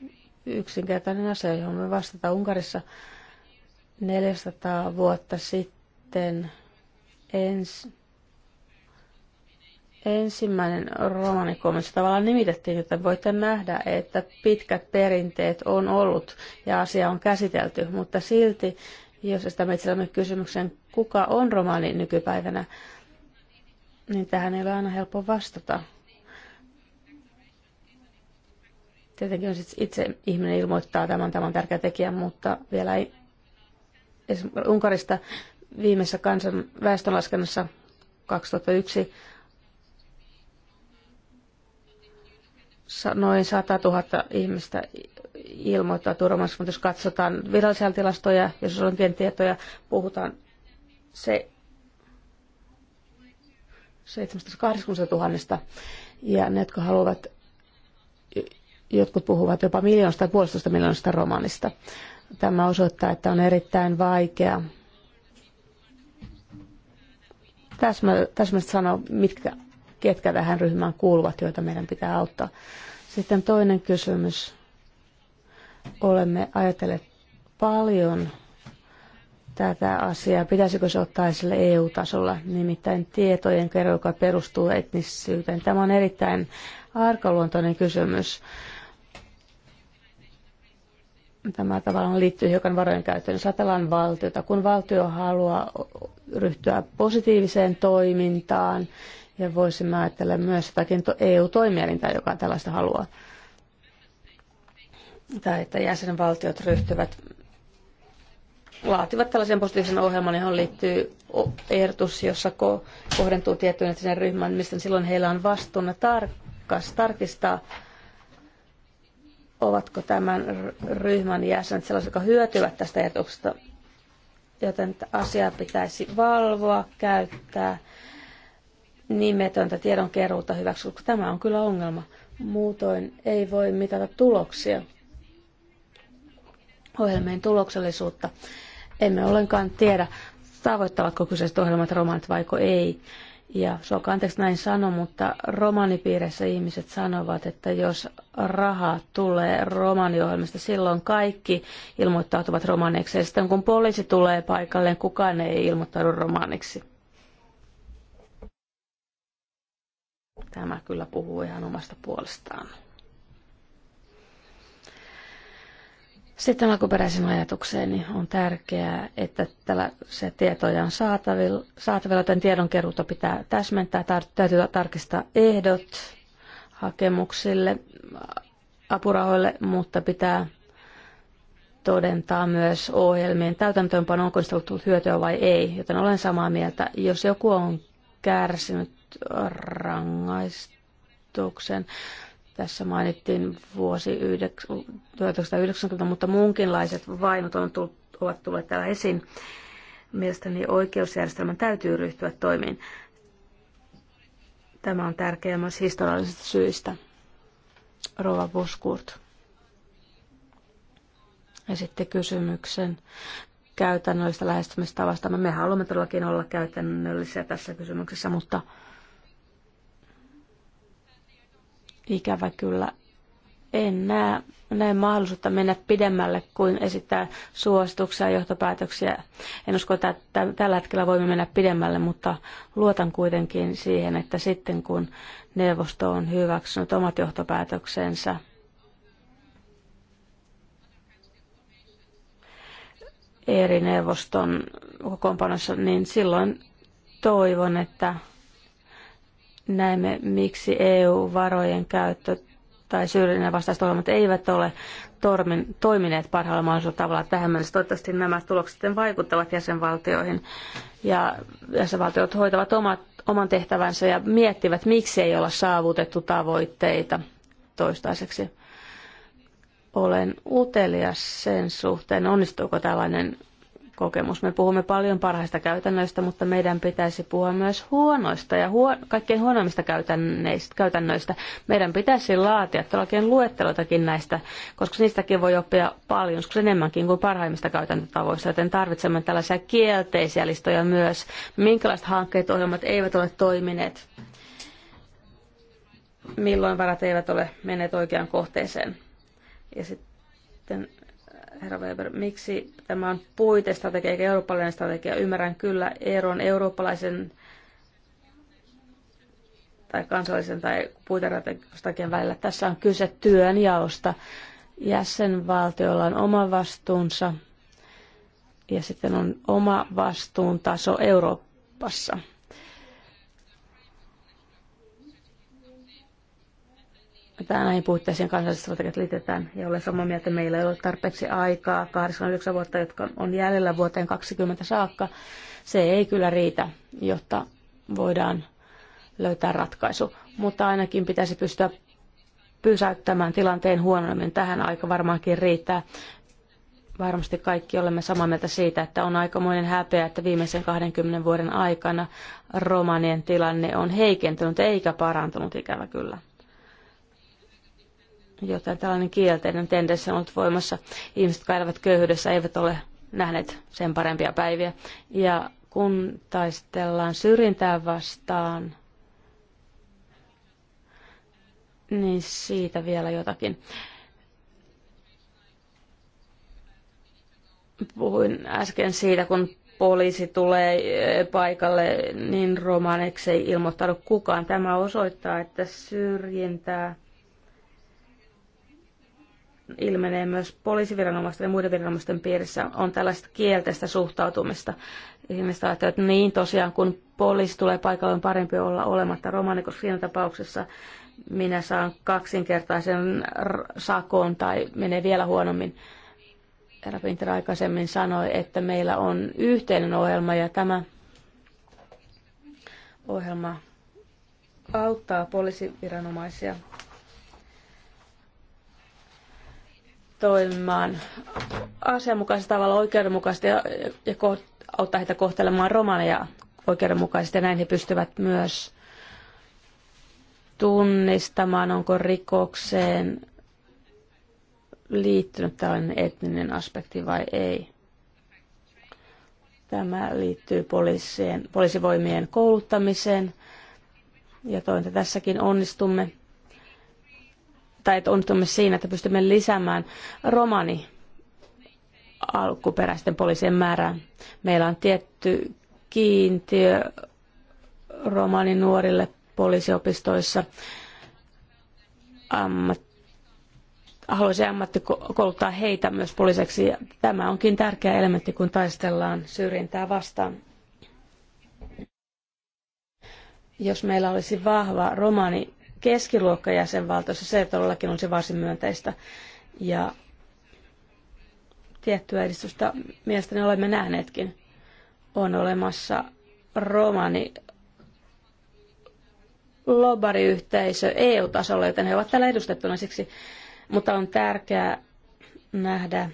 yksinkertainen asia, johon me vastata Unkarissa 400 vuotta sitten ens, ensimmäinen romanikomissi tavallaan nimitettiin, että voitte nähdä, että pitkät perinteet on ollut ja asia on käsitelty, mutta silti, jos estämme itsellemme kysymyksen, kuka on romani nykypäivänä, niin tähän ei ole aina helppo vastata. Tietenkin jos itse ihminen ilmoittaa tämän, tämän tärkeä tekijä, mutta vielä ei Unkarista viimeisessä kansan väestönlaskennassa 2001 noin 100 000 ihmistä ilmoittaa turvallisuus, mutta jos katsotaan virallisia tilastoja, jos on tietoja, puhutaan se 780 000. Ja ne, jotka haluavat, jotkut puhuvat jopa miljoonasta ja puolestoista miljoonasta romanista. Tämä osoittaa, että on erittäin vaikea tässä täsmästi sanoo, mitkä, ketkä tähän ryhmään kuuluvat, joita meidän pitää auttaa. Sitten toinen kysymys. Olemme ajatelleet paljon tätä asiaa. Pitäisikö se ottaa esille EU-tasolla, nimittäin tietojen kerro, joka perustuu etnisyyteen? Tämä on erittäin arkaluontoinen kysymys. Tämä tavallaan liittyy hiukan varojen käyttöön. Jos ajatellaan valtiota, kun valtio haluaa ryhtyä positiiviseen toimintaan, ja voisimme ajatella myös jotakin EU-toimielintä, joka tällaista haluaa. Tai että jäsenvaltiot ryhtyvät laativat tällaisen positiivisen ohjelman, johon liittyy ehdotus, jossa kohdentuu tiettyyn sinne ryhmään, mistä silloin heillä on vastuuna tarkistaa ovatko tämän ryhmän jäsenet sellaisia, jotka hyötyvät tästä ehdotuksesta, joten asiaa pitäisi valvoa, käyttää nimetöntä tiedonkeruuta hyväksi, koska tämä on kyllä ongelma. Muutoin ei voi mitata tuloksia, ohjelmien tuloksellisuutta. Emme ollenkaan tiedä, tavoittavatko kyseiset ohjelmat romanit vaiko ei. Ja on anteeksi näin sano, mutta romanipiirissä ihmiset sanovat, että jos raha tulee romaniohjelmista, silloin kaikki ilmoittautuvat romaniksi. Ja sitten kun poliisi tulee paikalle, kukaan ei ilmoittaudu romaniksi. Tämä kyllä puhuu ihan omasta puolestaan. Sitten alkuperäisen niin on tärkeää, että tällä se tietoja on saatavilla, saatavilla joten tiedonkeruuta pitää täsmentää, tar- täytyy tarkistaa ehdot hakemuksille, apurahoille, mutta pitää todentaa myös ohjelmien täytäntöönpano, onko niistä ollut hyötyä vai ei, joten olen samaa mieltä. Jos joku on kärsinyt rangaistuksen, tässä mainittiin vuosi 1990, mutta muunkinlaiset vainot on tullut, ovat tulleet täällä esiin. Mielestäni oikeusjärjestelmän täytyy ryhtyä toimiin. Tämä on tärkeää myös historiallisista syistä. Rova Buskurt esitti kysymyksen käytännöllistä lähestymistavasta. No, me haluamme todellakin olla käytännöllisiä tässä kysymyksessä, mutta Ikävä kyllä en näe, näe mahdollisuutta mennä pidemmälle kuin esittää suosituksia ja johtopäätöksiä. En usko, että tällä hetkellä voimme mennä pidemmälle, mutta luotan kuitenkin siihen, että sitten kun neuvosto on hyväksynyt omat johtopäätöksensä, eri neuvoston kokoonpanossa, niin silloin toivon, että näemme, miksi EU-varojen käyttö tai syrjinnän vastaiset ohjelmat eivät ole tormin, toimineet parhaalla mahdollisella tavalla tähän mennessä. Toivottavasti nämä tulokset sitten vaikuttavat jäsenvaltioihin ja jäsenvaltiot hoitavat omat, oman tehtävänsä ja miettivät, miksi ei olla saavutettu tavoitteita toistaiseksi. Olen utelias sen suhteen, onnistuuko tällainen kokemus. Me puhumme paljon parhaista käytännöistä, mutta meidän pitäisi puhua myös huonoista ja huo- kaikkein huonoimmista käytännöistä. Meidän pitäisi laatia todellakin luetteloitakin näistä, koska niistäkin voi oppia paljon, joskus enemmänkin kuin parhaimmista käytäntötavoista, joten tarvitsemme tällaisia kielteisiä listoja myös. Minkälaiset hankkeet ohjelmat eivät ole toimineet? Milloin varat eivät ole menneet oikeaan kohteeseen? Ja sitten herra Weber, miksi tämä on puitestrategia eikä eurooppalainen strategia? Ymmärrän kyllä eron eurooppalaisen tai kansallisen tai puitestrategian välillä. Tässä on kyse työnjaosta. Jäsenvaltioilla on oma vastuunsa ja sitten on oma vastuuntaso Euroopassa. Tämä näihin puitteisiin kansalliset strategiat liitetään ja olen samaa mieltä, meillä ei ole tarpeeksi aikaa, 89 vuotta, jotka on jäljellä vuoteen 20 saakka. Se ei kyllä riitä, jotta voidaan löytää ratkaisu, mutta ainakin pitäisi pystyä pysäyttämään tilanteen huonommin. Tähän aika varmaankin riittää. Varmasti kaikki olemme samaa mieltä siitä, että on aikamoinen häpeä, että viimeisen 20 vuoden aikana romanien tilanne on heikentynyt eikä parantunut ikävä kyllä joten tällainen kielteinen tendenssi on ollut voimassa. Ihmiset, jotka elävät köyhyydessä, eivät ole nähneet sen parempia päiviä. Ja kun taistellaan syrjintää vastaan, niin siitä vielä jotakin. Puhuin äsken siitä, kun poliisi tulee paikalle, niin romaniksi ei ilmoittanut kukaan. Tämä osoittaa, että syrjintää ilmenee myös poliisiviranomaisten ja muiden viranomaisten piirissä, on tällaista kielteistä suhtautumista. Ihmiset ajattelevat, että niin tosiaan, kun poliisi tulee paikalle, on parempi olla olematta romani, koska siinä tapauksessa minä saan kaksinkertaisen sakon tai menee vielä huonommin. Herra Pinter aikaisemmin sanoi, että meillä on yhteinen ohjelma ja tämä ohjelma auttaa poliisiviranomaisia toimimaan asianmukaisella tavalla oikeudenmukaisesti ja, ja auttaa heitä kohtelemaan romaneja oikeudenmukaisesti ja näin he pystyvät myös tunnistamaan, onko rikokseen liittynyt tällainen etninen aspekti vai ei. Tämä liittyy poliisien, poliisivoimien kouluttamiseen ja että tässäkin onnistumme tai et onnistumme siinä, että pystymme lisäämään romani alkuperäisten poliisien määrää. Meillä on tietty kiintiö romani nuorille poliisiopistoissa. Ammat, haluaisin ammattikouluttaa heitä myös poliiseksi. Tämä onkin tärkeä elementti, kun taistellaan syrjintää vastaan. Jos meillä olisi vahva romani keskiluokka se todellakin olisi varsin myönteistä. Ja tiettyä edistystä mielestäni olemme nähneetkin. On olemassa romani lobbariyhteisö EU-tasolla, joten he ovat täällä edustettuna siksi, mutta on tärkeää nähdä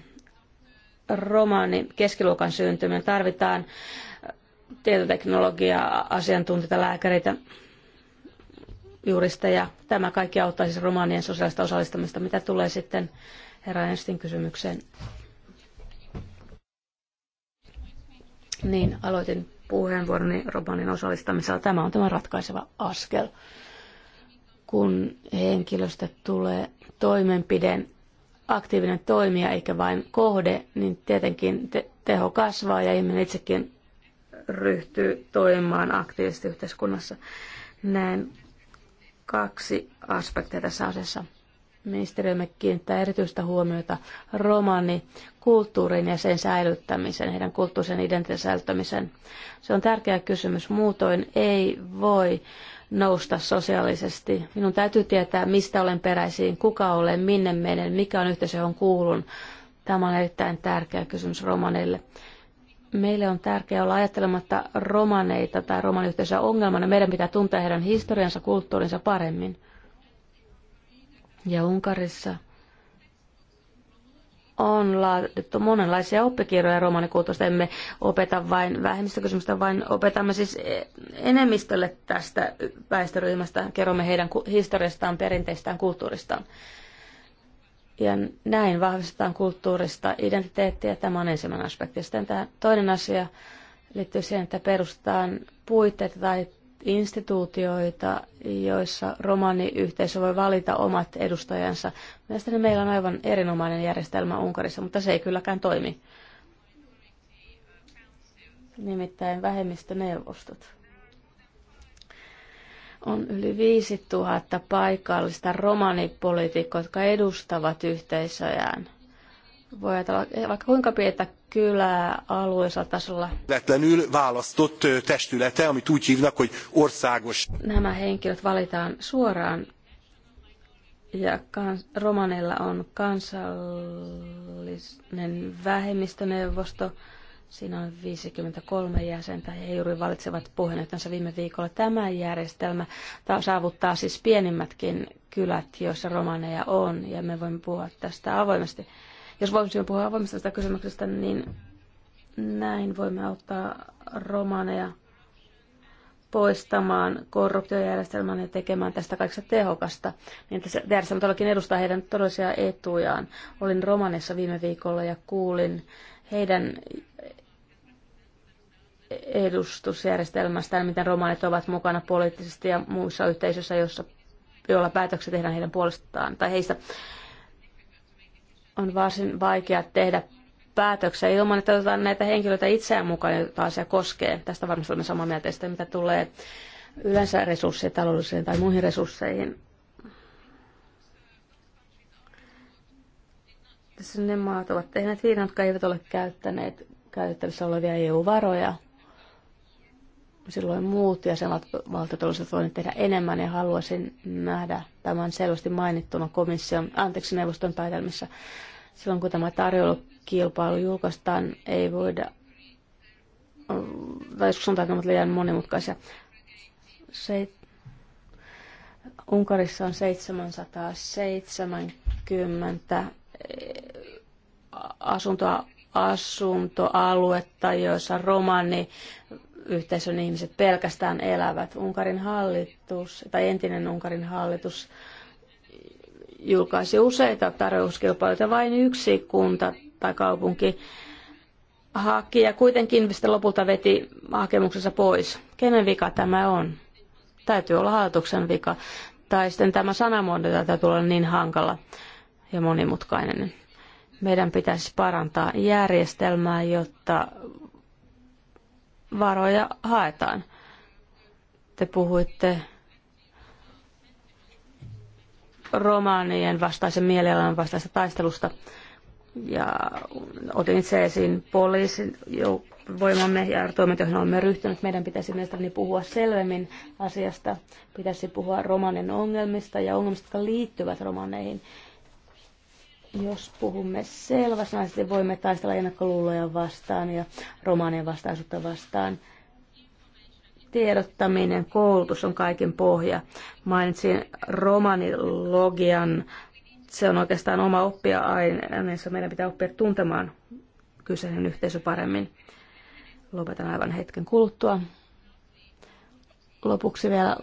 romani keskiluokan syntyminen. Tarvitaan tietoteknologiaa, asiantuntijoita, lääkäreitä, juristeja. Tämä kaikki auttaisi siis romaanien sosiaalista osallistamista. Mitä tulee sitten herra Ernstin kysymykseen? Niin, aloitin puheenvuoroni romanin osallistamisella. Tämä on tämä ratkaiseva askel. Kun henkilöstä tulee toimenpide, aktiivinen toimija eikä vain kohde, niin tietenkin te- teho kasvaa ja ihminen itsekin ryhtyy toimimaan aktiivisesti yhteiskunnassa. Näin kaksi aspektia tässä asiassa. Ministeriömme kiinnittää erityistä huomiota romani kulttuuriin ja sen säilyttämiseen, heidän kulttuurisen identiteetin säilyttämisen. Se on tärkeä kysymys. Muutoin ei voi nousta sosiaalisesti. Minun täytyy tietää, mistä olen peräisin, kuka olen, minne menen, mikä on yhteisö, johon kuulun. Tämä on erittäin tärkeä kysymys romaneille. Meille on tärkeää olla ajattelematta romaneita tai romaniyhteisöä ongelmana. Meidän pitää tuntea heidän historiansa, kulttuurinsa paremmin. Ja Unkarissa on laadittu monenlaisia oppikirjoja romanikulttuurista. Emme opeta vain vähemmistökysymystä, vaan opetamme siis enemmistölle tästä väestöryhmästä. Kerromme heidän historiastaan, perinteistään, kulttuuristaan. Ja näin vahvistetaan kulttuurista identiteettiä. Tämä on ensimmäinen aspekti. Sitten tämä toinen asia liittyy siihen, että perustetaan puitteita tai instituutioita, joissa romaniyhteisö voi valita omat edustajansa. Mielestäni meillä on aivan erinomainen järjestelmä Unkarissa, mutta se ei kylläkään toimi. Nimittäin vähemmistöneuvostot on yli 5000 paikallista romanipolitiikkoa, jotka edustavat yhteisöjään. Voi ajatella eh, vaikka kuinka pientä kylää alueellisella tasolla. választott testülete, amit úgy hívnak, hogy országos. Nämä henkilöt valitaan suoraan ja kans, romanilla on kansallinen vähemmistöneuvosto, Siinä on 53 jäsentä ja juuri valitsevat puheenjohtajansa viime viikolla. Tämä järjestelmä saavuttaa siis pienimmätkin kylät, joissa romaneja on, ja me voimme puhua tästä avoimesti. Jos voisimme puhua avoimesti tästä kysymyksestä, niin näin voimme auttaa romaneja poistamaan korruptiojärjestelmän ja tekemään tästä kaikesta tehokasta, niin tässä järjestelmä todellakin edustaa heidän todellisia etujaan. Olin Romanissa viime viikolla ja kuulin heidän edustusjärjestelmästä, miten romaanit ovat mukana poliittisesti ja muissa yhteisöissä, jossa, joilla päätöksiä tehdään heidän puolestaan tai heistä. On varsin vaikea tehdä päätöksiä ilman, että otetaan näitä henkilöitä itseään mukaan, joita asia koskee. Tästä varmasti olemme samaa mieltä, sitä, mitä tulee yleensä resursseihin, taloudellisiin tai muihin resursseihin. Tässä ne maat ovat tehneet viina, jotka eivät ole käyttäneet käytettävissä olevia EU-varoja silloin muut valtiot olisivat voineet tehdä enemmän ja haluaisin nähdä tämän selvästi mainittuna komission, anteeksi neuvoston päätelmissä. Silloin kun tämä tarjoulukilpailu julkaistaan, ei voida, tai joskus on tarkoitus liian monimutkaisia. Se, Unkarissa on 770 eh, asuntoa asuntoaluetta, joissa romani yhteisön ihmiset pelkästään elävät. Unkarin hallitus tai entinen Unkarin hallitus julkaisi useita tarjouskilpailuja, vain yksi kunta tai kaupunki haki ja kuitenkin sitten lopulta veti hakemuksensa pois. Kenen vika tämä on? Täytyy olla hallituksen vika. Tai sitten tämä sanamuoto täytyy tulla niin hankala ja monimutkainen. Meidän pitäisi parantaa järjestelmää, jotta varoja haetaan. Te puhuitte romaanien vastaisen mielialan vastaista taistelusta. Ja otin itse esiin poliisin voimamme ja toimet, joihin olemme ryhtyneet. Meidän pitäisi mielestäni puhua selvemmin asiasta. Pitäisi puhua romanen ongelmista ja ongelmista, jotka liittyvät romaneihin. Jos puhumme selväsanaisesti, voimme taistella ennakkoluuloja vastaan ja romaanien vastaisuutta vastaan. Tiedottaminen, koulutus on kaiken pohja. Mainitsin romanilogian. Se on oikeastaan oma oppiaineensa. Meidän pitää oppia tuntemaan kyseinen yhteisö paremmin. Lopetan aivan hetken kuluttua. Lopuksi vielä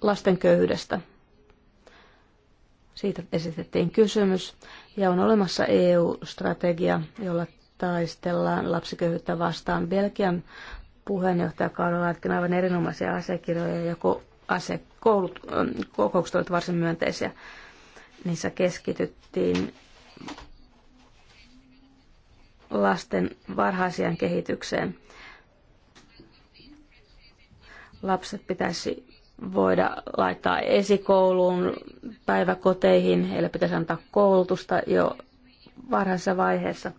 lasten köyhyydestä. Siitä esitettiin kysymys ja on olemassa EU-strategia, jolla taistellaan lapsiköyhyyttä vastaan. Belgian puheenjohtajakaudella on aivan erinomaisia asiakirjoja ja asekoulut, ähm, kokoukset olivat varsin myönteisiä. Niissä keskityttiin lasten varhaisien kehitykseen. Lapset pitäisi voida laittaa esikouluun, päiväkoteihin, heille pitäisi antaa koulutusta jo varhaisessa vaiheessa.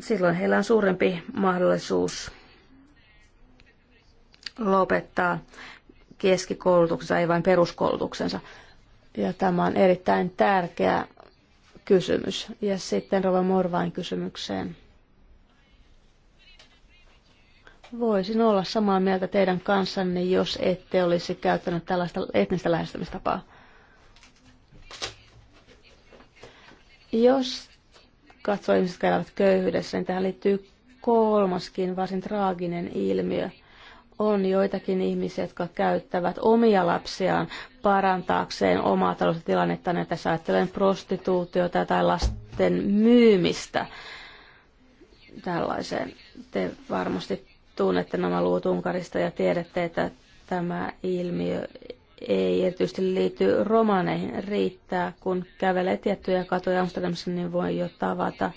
Silloin heillä on suurempi mahdollisuus lopettaa keskikoulutuksensa, ei vain peruskoulutuksensa. Ja tämä on erittäin tärkeä kysymys. Ja sitten Rova Morvain kysymykseen. Voisin olla samaa mieltä teidän kanssanne, jos ette olisi käyttänyt tällaista etnistä lähestymistapaa. Jos katsoo ihmiset elävät köyhyydessä, niin tähän liittyy kolmaskin varsin traaginen ilmiö. On joitakin ihmisiä, jotka käyttävät omia lapsiaan parantaakseen omaa taloudellista tilannetta. että niin tässä ajattelen prostituutiota tai lasten myymistä tällaiseen. Te varmasti Tunnette nämä luvut Unkarista ja tiedätte, että tämä ilmiö ei erityisesti liity romaneihin. Riittää, kun kävelee tiettyjä katuja Amsterdamissa, niin voi jo tavata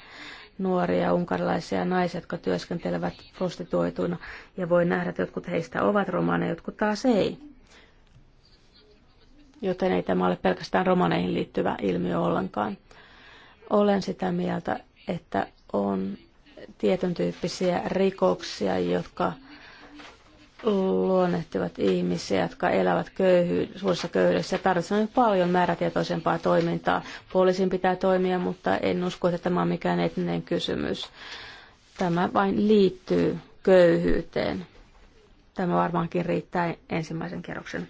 nuoria unkarilaisia naisia, jotka työskentelevät prostituoituina, ja voi nähdä, että jotkut heistä ovat romaneja, jotkut taas ei. Joten ei tämä ole pelkästään romaneihin liittyvä ilmiö ollenkaan. Olen sitä mieltä, että on tietyn tyyppisiä rikoksia, jotka luonnehtivat ihmisiä, jotka elävät köyhy- suurissa köyhyydessä. Tarvitsemme paljon määrätietoisempaa toimintaa. Poliisin pitää toimia, mutta en usko, että tämä on mikään etninen kysymys. Tämä vain liittyy köyhyyteen. Tämä varmaankin riittää ensimmäisen kerroksen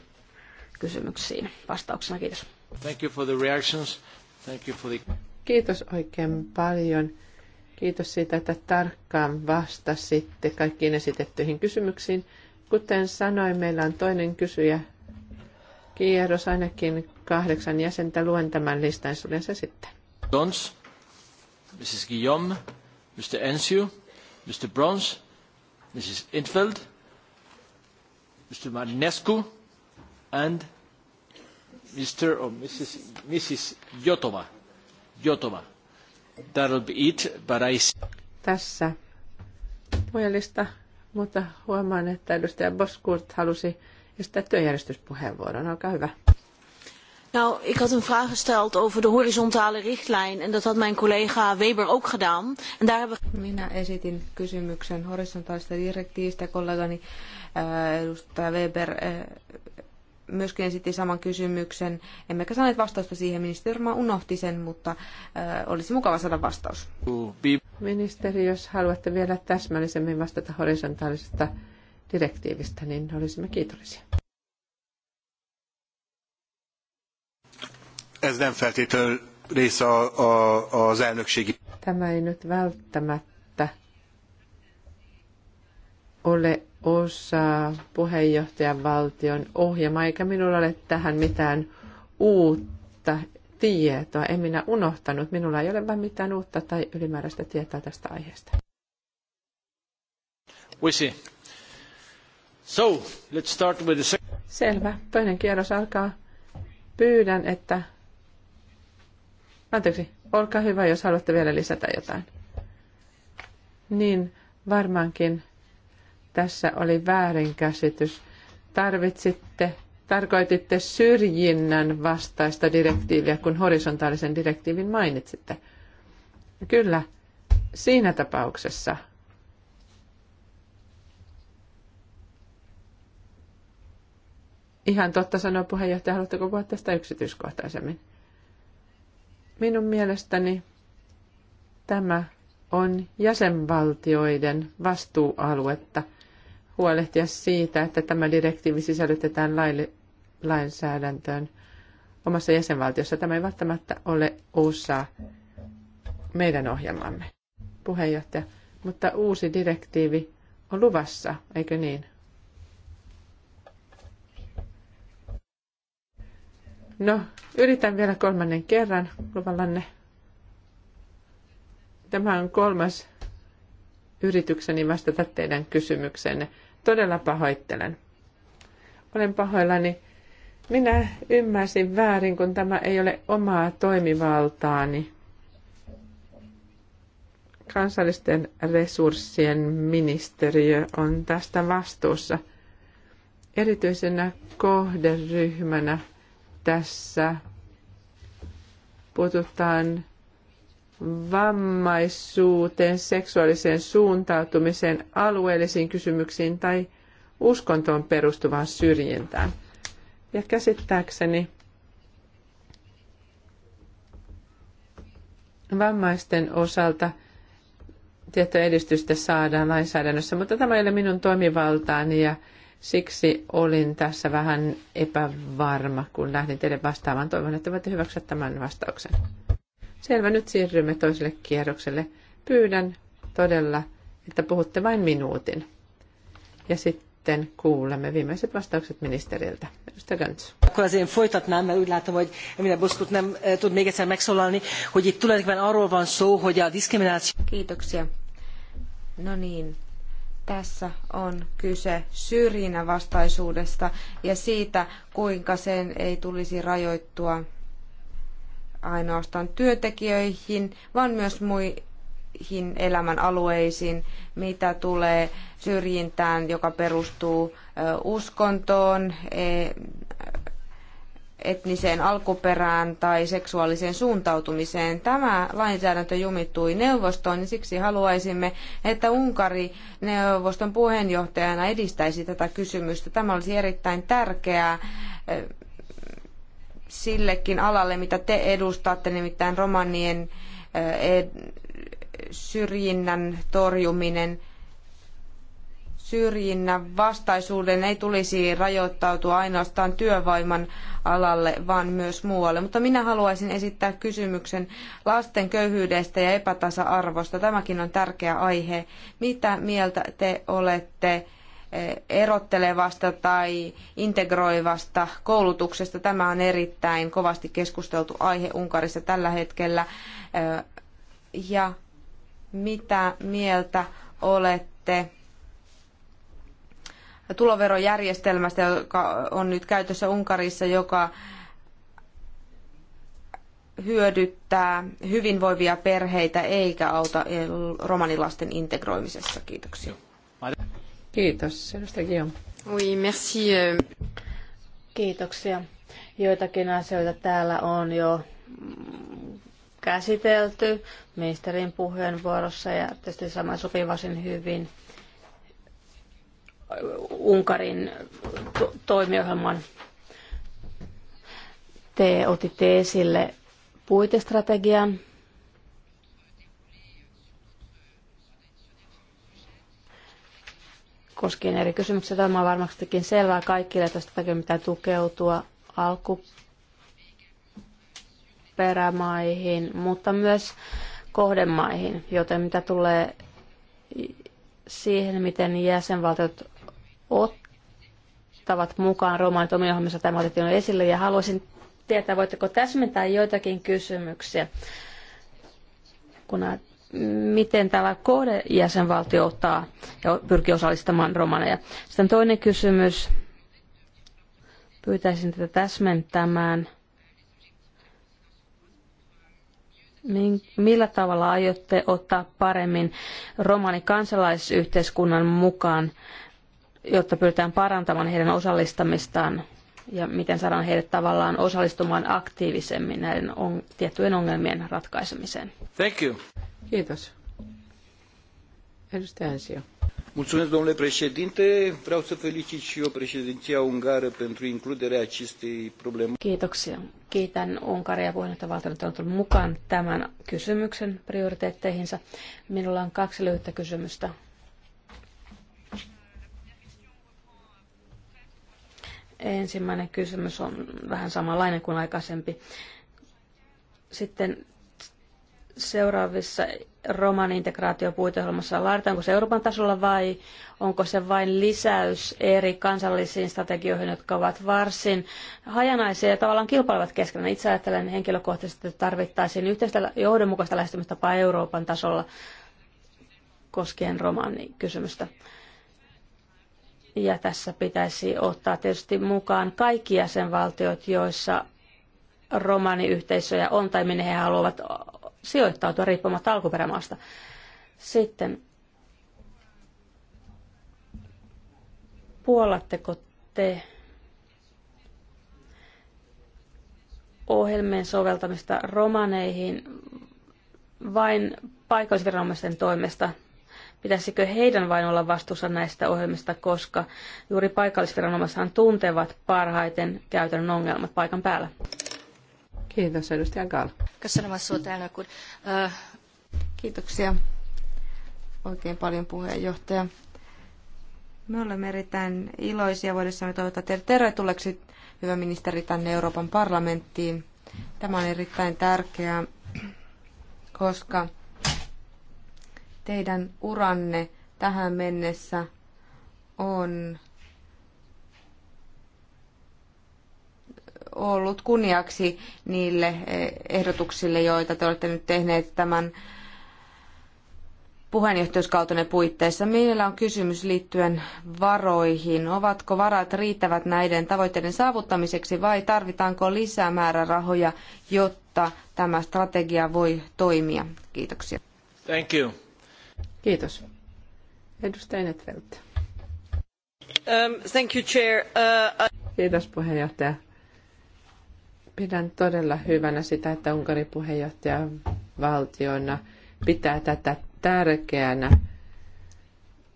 kysymyksiin vastauksena. Kiitos. Thank you for the reactions. Thank you for the... Kiitos oikein paljon Kiitos siitä, että tarkkaan vastasitte kaikkiin esitettyihin kysymyksiin. Kuten sanoin, meillä on toinen kysyjä kierros, ainakin kahdeksan jäsentä. Luen tämän listan se sitten. Dons, Mrs. Guillaume, Mr. Ensue, Mr. Brons, Mrs. Infeld, Mr. Marinescu and Mr. or Mrs. Mrs. Jotova. Jotova. Tässä puhelista, mutta huomaan, että edustaja Boskurt halusi esittää työjärjestyspuheenvuoron. Olkaa hyvä. Nou, ik had een vraag gesteld over de horizontale richtlijn en dat had mijn collega Weber ook gedaan. En daar hebben... Minä esitin kysymyksen horisontaalista direktiivistä kollegani äh, edustaja Weber äh, myöskin esitti saman kysymyksen. Emmekä saaneet vastausta siihen, ministeri varmaan unohti sen, mutta äh, olisi mukava saada vastaus. Ministeri, jos haluatte vielä täsmällisemmin vastata horisontaalisesta direktiivistä, niin olisimme kiitollisia. Tämä ei nyt välttämättä ole osa puheenjohtajan valtion ohjelmaa, eikä minulla ole tähän mitään uutta tietoa. En minä unohtanut, minulla ei ole vain mitään uutta tai ylimääräistä tietoa tästä aiheesta. We see. So, let's start with the... Selvä. Toinen kierros alkaa. Pyydän, että... Anteeksi, olkaa hyvä, jos haluatte vielä lisätä jotain. Niin, varmaankin tässä oli väärinkäsitys. Tarvitsitte, tarkoititte syrjinnän vastaista direktiiviä, kun horisontaalisen direktiivin mainitsitte. Kyllä, siinä tapauksessa Ihan totta sanoo puheenjohtaja, haluatteko puhua tästä yksityiskohtaisemmin? Minun mielestäni tämä on jäsenvaltioiden vastuualuetta – huolehtia siitä, että tämä direktiivi sisällytetään laille, lainsäädäntöön omassa jäsenvaltiossa. Tämä ei välttämättä ole osa meidän ohjelmamme, puheenjohtaja, mutta uusi direktiivi on luvassa, eikö niin? No, yritän vielä kolmannen kerran luvallanne. Tämä on kolmas yritykseni vastata teidän kysymyksenne. Todella pahoittelen. Olen pahoillani. Minä ymmärsin väärin, kun tämä ei ole omaa toimivaltaani. Kansallisten resurssien ministeriö on tästä vastuussa. Erityisenä kohderyhmänä tässä puututaan vammaisuuteen, seksuaaliseen suuntautumiseen, alueellisiin kysymyksiin tai uskontoon perustuvaan syrjintään. Ja käsittääkseni vammaisten osalta tiettyä edistystä saadaan lainsäädännössä, mutta tämä ei ole minun toimivaltaani ja siksi olin tässä vähän epävarma, kun lähdin teille vastaamaan. Toivon, että voitte hyväksyä tämän vastauksen. Selvä, nyt siirrymme toiselle kierrokselle. Pyydän todella, että puhutte vain minuutin. Ja sitten kuulemme viimeiset vastaukset ministeriltä. Edustaja Gönts. Akkor az én folytatnám, mert úgy látom, hogy Emile Boszkut nem eh, tud még egyszer megszólalni, hogy itt tulajdonképpen arról van szó, hogy a diszkrimináció... Kiitoksia. No niin, tässä on kyse syrjinnän vastaisuudesta ja siitä, kuinka sen ei tulisi rajoittua ainoastaan työntekijöihin, vaan myös muihin elämän alueisiin, mitä tulee syrjintään, joka perustuu uskontoon, e, etniseen alkuperään tai seksuaaliseen suuntautumiseen. Tämä lainsäädäntö jumittui neuvostoon ja siksi haluaisimme, että Unkari neuvoston puheenjohtajana edistäisi tätä kysymystä. Tämä olisi erittäin tärkeää sillekin alalle, mitä te edustatte, nimittäin romanien eh, syrjinnän torjuminen. Syrjinnän vastaisuuden ei tulisi rajoittautua ainoastaan työvoiman alalle, vaan myös muualle. Mutta minä haluaisin esittää kysymyksen lasten köyhyydestä ja epätasa-arvosta. Tämäkin on tärkeä aihe. Mitä mieltä te olette? erottelevasta tai integroivasta koulutuksesta. Tämä on erittäin kovasti keskusteltu aihe Unkarissa tällä hetkellä. Ja mitä mieltä olette tuloverojärjestelmästä, joka on nyt käytössä Unkarissa, joka hyödyttää hyvinvoivia perheitä eikä auta romanilasten integroimisessa. Kiitoksia. Kiitos. Edustaja Guillaume. Oui, merci. Euh. Kiitoksia. Joitakin asioita täällä on jo käsitelty ministerin puheenvuorossa ja tietysti sama sopii varsin hyvin Unkarin to- toimiohjelman. Te otitte esille puitestrategian koskien eri kysymyksiä. Tämä on varmastikin selvää kaikille, että tästä takia pitää tukeutua alkuperämaihin, mutta myös kohdemaihin, joten mitä tulee siihen, miten jäsenvaltiot ottavat mukaan romaanit omien ohjelmissa, tämä otettiin jo esille, ja haluaisin tietää, voitteko täsmentää joitakin kysymyksiä, kun miten tällä kohdejäsenvaltio ottaa ja pyrkii osallistamaan romaneja. Sitten toinen kysymys. Pyytäisin tätä täsmentämään. Millä tavalla aiotte ottaa paremmin romani kansalaisyhteiskunnan mukaan, jotta pyritään parantamaan heidän osallistamistaan ja miten saadaan heidät tavallaan osallistumaan aktiivisemmin näiden on, tiettyjen ongelmien ratkaisemiseen? Thank you. Kiitos. Edustaja Ansio. Mulțumesc, domnule președinte. Vreau să felicit și eu președinția ungară pentru includerea acestei probleme. Kiitoksia. Kiitän Unkaria puheenjohtajavaltiona, että on tullut mukaan tämän kysymyksen prioriteetteihinsa. Minulla on kaksi lyhyttä kysymystä. Ensimmäinen kysymys on vähän samanlainen kuin aikaisempi. Sitten seuraavissa Roman integraatiopuiteohjelmassa laaditaanko se Euroopan tasolla vai onko se vain lisäys eri kansallisiin strategioihin, jotka ovat varsin hajanaisia ja tavallaan kilpailevat keskenään. Itse ajattelen henkilökohtaisesti, että tarvittaisiin yhteistä johdonmukaista lähestymistapaa Euroopan tasolla koskien kysymystä. Ja tässä pitäisi ottaa tietysti mukaan kaikki jäsenvaltiot, joissa romaniyhteisöjä on tai minne he haluavat sijoittautua riippumatta alkuperämaasta. Sitten puolatteko te ohjelmien soveltamista romaneihin vain paikallisviranomaisten toimesta? Pitäisikö heidän vain olla vastuussa näistä ohjelmista, koska juuri paikallisviranomaisethan tuntevat parhaiten käytännön ongelmat paikan päällä? Kiitos, edustaja Gal. Kiitoksia oikein paljon puheenjohtaja. Me olemme erittäin iloisia voidessamme toivottaa teille tervetulleeksi, hyvä ministeri, tänne Euroopan parlamenttiin. Tämä on erittäin tärkeää, koska teidän uranne tähän mennessä on ollut kunniaksi niille eh, ehdotuksille, joita te olette nyt tehneet tämän puheenjohtajuuskautenne puitteissa. Meillä on kysymys liittyen varoihin. Ovatko varat riittävät näiden tavoitteiden saavuttamiseksi vai tarvitaanko lisää määrärahoja, jotta tämä strategia voi toimia? Kiitoksia. Thank you. Kiitos. Edustaja Netfeldt. Um, thank you, chair. Uh, I... Kiitos puheenjohtaja. Pidän todella hyvänä sitä, että Unkarin puheenjohtajavaltiona pitää tätä tärkeänä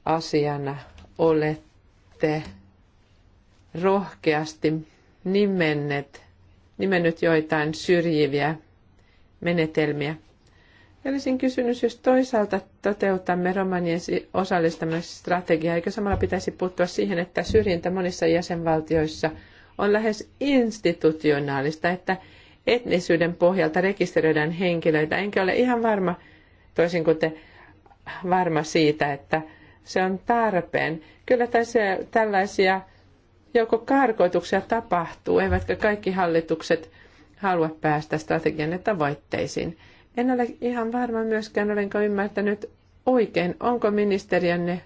asiana. Olette rohkeasti nimennet, nimennyt joitain syrjiviä menetelmiä. Olisin kysynyt, jos toisaalta toteutamme romanien osallistamisstrategiaa, eikö samalla pitäisi puuttua siihen, että syrjintä monissa jäsenvaltioissa – on lähes institutionaalista, että etnisyyden pohjalta rekisteröidään henkilöitä. Enkä ole ihan varma, toisin kuin te, varma siitä, että se on tarpeen. Kyllä tässä tällaisia joko karkoituksia tapahtuu, eivätkä kaikki hallitukset halua päästä strategian tavoitteisiin. En ole ihan varma myöskään, olenko ymmärtänyt oikein, onko ministeriönne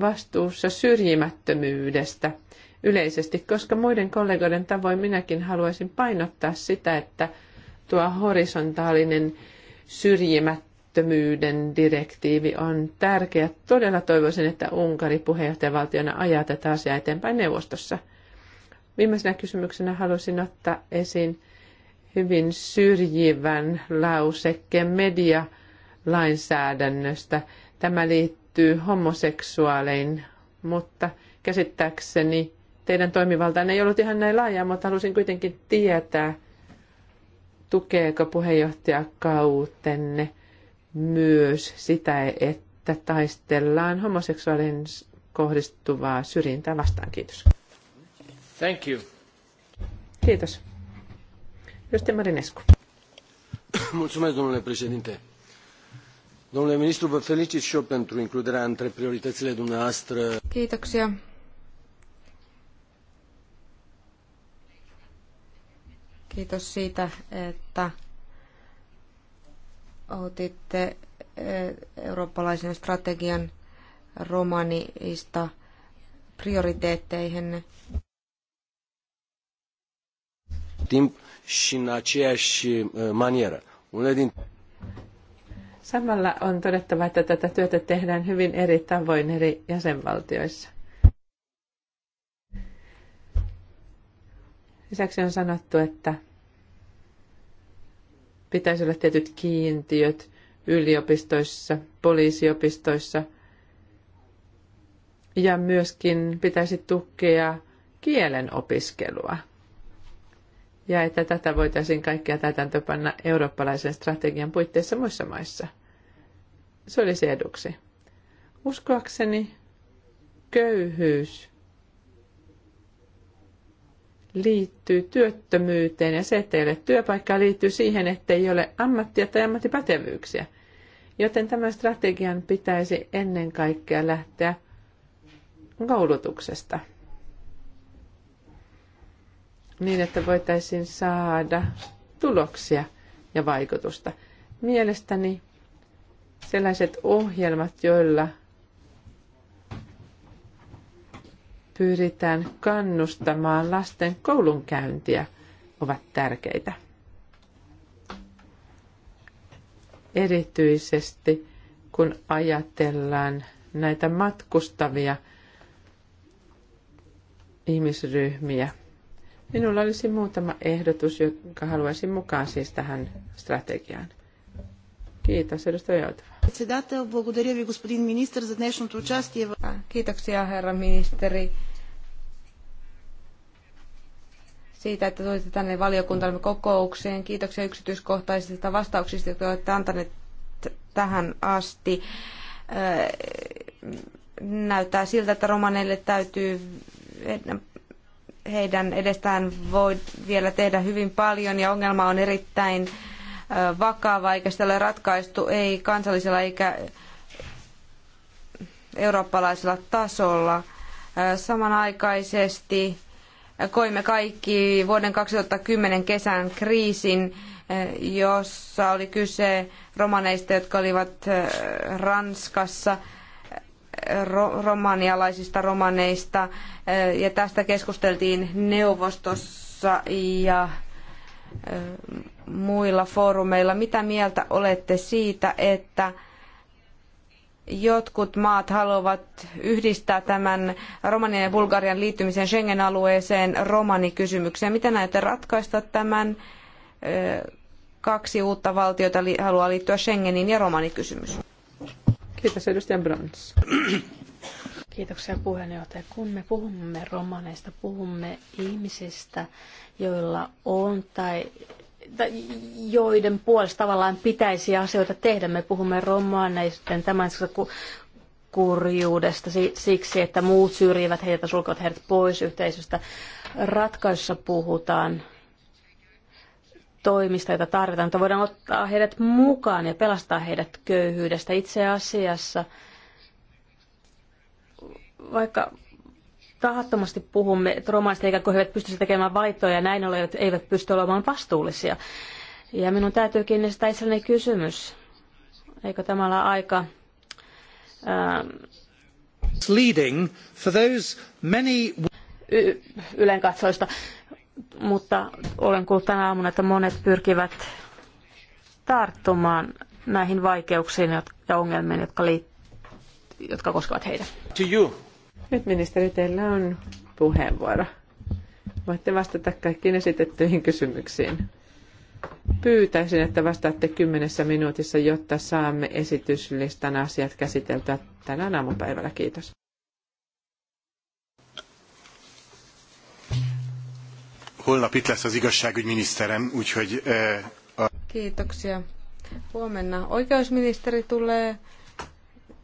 vastuussa syrjimättömyydestä – yleisesti, koska muiden kollegoiden tavoin minäkin haluaisin painottaa sitä, että tuo horisontaalinen syrjimättömyyden direktiivi on tärkeä. Todella toivoisin, että Unkari puheenjohtajavaltiona ajaa tätä asiaa eteenpäin neuvostossa. Viimeisenä kysymyksenä halusin ottaa esiin hyvin syrjivän lausekkeen medialainsäädännöstä. Tämä liittyy homoseksuaalein, mutta käsittääkseni teidän toimivaltaan. Ei ollut ihan näin laajaa, mutta halusin kuitenkin tietää, tukeeko puheenjohtajakautenne myös sitä, että taistellaan homoseksuaalin kohdistuvaa syrjintää vastaan. Kiitos. Thank you. Kiitos. Edustaja Marinescu. Mulțumesc, domnule președinte. Domnule ministru, vă felicit și eu pentru includerea între prioritățile dumneavoastră. Kiitoksia, Kiitos siitä, että otitte eh, eurooppalaisen strategian romaniista prioriteetteihin. Timp și în aceeași eh, manieră. Samalla on todettava, että tätä työtä tehdään hyvin eri tavoin eri jäsenvaltioissa. Lisäksi on sanottu, että pitäisi olla tietyt kiintiöt yliopistoissa, poliisiopistoissa ja myöskin pitäisi tukea kielen opiskelua. Ja että tätä voitaisiin kaikkia täytäntöpanna eurooppalaisen strategian puitteissa muissa maissa. Se olisi eduksi. Uskoakseni köyhyys liittyy työttömyyteen ja se, että ei ole työpaikkaa, liittyy siihen, että ei ole ammattia tai ammattipätevyyksiä. Joten tämän strategian pitäisi ennen kaikkea lähteä koulutuksesta. Niin, että voitaisiin saada tuloksia ja vaikutusta. Mielestäni sellaiset ohjelmat, joilla pyritään kannustamaan lasten koulunkäyntiä, ovat tärkeitä. Erityisesti kun ajatellaan näitä matkustavia ihmisryhmiä. Minulla olisi muutama ehdotus, jonka haluaisin mukaan siis tähän strategiaan. Kiitos, edustaja Joutava. Председател, благодаря ви, господин Kiitoksia, herra ministeri, siitä, että tulitte tänne valiokuntamme kokoukseen. Kiitoksia yksityiskohtaisista vastauksista, joita olette antaneet tähän asti. Näyttää siltä, että romaneille täytyy heidän edestään voi vielä tehdä hyvin paljon ja ongelma on erittäin vakava, eikä sitä ole ratkaistu ei kansallisella eikä eurooppalaisella tasolla. Samanaikaisesti koimme kaikki vuoden 2010 kesän kriisin, jossa oli kyse romaneista, jotka olivat Ranskassa, romanialaisista romaneista, ja tästä keskusteltiin neuvostossa ja muilla foorumeilla. Mitä mieltä olette siitä, että jotkut maat haluavat yhdistää tämän Romanian ja Bulgarian liittymisen Schengen-alueeseen romanikysymykseen? Miten näette ratkaista tämän? Kaksi uutta valtiota haluaa liittyä Schengeniin ja romanikysymys. Kiitos edustaja Brons. Kiitoksia puheenjohtaja. Kun me puhumme romaneista, puhumme ihmisistä, joilla on tai joiden puolesta tavallaan pitäisi asioita tehdä. Me puhumme romaaneisten tämän kurjuudesta siksi, että muut syrjivät heitä, sulkevat heidät pois yhteisöstä. Ratkaisussa puhutaan toimista, joita tarvitaan, mutta voidaan ottaa heidät mukaan ja pelastaa heidät köyhyydestä. Itse asiassa, vaikka tahattomasti puhumme, että romanit eikä kun he eivät pystyisi tekemään vaihtoja ja näin ollen eivät pysty olemaan vastuullisia. Ja minun täytyykin estää itselleni kysymys. Eikö tämä ole aika... Ähm, leading for those many... Y- Mutta olen kuullut tänä aamuna, että monet pyrkivät tarttumaan näihin vaikeuksiin ja ongelmiin, jotka, liittyvät, jotka koskevat heitä. To you. Nyt ministeri, teillä on puheenvuoro. Voitte vastata kaikkiin esitettyihin kysymyksiin. Pyytäisin, että vastaatte kymmenessä minuutissa, jotta saamme esityslistan asiat käsiteltyä tänään aamupäivällä. Kiitos. Holnap itt lesz az igazságügyminiszterem, úgyhogy... Kiitoksia. Huomenna oikeusministeri tulee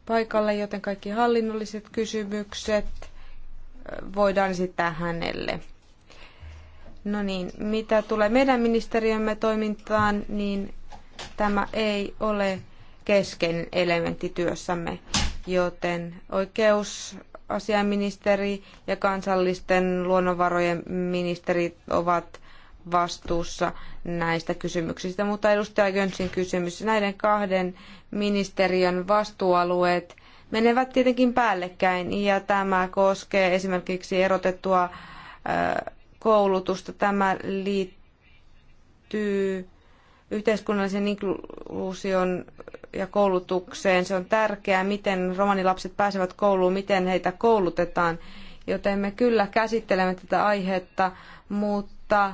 paikalle, joten kaikki hallinnolliset kysymykset voidaan esittää hänelle. No niin, mitä tulee meidän ministeriömme toimintaan, niin tämä ei ole keskeinen elementti työssämme, joten asiaministeri ja kansallisten luonnonvarojen ministerit ovat vastuussa näistä kysymyksistä. Mutta edustaja Jönsin kysymys, näiden kahden ministeriön vastuualueet menevät tietenkin päällekkäin ja tämä koskee esimerkiksi erotettua koulutusta. Tämä liittyy yhteiskunnallisen inkluusion ja koulutukseen. Se on tärkeää, miten romanilapset pääsevät kouluun, miten heitä koulutetaan. Joten me kyllä käsittelemme tätä aihetta, mutta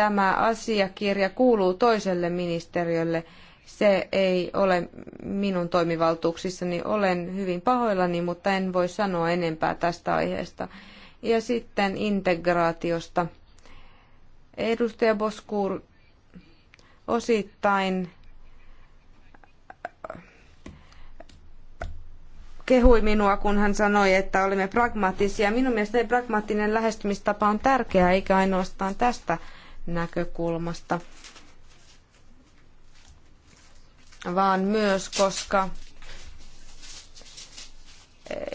tämä asiakirja kuuluu toiselle ministeriölle. Se ei ole minun toimivaltuuksissani. Olen hyvin pahoillani, mutta en voi sanoa enempää tästä aiheesta. Ja sitten integraatiosta. Edustaja Boskur osittain kehui minua, kun hän sanoi, että olemme pragmaattisia. Minun mielestäni pragmaattinen lähestymistapa on tärkeä, eikä ainoastaan tästä näkökulmasta, vaan myös koska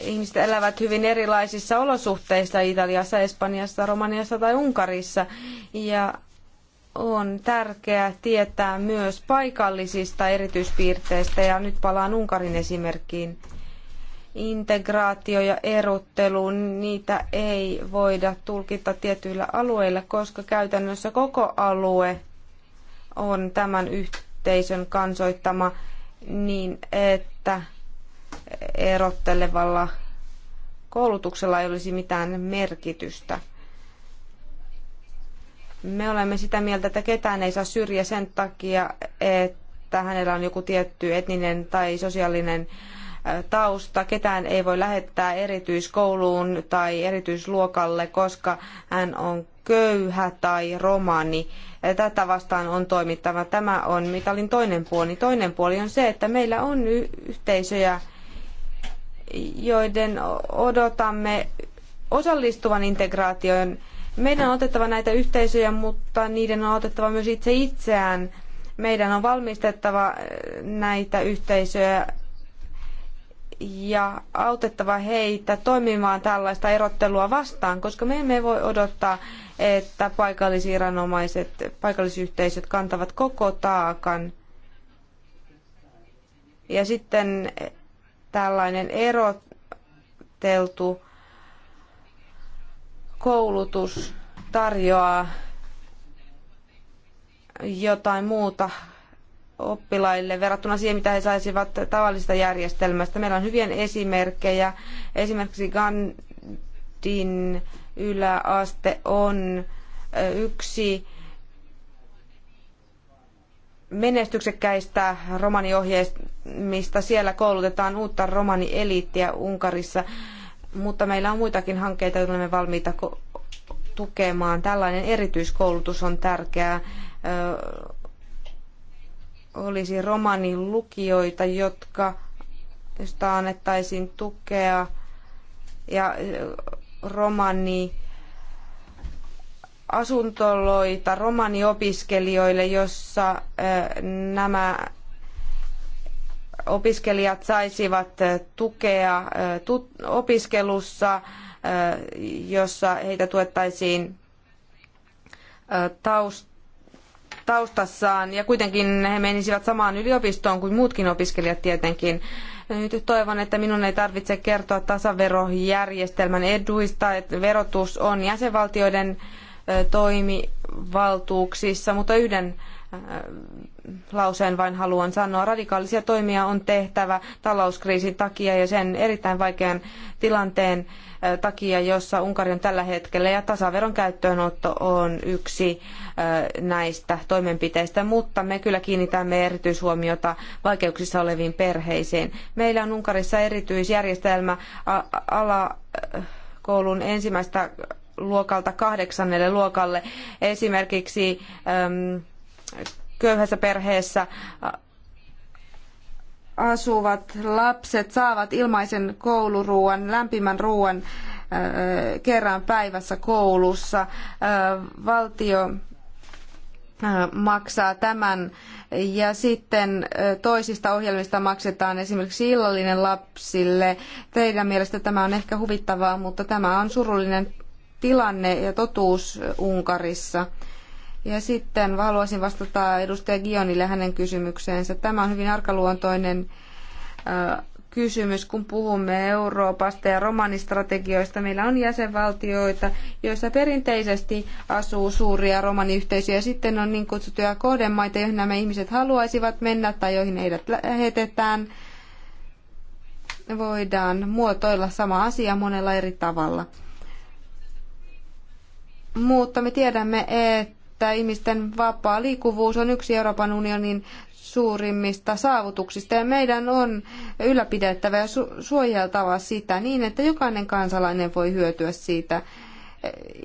ihmiset elävät hyvin erilaisissa olosuhteissa Italiassa, Espanjassa, Romaniassa tai Unkarissa. Ja on tärkeää tietää myös paikallisista erityispiirteistä ja nyt palaan Unkarin esimerkkiin integraatio ja erottelu, niitä ei voida tulkita tietyillä alueilla, koska käytännössä koko alue on tämän yhteisön kansoittama niin, että erottelevalla koulutuksella ei olisi mitään merkitystä. Me olemme sitä mieltä, että ketään ei saa syrjiä sen takia, että hänellä on joku tietty etninen tai sosiaalinen äh, tausta. Ketään ei voi lähettää erityiskouluun tai erityisluokalle, koska hän on köyhä tai romani. Tätä vastaan on toimittava. Tämä on mitalin toinen puoli. Toinen puoli on se, että meillä on yhteisöjä, joiden odotamme osallistuvan integraation. Meidän on otettava näitä yhteisöjä, mutta niiden on otettava myös itse itseään. Meidän on valmistettava näitä yhteisöjä ja autettava heitä toimimaan tällaista erottelua vastaan, koska me emme voi odottaa, että paikallisviranomaiset, paikallisyhteisöt kantavat koko taakan. Ja sitten tällainen eroteltu koulutus tarjoaa jotain muuta oppilaille verrattuna siihen, mitä he saisivat tavallisesta järjestelmästä. Meillä on hyviä esimerkkejä. Esimerkiksi Gandin yläaste on yksi menestyksekkäistä romaniohjeista. Siellä koulutetaan uutta romanieliittiä Unkarissa, mutta meillä on muitakin hankkeita, joita olemme valmiita tukemaan. Tällainen erityiskoulutus on tärkeää olisi romanin lukijoita, jotka, josta annettaisiin tukea ja romani asuntoloita romaniopiskelijoille, jossa nämä opiskelijat saisivat tukea opiskelussa, jossa heitä tuettaisiin taust taustassaan ja kuitenkin he menisivät samaan yliopistoon kuin muutkin opiskelijat tietenkin. Nyt toivon, että minun ei tarvitse kertoa tasaverojärjestelmän eduista, että verotus on jäsenvaltioiden toimivaltuuksissa, mutta yhden Äh, lauseen vain haluan sanoa. Radikaalisia toimia on tehtävä talouskriisin takia ja sen erittäin vaikean tilanteen äh, takia, jossa Unkari on tällä hetkellä ja tasaveron käyttöönotto on yksi äh, näistä toimenpiteistä, mutta me kyllä kiinnitämme erityishuomiota vaikeuksissa oleviin perheisiin. Meillä on Unkarissa erityisjärjestelmä alakoulun ensimmäistä luokalta kahdeksannelle luokalle. Esimerkiksi äm, köyhässä perheessä asuvat lapset saavat ilmaisen kouluruuan, lämpimän ruuan äh, kerran päivässä koulussa. Äh, valtio äh, maksaa tämän ja sitten toisista ohjelmista maksetaan esimerkiksi illallinen lapsille. Teidän mielestä tämä on ehkä huvittavaa, mutta tämä on surullinen tilanne ja totuus Unkarissa. Ja sitten haluaisin vastata edustaja Gionille hänen kysymykseensä. Tämä on hyvin arkaluontoinen kysymys, kun puhumme Euroopasta ja romanistrategioista. Meillä on jäsenvaltioita, joissa perinteisesti asuu suuria romaniyhteisöjä. Sitten on niin kutsuttuja kohdemaita, joihin nämä ihmiset haluaisivat mennä tai joihin heidät lähetetään. Voidaan muotoilla sama asia monella eri tavalla. Mutta me tiedämme, että että ihmisten vapaa liikkuvuus on yksi Euroopan unionin suurimmista saavutuksista ja meidän on ylläpidettävä ja suojeltava sitä niin, että jokainen kansalainen voi hyötyä siitä.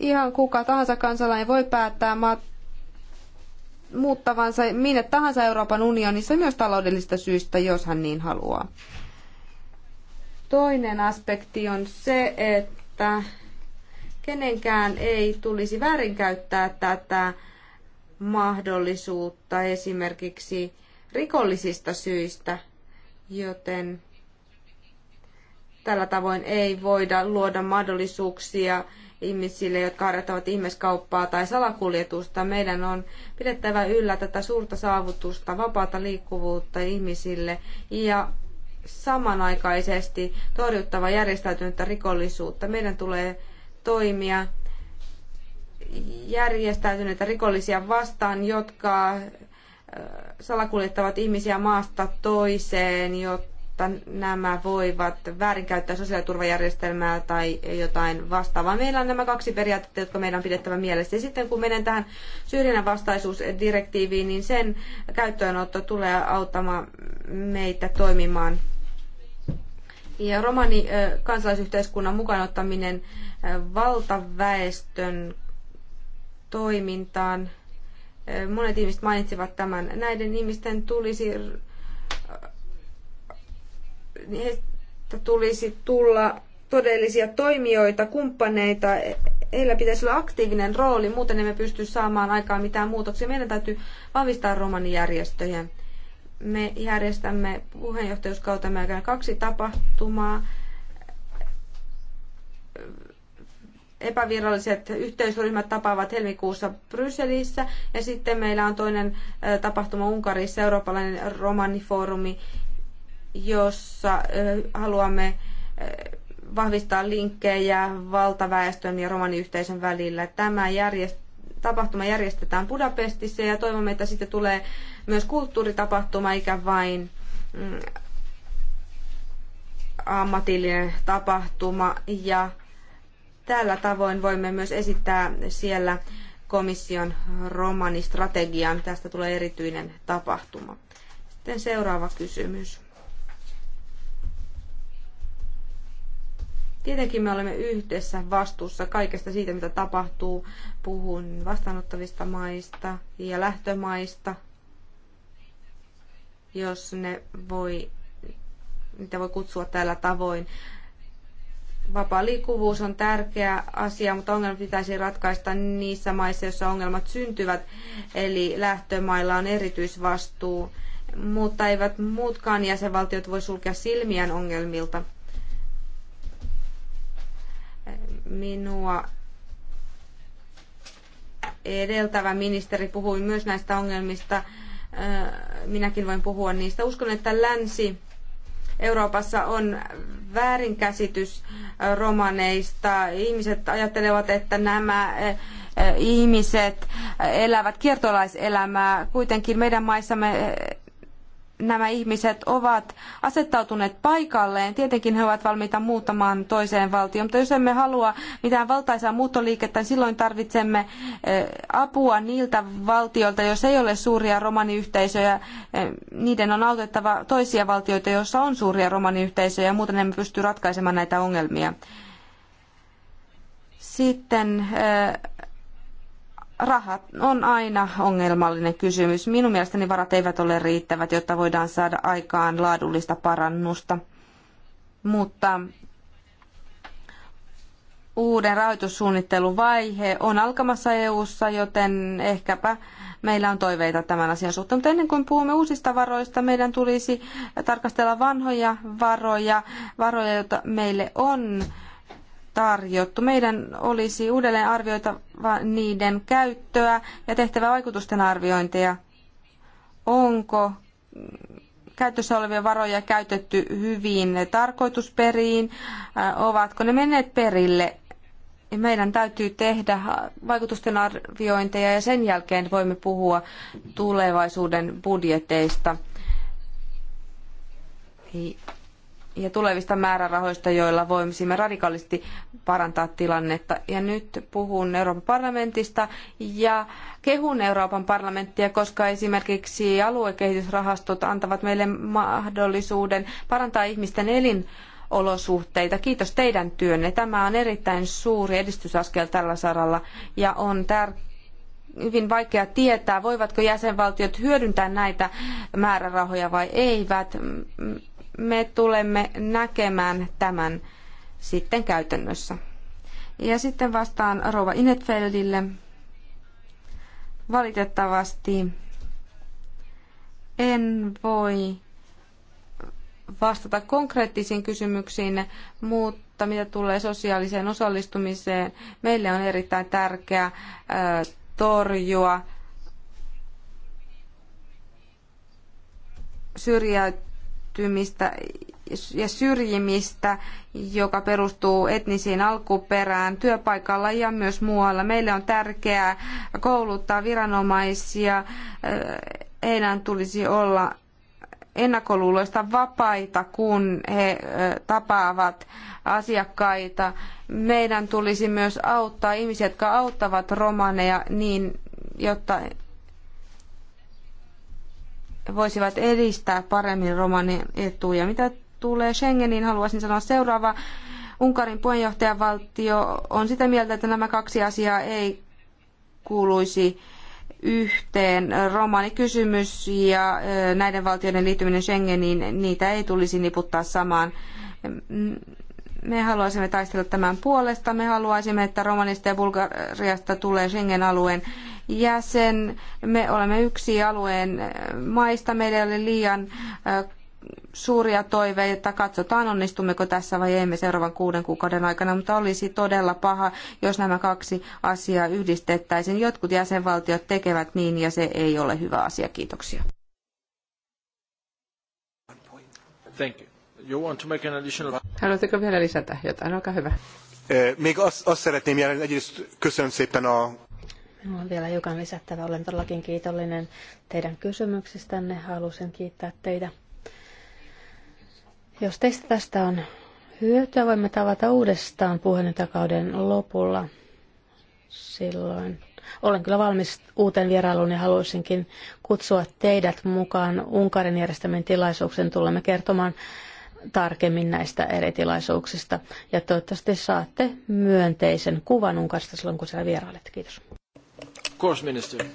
Ihan kuka tahansa kansalainen voi päättää maat muuttavansa minne tahansa Euroopan unionissa myös taloudellisista syistä, jos hän niin haluaa. Toinen aspekti on se, että kenenkään ei tulisi väärinkäyttää tätä mahdollisuutta esimerkiksi rikollisista syistä, joten tällä tavoin ei voida luoda mahdollisuuksia ihmisille, jotka harjoittavat ihmiskauppaa tai salakuljetusta. Meidän on pidettävä yllä tätä suurta saavutusta, vapaata liikkuvuutta ihmisille ja samanaikaisesti torjuttava järjestäytynyttä rikollisuutta. Meidän tulee toimia järjestäytyneitä rikollisia vastaan, jotka äh, salakuljettavat ihmisiä maasta toiseen, jotta nämä voivat väärinkäyttää sosiaaliturvajärjestelmää tai jotain vastaavaa. Meillä on nämä kaksi periaatetta, jotka meidän on pidettävä mielessä. Ja sitten kun menen tähän syrjinnän vastaisuusdirektiiviin, niin sen käyttöönotto tulee auttamaan meitä toimimaan ja romani kansalaisyhteiskunnan mukaan ottaminen valtaväestön toimintaan. Monet ihmiset mainitsivat tämän. Näiden ihmisten tulisi, heistä tulisi tulla todellisia toimijoita, kumppaneita. Heillä pitäisi olla aktiivinen rooli, muuten emme pysty saamaan aikaan mitään muutoksia. Meidän täytyy vahvistaa romanijärjestöjä me järjestämme puheenjohtajuuskautemme aikana kaksi tapahtumaa. Epäviralliset yhteisryhmät tapaavat helmikuussa Brysselissä ja sitten meillä on toinen tapahtuma Unkarissa, eurooppalainen romanifoorumi, jossa haluamme vahvistaa linkkejä valtaväestön ja romaniyhteisön välillä. Tämä järjest- tapahtuma järjestetään Budapestissa ja toivomme, että siitä tulee myös kulttuuritapahtuma eikä vain mm, ammatillinen tapahtuma ja tällä tavoin voimme myös esittää siellä komission romanistrategian. Tästä tulee erityinen tapahtuma. Sitten seuraava kysymys. Tietenkin me olemme yhdessä vastuussa kaikesta siitä, mitä tapahtuu. Puhun vastaanottavista maista ja lähtömaista, jos ne voi, niitä voi kutsua tällä tavoin. Vapaa liikkuvuus on tärkeä asia, mutta ongelmat pitäisi ratkaista niissä maissa, joissa ongelmat syntyvät, eli lähtömailla on erityisvastuu, mutta eivät muutkaan jäsenvaltiot voi sulkea silmiään ongelmilta. Minua edeltävä ministeri puhui myös näistä ongelmista Äh, minäkin voin puhua niistä. Uskon, että länsi Euroopassa on väärinkäsitys romaneista. Ihmiset ajattelevat, että nämä äh, ihmiset elävät kiertolaiselämää. Kuitenkin meidän maissamme nämä ihmiset ovat asettautuneet paikalleen. Tietenkin he ovat valmiita muuttamaan toiseen valtioon, mutta jos emme halua mitään valtaisaa muuttoliikettä, niin silloin tarvitsemme apua niiltä valtioilta, jos ei ole suuria romaniyhteisöjä. Niiden on autettava toisia valtioita, joissa on suuria romaniyhteisöjä, muuten emme pysty ratkaisemaan näitä ongelmia. Sitten rahat on aina ongelmallinen kysymys. Minun mielestäni varat eivät ole riittävät, jotta voidaan saada aikaan laadullista parannusta. Mutta uuden vaihe on alkamassa EU-ssa, joten ehkäpä meillä on toiveita tämän asian suhteen. Mutta ennen kuin puhumme uusista varoista, meidän tulisi tarkastella vanhoja varoja, varoja, joita meille on tarjottu. Meidän olisi uudelleen arvioitava niiden käyttöä ja tehtävä vaikutusten arviointeja. Onko käytössä olevia varoja käytetty hyvin tarkoitusperiin? Äh, ovatko ne menneet perille? Meidän täytyy tehdä vaikutusten arviointeja ja sen jälkeen voimme puhua tulevaisuuden budjeteista ja tulevista määrärahoista, joilla voisimme radikaalisti parantaa tilannetta. Ja nyt puhun Euroopan parlamentista ja kehun Euroopan parlamenttia, koska esimerkiksi aluekehitysrahastot antavat meille mahdollisuuden parantaa ihmisten elinolosuhteita. Kiitos teidän työnne. Tämä on erittäin suuri edistysaskel tällä saralla ja on tärkeää hyvin vaikea tietää, voivatko jäsenvaltiot hyödyntää näitä määrärahoja vai eivät me tulemme näkemään tämän sitten käytännössä. Ja sitten vastaan Rova Inetfeldille. Valitettavasti en voi vastata konkreettisiin kysymyksiin, mutta mitä tulee sosiaaliseen osallistumiseen, meille on erittäin tärkeää torjua syrjäyttämistä syrjäytymistä ja syrjimistä, joka perustuu etnisiin alkuperään työpaikalla ja myös muualla. Meille on tärkeää kouluttaa viranomaisia. Heidän tulisi olla ennakkoluuloista vapaita, kun he tapaavat asiakkaita. Meidän tulisi myös auttaa ihmisiä, jotka auttavat romaneja niin, jotta voisivat edistää paremmin romanien etuja. Mitä tulee Schengeniin, haluaisin sanoa seuraava. Unkarin puheenjohtajavaltio on sitä mieltä, että nämä kaksi asiaa ei kuuluisi yhteen. Romanikysymys ja näiden valtioiden liittyminen Schengeniin, niitä ei tulisi niputtaa samaan. Me haluaisimme taistella tämän puolesta. Me haluaisimme, että Romanista ja Bulgariasta tulee Schengen-alueen jäsen. Me olemme yksi alueen maista. Meillä ei ole liian suuria toiveita. Katsotaan, onnistummeko tässä vai emme seuraavan kuuden kuukauden aikana, mutta olisi todella paha, jos nämä kaksi asiaa yhdistettäisiin. Jotkut jäsenvaltiot tekevät niin ja se ei ole hyvä asia. Kiitoksia. Thank you. You want to make an additional... Haluatteko vielä lisätä jotain? Olkaa hyvä. Eh, még azt, azt szeretném egyrészt köszönöm szépen a Minulla on vielä hiukan lisättävä. Olen todellakin kiitollinen teidän kysymyksistänne. Halusin kiittää teitä. Jos teistä tästä on hyötyä, voimme tavata uudestaan puheenjohtajakauden lopulla. Silloin olen kyllä valmis uuteen vierailuun ja haluaisinkin kutsua teidät mukaan Unkarin järjestämien tilaisuuksen. Tulemme kertomaan tarkemmin näistä eri tilaisuuksista. Ja toivottavasti saatte myönteisen kuvan Unkarista silloin, kun siellä vierailet. Kiitos course, minister.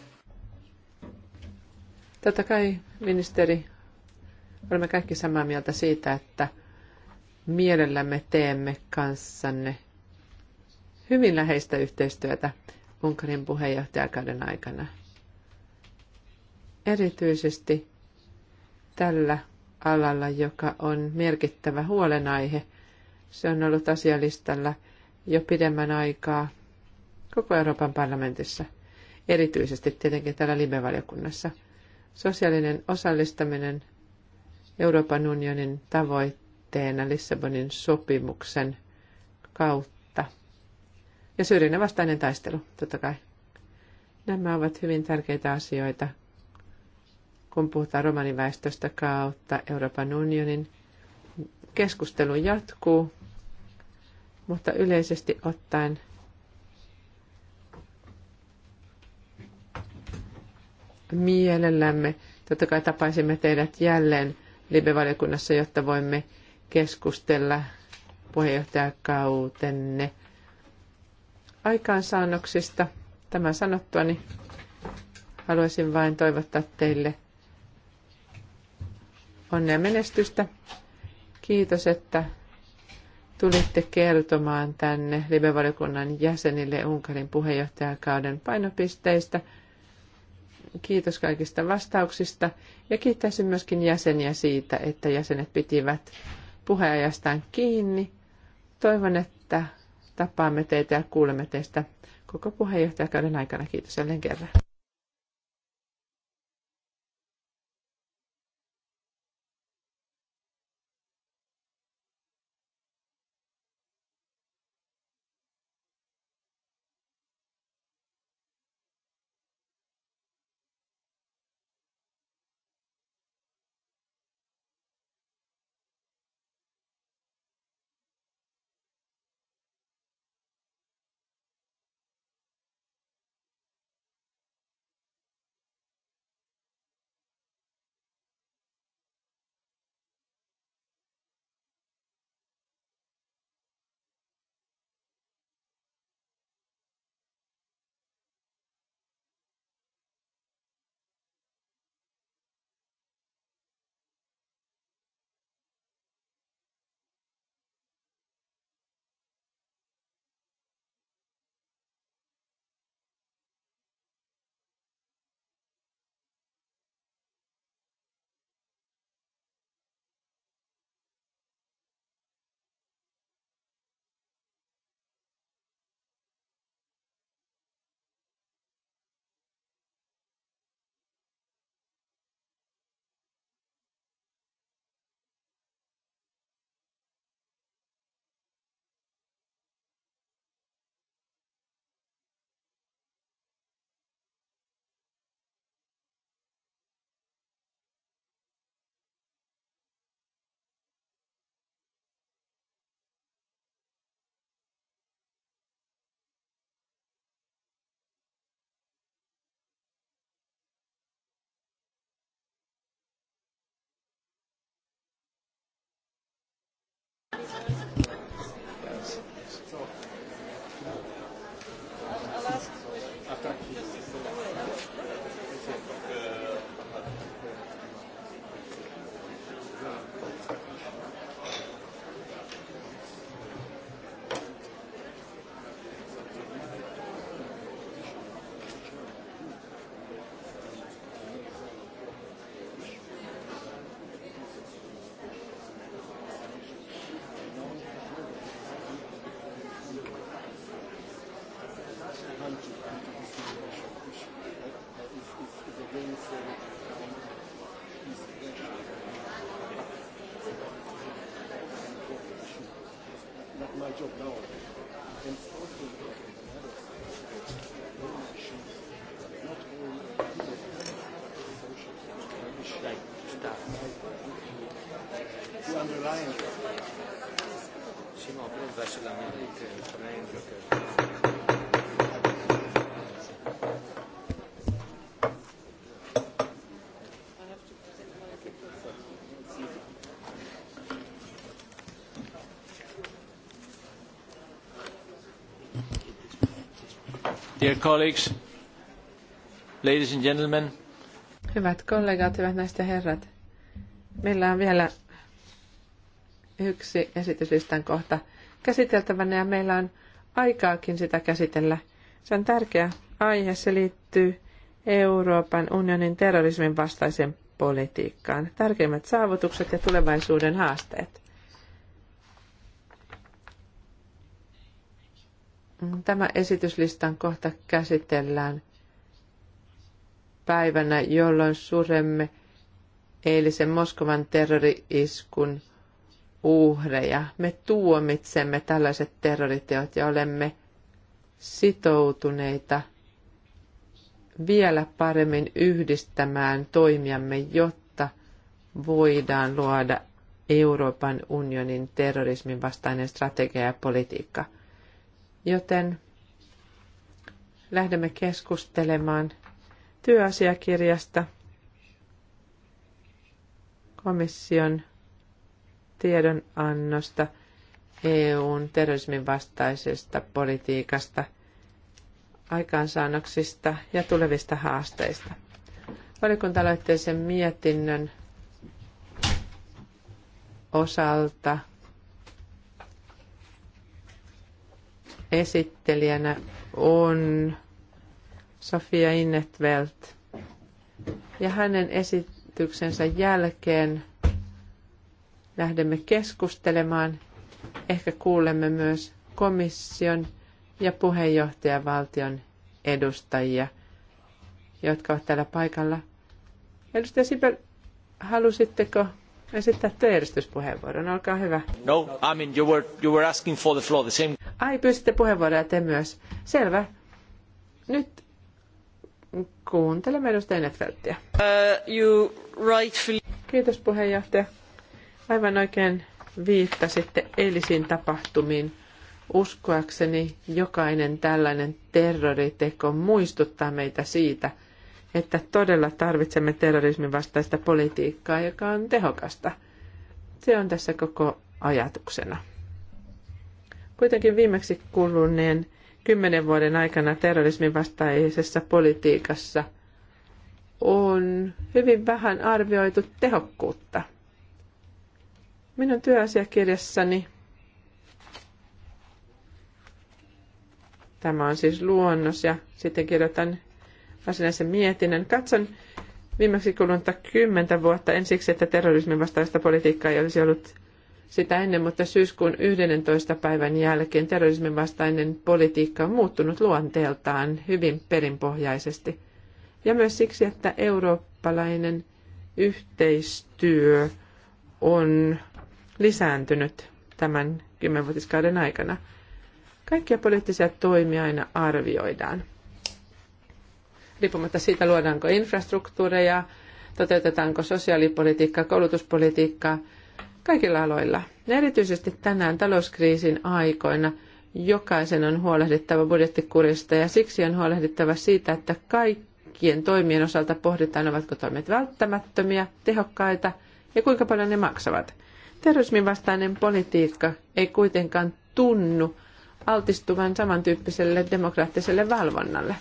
Totta kai, ministeri, olemme kaikki samaa mieltä siitä, että mielellämme teemme kanssanne hyvin läheistä yhteistyötä Unkarin puheenjohtajakauden aikana. Erityisesti tällä alalla, joka on merkittävä huolenaihe. Se on ollut asialistalla jo pidemmän aikaa koko Euroopan parlamentissa erityisesti tietenkin täällä libe valiokunnassa Sosiaalinen osallistaminen Euroopan unionin tavoitteena Lissabonin sopimuksen kautta. Ja syrjinnän vastainen taistelu, totta kai. Nämä ovat hyvin tärkeitä asioita, kun puhutaan romaniväestöstä kautta Euroopan unionin. Keskustelu jatkuu, mutta yleisesti ottaen – mielellämme. Totta kai tapaisimme teidät jälleen live-valiokunnassa, jotta voimme keskustella puheenjohtajakautenne aikaansaannoksista. Tämä sanottuani haluaisin vain toivottaa teille onnea menestystä. Kiitos, että tulitte kertomaan tänne live jäsenille Unkarin puheenjohtajakauden painopisteistä – Kiitos kaikista vastauksista ja kiittäisin myöskin jäseniä siitä, että jäsenet pitivät puheajastaan kiinni. Toivon, että tapaamme teitä ja kuulemme teistä koko puheenjohtajakauden aikana. Kiitos jälleen kerran. Hyvät kollegat, hyvät naiset ja herrat. Meillä on vielä yksi esityslistan kohta käsiteltävänä ja meillä on aikaakin sitä käsitellä. Se on tärkeä aihe, se liittyy Euroopan unionin terrorismin vastaiseen politiikkaan, tärkeimmät saavutukset ja tulevaisuuden haasteet. Tämä esityslistan kohta käsitellään päivänä, jolloin suremme eilisen Moskovan terrori-iskun uhreja. Me tuomitsemme tällaiset terroriteot ja olemme sitoutuneita vielä paremmin yhdistämään toimiamme, jotta voidaan luoda Euroopan unionin terrorismin vastainen strategia ja politiikka – Joten lähdemme keskustelemaan työasiakirjasta komission tiedonannosta EUn terrorismin vastaisesta politiikasta, aikaansaannoksista ja tulevista haasteista. Valiokunta aloitteisen mietinnön osalta Esittelijänä on Sofia Innetvelt. Ja hänen esityksensä jälkeen lähdemme keskustelemaan. Ehkä kuulemme myös komission ja puheenjohtajavaltion edustajia, jotka ovat täällä paikalla. Edustaja Sipel, halusitteko esittää työjärjestyspuheenvuoron? Olkaa hyvä. No, I mean, you were, you were asking for the floor, the same... Ai, pyysitte puheenvuoroja te myös. Selvä. Nyt kuuntelemme edustaja Netfeltiä. Uh, you rightfully... Kiitos puheenjohtaja. Aivan oikein viittasitte eilisiin tapahtumiin. Uskoakseni jokainen tällainen terroriteko muistuttaa meitä siitä, että todella tarvitsemme terrorismin vastaista politiikkaa, joka on tehokasta. Se on tässä koko ajatuksena. Kuitenkin viimeksi kuluneen kymmenen vuoden aikana terrorismin vastaisessa politiikassa on hyvin vähän arvioitu tehokkuutta. Minun työasiakirjassani Tämä on siis luonnos ja sitten kirjoitan varsinaisen mietinnän, Katson viimeksi kulunutta kymmentä vuotta ensiksi, että terrorismin vastaista politiikkaa ei olisi ollut sitä ennen, mutta syyskuun 11. päivän jälkeen terrorismin vastainen politiikka on muuttunut luonteeltaan hyvin perinpohjaisesti. Ja myös siksi, että eurooppalainen yhteistyö on lisääntynyt tämän kymmenvuotiskauden aikana. Kaikkia poliittisia toimia aina arvioidaan. Riippumatta siitä, luodaanko infrastruktuureja, toteutetaanko sosiaalipolitiikkaa, koulutuspolitiikkaa – kaikilla aloilla. Ja erityisesti tänään talouskriisin aikoina jokaisen on huolehdittava budjettikurista ja siksi on huolehdittava siitä, että kaikkien toimien osalta pohditaan, ovatko toimet välttämättömiä, tehokkaita ja kuinka paljon ne maksavat. Terrorismin vastainen politiikka ei kuitenkaan tunnu altistuvan samantyyppiselle demokraattiselle valvonnalle.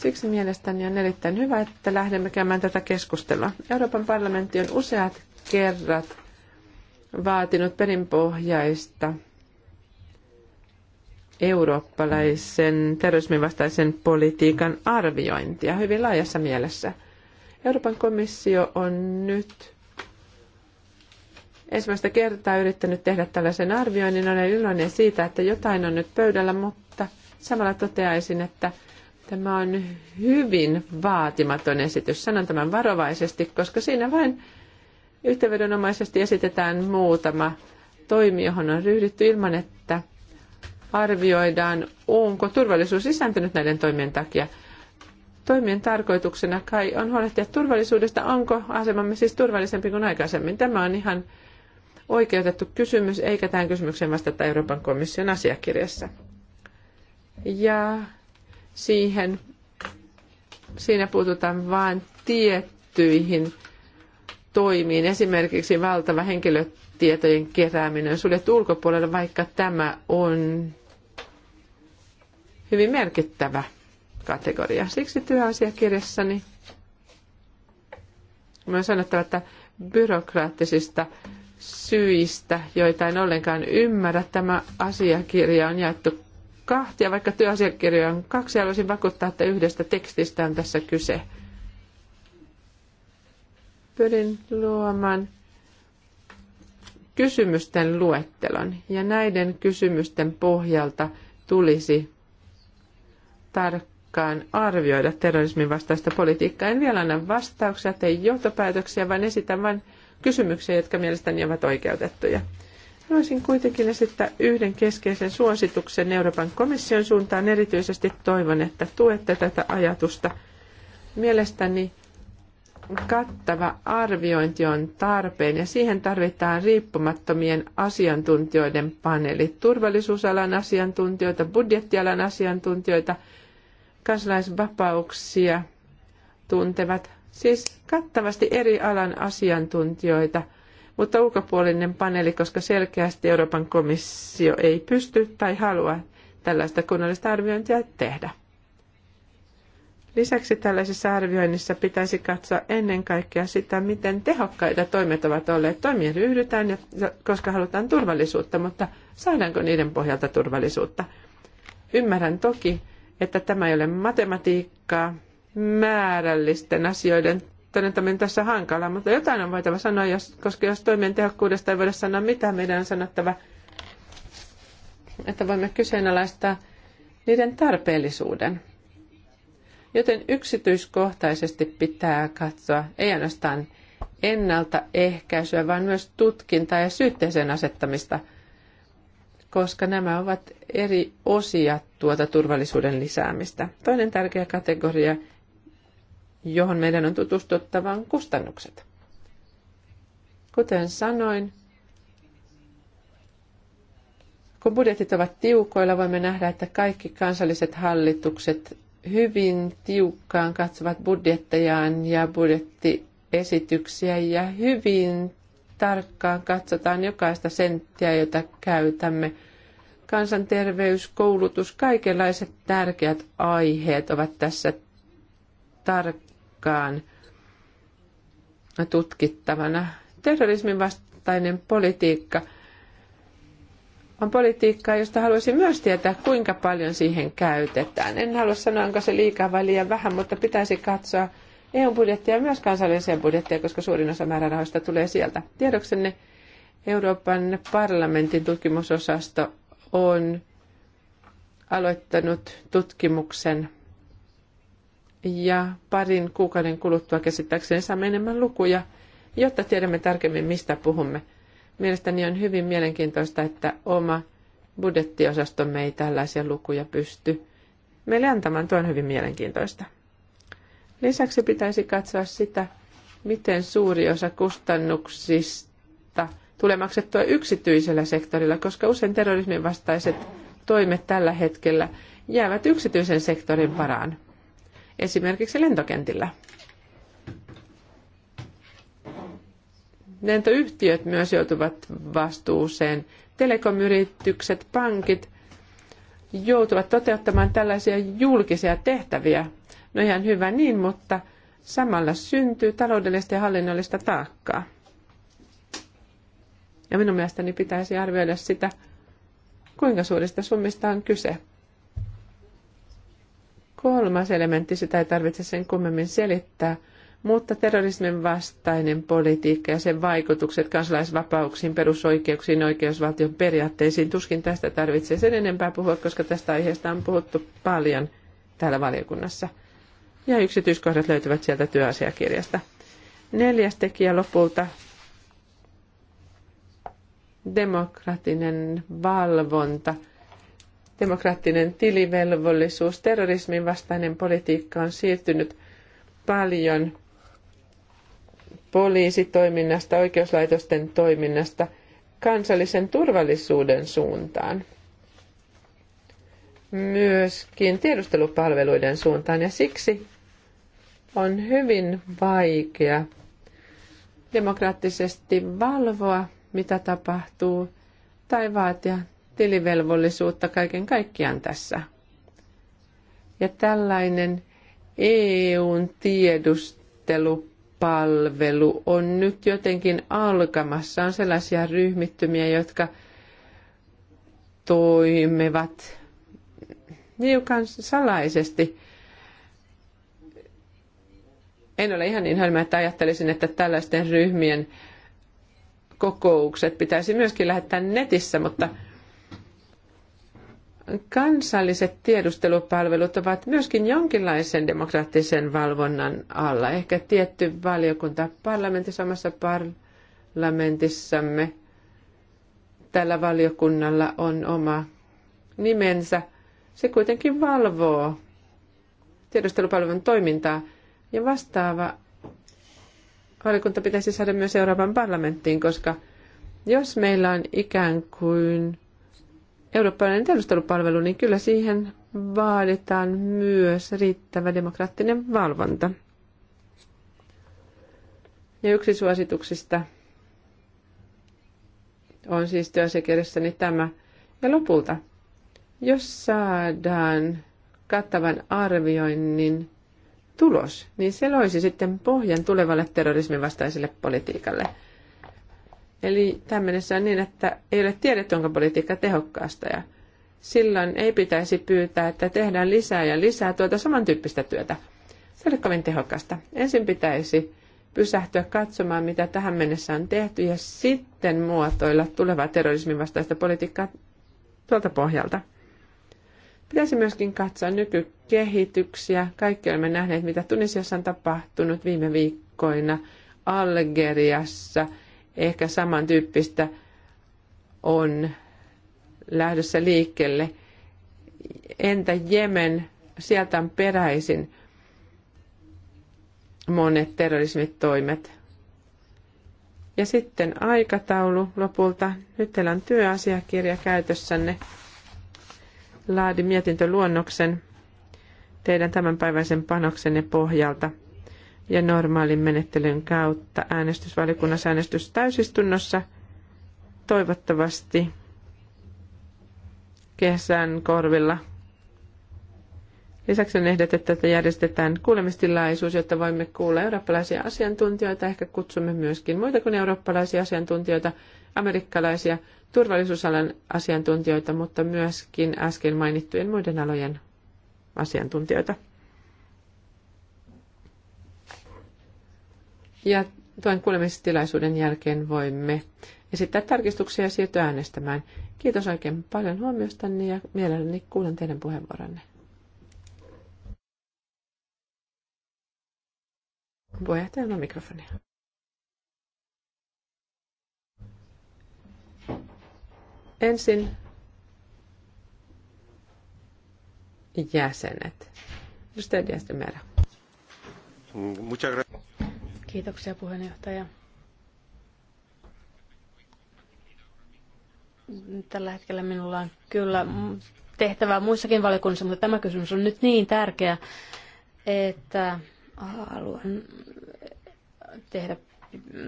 Siksi mielestäni on erittäin hyvä, että lähdemme käymään tätä keskustelua. Euroopan parlamentti on useat kerrat vaatinut perinpohjaista eurooppalaisen terrorismin vastaisen politiikan arviointia hyvin laajassa mielessä. Euroopan komissio on nyt ensimmäistä kertaa yrittänyt tehdä tällaisen arvioinnin. Olen iloinen siitä, että jotain on nyt pöydällä, mutta samalla toteaisin, että Tämä on hyvin vaatimaton esitys. Sanon tämän varovaisesti, koska siinä vain yhteenvedonomaisesti esitetään muutama toimi, johon on ryhdytty ilman, että arvioidaan, onko turvallisuus lisääntynyt näiden toimien takia. Toimien tarkoituksena kai on huolehtia turvallisuudesta, onko asemamme siis turvallisempi kuin aikaisemmin. Tämä on ihan oikeutettu kysymys, eikä tähän kysymykseen vastata Euroopan komission asiakirjassa. Ja siihen, siinä puututaan vain tiettyihin toimiin, esimerkiksi valtava henkilötietojen kerääminen on suljettu ulkopuolella, vaikka tämä on hyvin merkittävä kategoria. Siksi työasiakirjassani on sanottava, että byrokraattisista syistä, joita en ollenkaan ymmärrä, tämä asiakirja on jaettu kahtia, vaikka työasiakirjoja on kaksi, haluaisin vakuuttaa, että yhdestä tekstistä on tässä kyse. Pyrin luomaan kysymysten luettelon ja näiden kysymysten pohjalta tulisi tarkkaan arvioida terrorismin vastaista politiikkaa. En vielä anna vastauksia, tai johtopäätöksiä, vaan esitän vain kysymyksiä, jotka mielestäni ovat oikeutettuja. Haluaisin kuitenkin esittää yhden keskeisen suosituksen Euroopan komission suuntaan. Erityisesti toivon, että tuette tätä ajatusta. Mielestäni kattava arviointi on tarpeen ja siihen tarvitaan riippumattomien asiantuntijoiden paneeli. Turvallisuusalan asiantuntijoita, budjettialan asiantuntijoita, kansalaisvapauksia tuntevat, siis kattavasti eri alan asiantuntijoita – mutta ulkopuolinen paneeli, koska selkeästi Euroopan komissio ei pysty tai halua tällaista kunnollista arviointia tehdä. Lisäksi tällaisessa arvioinnissa pitäisi katsoa ennen kaikkea sitä, miten tehokkaita toimet ovat olleet. Toimiin ryhdytään, koska halutaan turvallisuutta, mutta saadaanko niiden pohjalta turvallisuutta? Ymmärrän toki, että tämä ei ole matematiikkaa, määrällisten asioiden todentaminen tässä hankala, mutta jotain on voitava sanoa, jos, koska jos toimien tehokkuudesta ei voida sanoa mitään, meidän on sanottava, että voimme kyseenalaistaa niiden tarpeellisuuden. Joten yksityiskohtaisesti pitää katsoa ei ainoastaan ennaltaehkäisyä, vaan myös tutkintaa ja syytteeseen asettamista, koska nämä ovat eri osia tuota turvallisuuden lisäämistä. Toinen tärkeä kategoria – johon meidän on tutustuttavan kustannukset. Kuten sanoin, kun budjetit ovat tiukoilla, voimme nähdä, että kaikki kansalliset hallitukset hyvin tiukkaan katsovat budjettejaan ja budjettiesityksiä ja hyvin tarkkaan katsotaan jokaista senttiä, jota käytämme. Kansanterveys, koulutus, kaikenlaiset tärkeät aiheet ovat tässä tar- tarkkaan tutkittavana. Terrorismin vastainen politiikka on politiikkaa, josta haluaisin myös tietää, kuinka paljon siihen käytetään. En halua sanoa, onko se liikaa vai liian vähän, mutta pitäisi katsoa EU-budjettia ja myös kansallisia budjettia, koska suurin osa määrärahoista tulee sieltä. Tiedoksenne Euroopan parlamentin tutkimusosasto on aloittanut tutkimuksen ja parin kuukauden kuluttua käsittääkseni saamme enemmän lukuja, jotta tiedämme tarkemmin, mistä puhumme. Mielestäni on hyvin mielenkiintoista, että oma budjettiosastomme ei tällaisia lukuja pysty meille antamaan. Tuo on hyvin mielenkiintoista. Lisäksi pitäisi katsoa sitä, miten suuri osa kustannuksista tulee maksettua yksityisellä sektorilla, koska usein terrorismin vastaiset toimet tällä hetkellä jäävät yksityisen sektorin varaan esimerkiksi lentokentillä. Lentoyhtiöt myös joutuvat vastuuseen. Telekomyritykset, pankit joutuvat toteuttamaan tällaisia julkisia tehtäviä. No ihan hyvä niin, mutta samalla syntyy taloudellista ja hallinnollista taakkaa. Ja minun mielestäni pitäisi arvioida sitä, kuinka suurista summista on kyse. Kolmas elementti, sitä ei tarvitse sen kummemmin selittää, mutta terrorismin vastainen politiikka ja sen vaikutukset kansalaisvapauksiin, perusoikeuksiin, oikeusvaltion periaatteisiin, tuskin tästä tarvitsee sen enempää puhua, koska tästä aiheesta on puhuttu paljon täällä valiokunnassa. Ja yksityiskohdat löytyvät sieltä työasiakirjasta. Neljäs tekijä lopulta. Demokratinen valvonta – demokraattinen tilivelvollisuus, terrorismin vastainen politiikka on siirtynyt paljon poliisitoiminnasta, oikeuslaitosten toiminnasta kansallisen turvallisuuden suuntaan. Myöskin tiedustelupalveluiden suuntaan ja siksi on hyvin vaikea demokraattisesti valvoa, mitä tapahtuu, tai vaatia tilivelvollisuutta kaiken kaikkiaan tässä. Ja tällainen EUn tiedustelupalvelu on nyt jotenkin alkamassa. On sellaisia ryhmittymiä, jotka toimivat hiukan salaisesti. En ole ihan niin hölmä, että ajattelisin, että tällaisten ryhmien kokoukset pitäisi myöskin lähettää netissä, mutta mm kansalliset tiedustelupalvelut ovat myöskin jonkinlaisen demokraattisen valvonnan alla. Ehkä tietty valiokunta parlamentissa, omassa parlamentissamme, tällä valiokunnalla on oma nimensä. Se kuitenkin valvoo tiedustelupalvelun toimintaa ja vastaava valiokunta pitäisi saada myös Euroopan parlamenttiin, koska jos meillä on ikään kuin – eurooppalainen tiedustelupalvelu, niin kyllä siihen vaaditaan myös riittävä demokraattinen valvonta. Ja yksi suosituksista on siis työsekirjassani tämä. Ja lopulta, jos saadaan kattavan arvioinnin tulos, niin se loisi sitten pohjan tulevalle terrorismin vastaiselle politiikalle – Eli tähän mennessä on niin, että ei ole tiedetty, onko politiikka tehokkaasta ja silloin ei pitäisi pyytää, että tehdään lisää ja lisää tuota samantyyppistä työtä. Se oli kovin tehokasta. Ensin pitäisi pysähtyä katsomaan, mitä tähän mennessä on tehty ja sitten muotoilla tulevaa terrorismin vastaista politiikkaa tuolta pohjalta. Pitäisi myöskin katsoa nykykehityksiä. Kaikki olemme nähneet, mitä Tunisiassa on tapahtunut viime viikkoina, Algeriassa – ehkä samantyyppistä on lähdössä liikkeelle. Entä Jemen? Sieltä on peräisin monet terrorismitoimet. Ja sitten aikataulu lopulta. Nyt teillä on työasiakirja käytössänne. Laadi mietintöluonnoksen teidän tämänpäiväisen panoksenne pohjalta – ja normaalin menettelyn kautta äänestysvaliokunnassa äänestys täysistunnossa toivottavasti kesän korvilla. Lisäksi on ehdotettu, että järjestetään kuulemistilaisuus, jotta voimme kuulla eurooppalaisia asiantuntijoita. Ehkä kutsumme myöskin muita kuin eurooppalaisia asiantuntijoita, amerikkalaisia turvallisuusalan asiantuntijoita, mutta myöskin äsken mainittujen muiden alojen asiantuntijoita. Ja tuon kuulemistilaisuuden jälkeen voimme esittää tarkistuksia ja siirtyä äänestämään. Kiitos oikein paljon huomiostanne ja mielelläni kuulen teidän puheenvuoronne. Puheenjohtaja no mikrofonia. Ensin jäsenet. Edustaja Diastemera. Kiitoksia puheenjohtaja. Tällä hetkellä minulla on kyllä tehtävää muissakin valiokunnissa, mutta tämä kysymys on nyt niin tärkeä, että haluan tehdä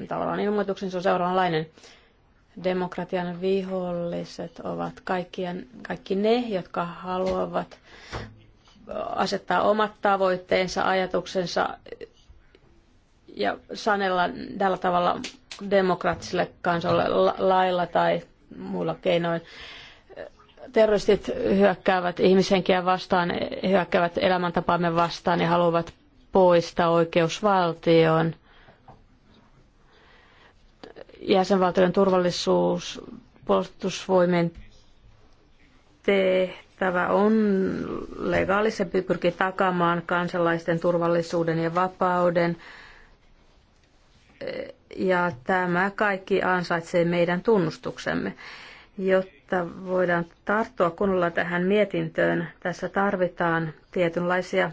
tavallaan ilmoituksen, se on seuraavanlainen. Demokratian viholliset ovat kaikkien, kaikki ne, jotka haluavat asettaa omat tavoitteensa, ajatuksensa ja sanella tällä tavalla demokraattiselle kansalle lailla tai muilla keinoin. Terroristit hyökkäävät ihmishenkiä vastaan, hyökkäävät elämäntapaamme vastaan ja haluavat poistaa oikeusvaltioon. Jäsenvaltioiden turvallisuus, puolustusvoimien tehtävä on legaalisempi pyrkiä takaamaan kansalaisten turvallisuuden ja vapauden ja tämä kaikki ansaitsee meidän tunnustuksemme. Jotta voidaan tarttua kunnolla tähän mietintöön, tässä tarvitaan tietynlaisia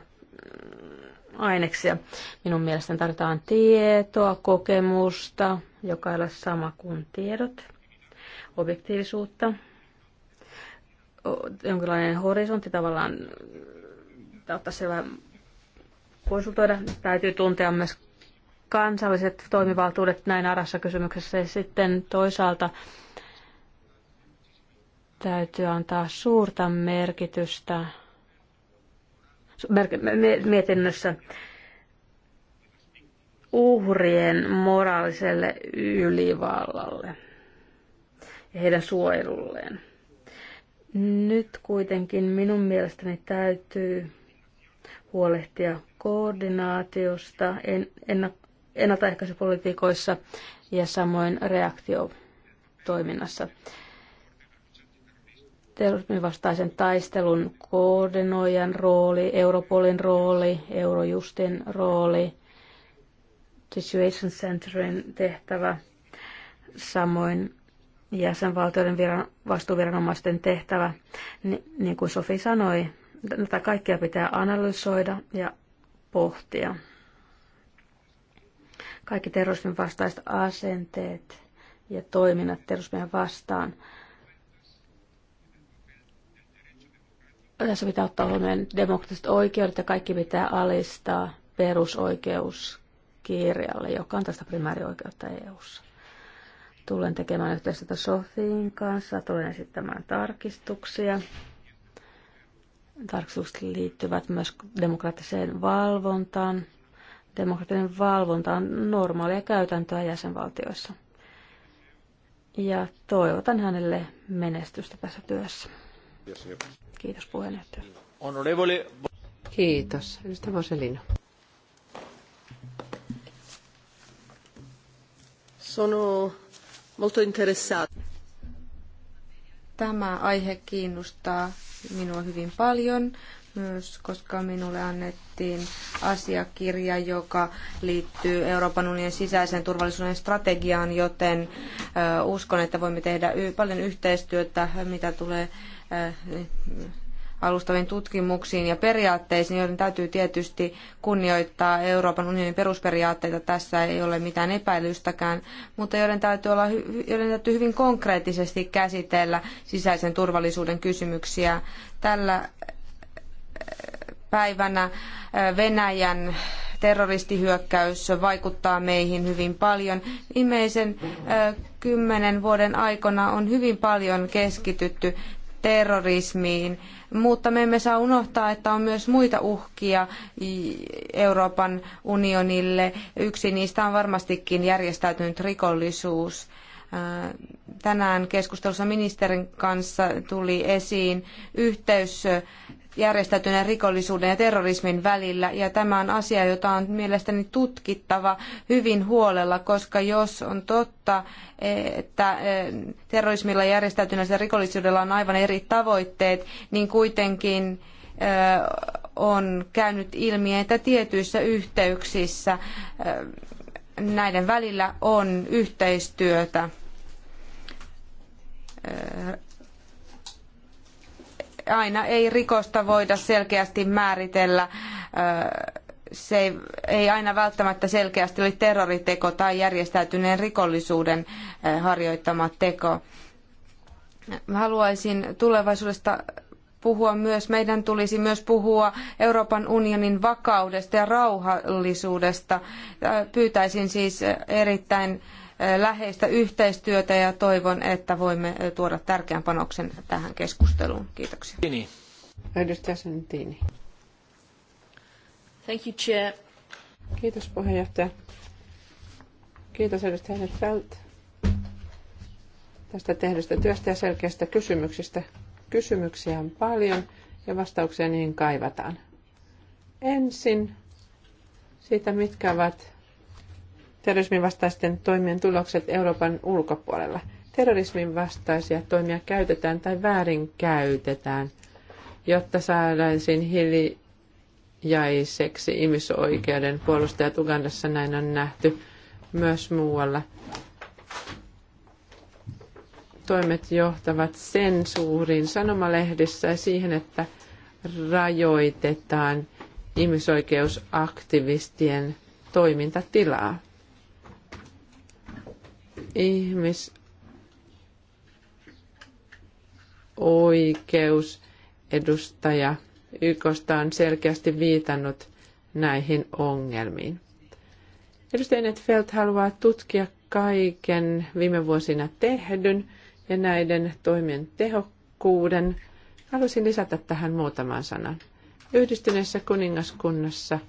mm, aineksia. Minun mielestäni tarvitaan tietoa, kokemusta, joka ei ole sama kuin tiedot, objektiivisuutta, jonkinlainen horisontti tavallaan, mm, ottaa selvä konsultoida. Täytyy tuntea myös kansalliset toimivaltuudet näin arassa kysymyksessä ja sitten toisaalta täytyy antaa suurta merkitystä mietinnössä uhrien moraaliselle ylivallalle ja heidän suojelulleen. Nyt kuitenkin minun mielestäni täytyy huolehtia koordinaatiosta, en, ennak, ennaltaehkäisypolitiikoissa ja samoin reaktiotoiminnassa. Terrorismin vastaisen taistelun koordinoijan rooli, Europolin rooli, Eurojustin rooli, Situation Centerin tehtävä, samoin jäsenvaltioiden viran, vastuuviranomaisten tehtävä, niin, niin kuin Sofi sanoi, tätä kaikkea pitää analysoida ja pohtia kaikki terrorismin vastaiset asenteet ja toiminnat terrorismia vastaan. Tässä pitää ottaa huomioon demokraattiset oikeudet ja kaikki pitää alistaa perusoikeuskirjalle, joka on tästä primäärioikeutta EU-ssa. Tulen tekemään yhteistyötä Sofiin kanssa, tulen esittämään tarkistuksia. Tarkistukset liittyvät myös demokraattiseen valvontaan, demokraattinen valvonta on normaalia käytäntöä jäsenvaltioissa. Ja toivotan hänelle menestystä tässä työssä. Kiitos puheenjohtaja. Kiitos. Edustaja Voselino. Sono molto interessato. Tämä aihe kiinnostaa minua hyvin paljon myös, koska minulle annettiin asiakirja, joka liittyy Euroopan unionin sisäisen turvallisuuden strategiaan, joten uskon, että voimme tehdä paljon yhteistyötä, mitä tulee alustaviin tutkimuksiin ja periaatteisiin, joiden täytyy tietysti kunnioittaa Euroopan unionin perusperiaatteita. Tässä ei ole mitään epäilystäkään, mutta joiden täytyy, olla, joiden täytyy hyvin konkreettisesti käsitellä sisäisen turvallisuuden kysymyksiä. Tällä päivänä äh, Venäjän terroristihyökkäys vaikuttaa meihin hyvin paljon. Viimeisen äh, kymmenen vuoden aikana on hyvin paljon keskitytty terrorismiin, mutta me emme saa unohtaa, että on myös muita uhkia Euroopan unionille. Yksi niistä on varmastikin järjestäytynyt rikollisuus. Äh, tänään keskustelussa ministerin kanssa tuli esiin yhteys järjestäytyneen rikollisuuden ja terrorismin välillä. Ja tämä on asia, jota on mielestäni tutkittava hyvin huolella, koska jos on totta, että eh, terrorismilla ja järjestäytyneellä rikollisuudella on aivan eri tavoitteet, niin kuitenkin eh, on käynyt ilmi, että tietyissä yhteyksissä eh, näiden välillä on yhteistyötä aina ei rikosta voida selkeästi määritellä. Se ei, ei aina välttämättä selkeästi ole terroriteko tai järjestäytyneen rikollisuuden harjoittama teko. Haluaisin tulevaisuudesta puhua myös, meidän tulisi myös puhua Euroopan unionin vakaudesta ja rauhallisuudesta. Pyytäisin siis erittäin läheistä yhteistyötä ja toivon, että voimme tuoda tärkeän panoksen tähän keskusteluun. Kiitoksia. Edustaja Santini. Thank you, Chair. Kiitos puheenjohtaja. Kiitos edustaja Felt tästä tehdystä työstä ja selkeästä kysymyksistä. Kysymyksiä on paljon ja vastauksia niihin kaivataan. Ensin siitä, mitkä ovat terrorismin vastaisten toimien tulokset Euroopan ulkopuolella. Terrorismin vastaisia toimia käytetään tai väärin käytetään, jotta saadaisiin hiljaiseksi ihmisoikeuden puolustajat Ugandassa näin on nähty myös muualla. Toimet johtavat sensuuriin sanomalehdissä ja siihen, että rajoitetaan ihmisoikeusaktivistien toimintatilaa ihmis edustaja YKsta on selkeästi viitannut näihin ongelmiin. Edustaja Netfeld haluaa tutkia kaiken viime vuosina tehdyn ja näiden toimien tehokkuuden. Haluaisin lisätä tähän muutaman sanan. Yhdistyneessä kuningaskunnassa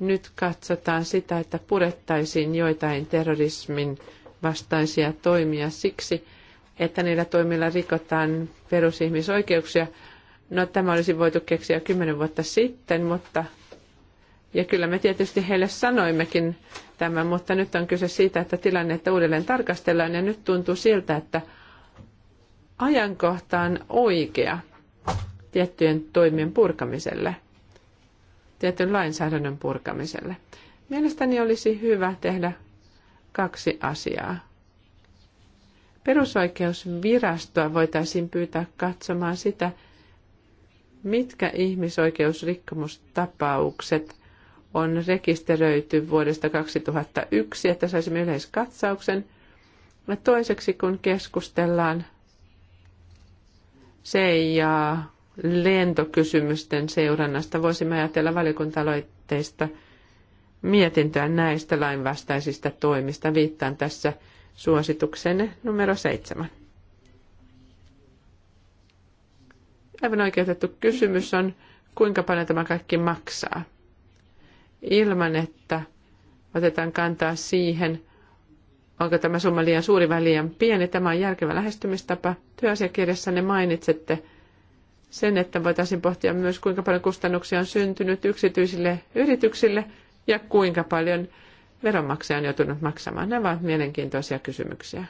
nyt katsotaan sitä, että purettaisiin joitain terrorismin vastaisia toimia siksi, että niillä toimilla rikotaan perusihmisoikeuksia. No tämä olisi voitu keksiä kymmenen vuotta sitten, mutta ja kyllä me tietysti heille sanoimmekin tämän, mutta nyt on kyse siitä, että tilannetta uudelleen tarkastellaan ja nyt tuntuu siltä, että ajankohta on oikea tiettyjen toimien purkamiselle, tietyn lainsäädännön purkamiselle. Mielestäni olisi hyvä tehdä kaksi asiaa. Perusoikeusvirastoa voitaisiin pyytää katsomaan sitä, mitkä ihmisoikeusrikkomustapaukset on rekisteröity vuodesta 2001, että saisimme yleiskatsauksen. Ja toiseksi, kun keskustellaan se ja lentokysymysten seurannasta, voisimme ajatella valiokuntaloitteista – mietintöä näistä lainvastaisista toimista. Viittaan tässä suositukseen numero seitsemän. Aivan oikeutettu kysymys on, kuinka paljon tämä kaikki maksaa. Ilman, että otetaan kantaa siihen, onko tämä summa liian suuri vai liian pieni. Tämä on järkevä lähestymistapa. Työasiakirjassa ne mainitsette sen, että voitaisiin pohtia myös, kuinka paljon kustannuksia on syntynyt yksityisille yrityksille – ja kuinka paljon veronmaksaja on joutunut maksamaan. Nämä ovat mielenkiintoisia kysymyksiä.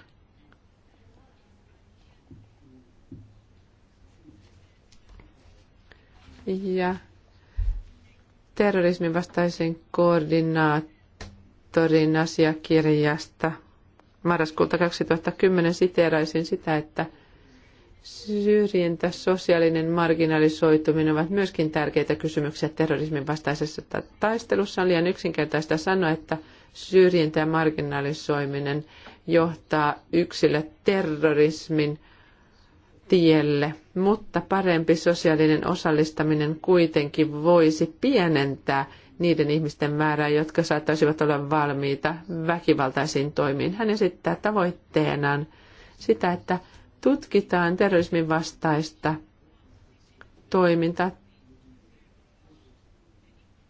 Ja terrorismin vastaisen koordinaattorin asiakirjasta marraskuulta 2010 siteeraisin sitä, että – Syrjintä, sosiaalinen marginalisoituminen ovat myöskin tärkeitä kysymyksiä terrorismin vastaisessa taistelussa. On liian yksinkertaista sanoa, että syrjintä ja marginalisoiminen johtaa yksille terrorismin tielle, mutta parempi sosiaalinen osallistaminen kuitenkin voisi pienentää niiden ihmisten määrää, jotka saattaisivat olla valmiita väkivaltaisiin toimiin. Hän esittää tavoitteenaan sitä, että tutkitaan terrorismin vastaista toimintaa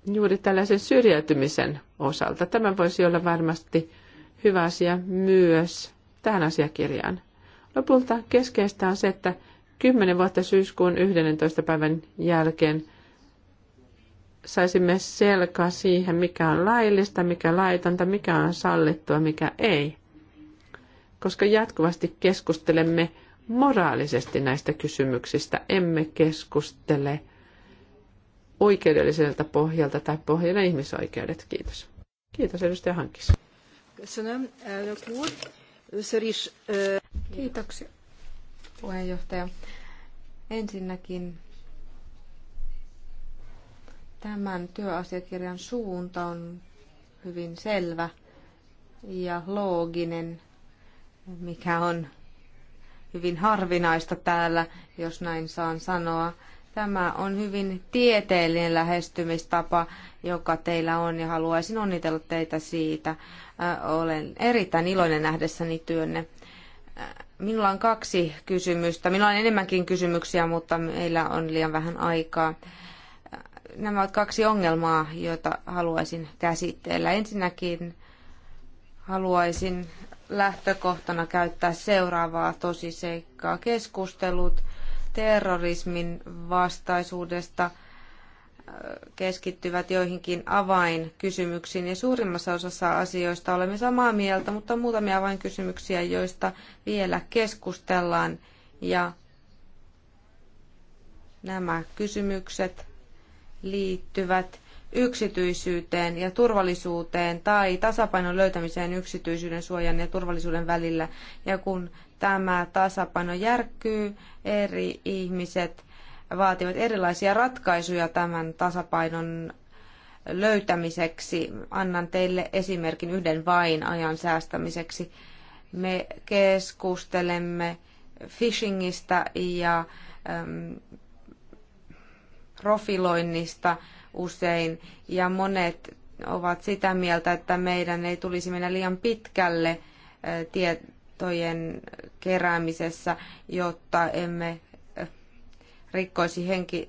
juuri tällaisen syrjäytymisen osalta. Tämä voisi olla varmasti hyvä asia myös tähän asiakirjaan. Lopulta keskeistä on se, että 10 vuotta syyskuun 11. päivän jälkeen saisimme selkaa siihen, mikä on laillista, mikä laitonta, mikä on sallittua, mikä ei koska jatkuvasti keskustelemme moraalisesti näistä kysymyksistä, emme keskustele oikeudelliselta pohjalta tai pohjana ihmisoikeudet. Kiitos. Kiitos edustaja Hankis. Kiitoksia puheenjohtaja. Ensinnäkin tämän työasiakirjan suunta on hyvin selvä ja looginen mikä on hyvin harvinaista täällä, jos näin saan sanoa. Tämä on hyvin tieteellinen lähestymistapa, joka teillä on, ja haluaisin onnitella teitä siitä. Olen erittäin iloinen nähdessäni työnne. Minulla on kaksi kysymystä. Minulla on enemmänkin kysymyksiä, mutta meillä on liian vähän aikaa. Nämä ovat kaksi ongelmaa, joita haluaisin käsitellä. Ensinnäkin haluaisin lähtökohtana käyttää seuraavaa tosiseikkaa. Keskustelut terrorismin vastaisuudesta äh, keskittyvät joihinkin avainkysymyksiin ja suurimmassa osassa asioista olemme samaa mieltä, mutta on muutamia avainkysymyksiä, joista vielä keskustellaan ja nämä kysymykset liittyvät yksityisyyteen ja turvallisuuteen tai tasapainon löytämiseen yksityisyyden suojan ja turvallisuuden välillä. Ja kun tämä tasapaino järkkyy, eri ihmiset vaativat erilaisia ratkaisuja tämän tasapainon löytämiseksi. Annan teille esimerkin yhden vain ajan säästämiseksi. Me keskustelemme phishingista ja ähm, profiloinnista usein ja monet ovat sitä mieltä, että meidän ei tulisi mennä liian pitkälle tietojen keräämisessä, jotta emme rikkoisi henki,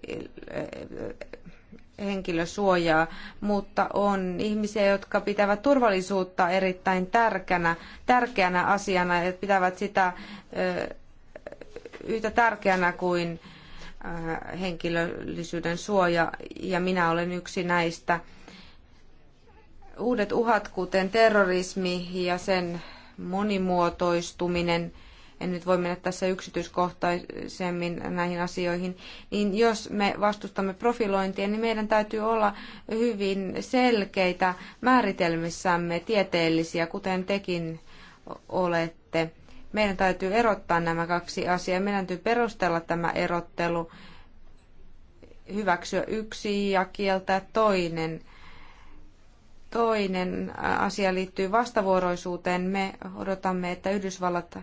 henkilösuojaa, mutta on ihmisiä, jotka pitävät turvallisuutta erittäin tärkeänä, tärkeänä asiana ja pitävät sitä yhtä tärkeänä kuin Äh, henkilöllisyyden suoja, ja minä olen yksi näistä. Uudet uhat, kuten terrorismi ja sen monimuotoistuminen, en nyt voi mennä tässä yksityiskohtaisemmin näihin asioihin, niin jos me vastustamme profilointia, niin meidän täytyy olla hyvin selkeitä määritelmissämme tieteellisiä, kuten tekin olette. Meidän täytyy erottaa nämä kaksi asiaa. Meidän täytyy perustella tämä erottelu, hyväksyä yksi ja kieltää toinen. Toinen asia liittyy vastavuoroisuuteen. Me odotamme, että Yhdysvallat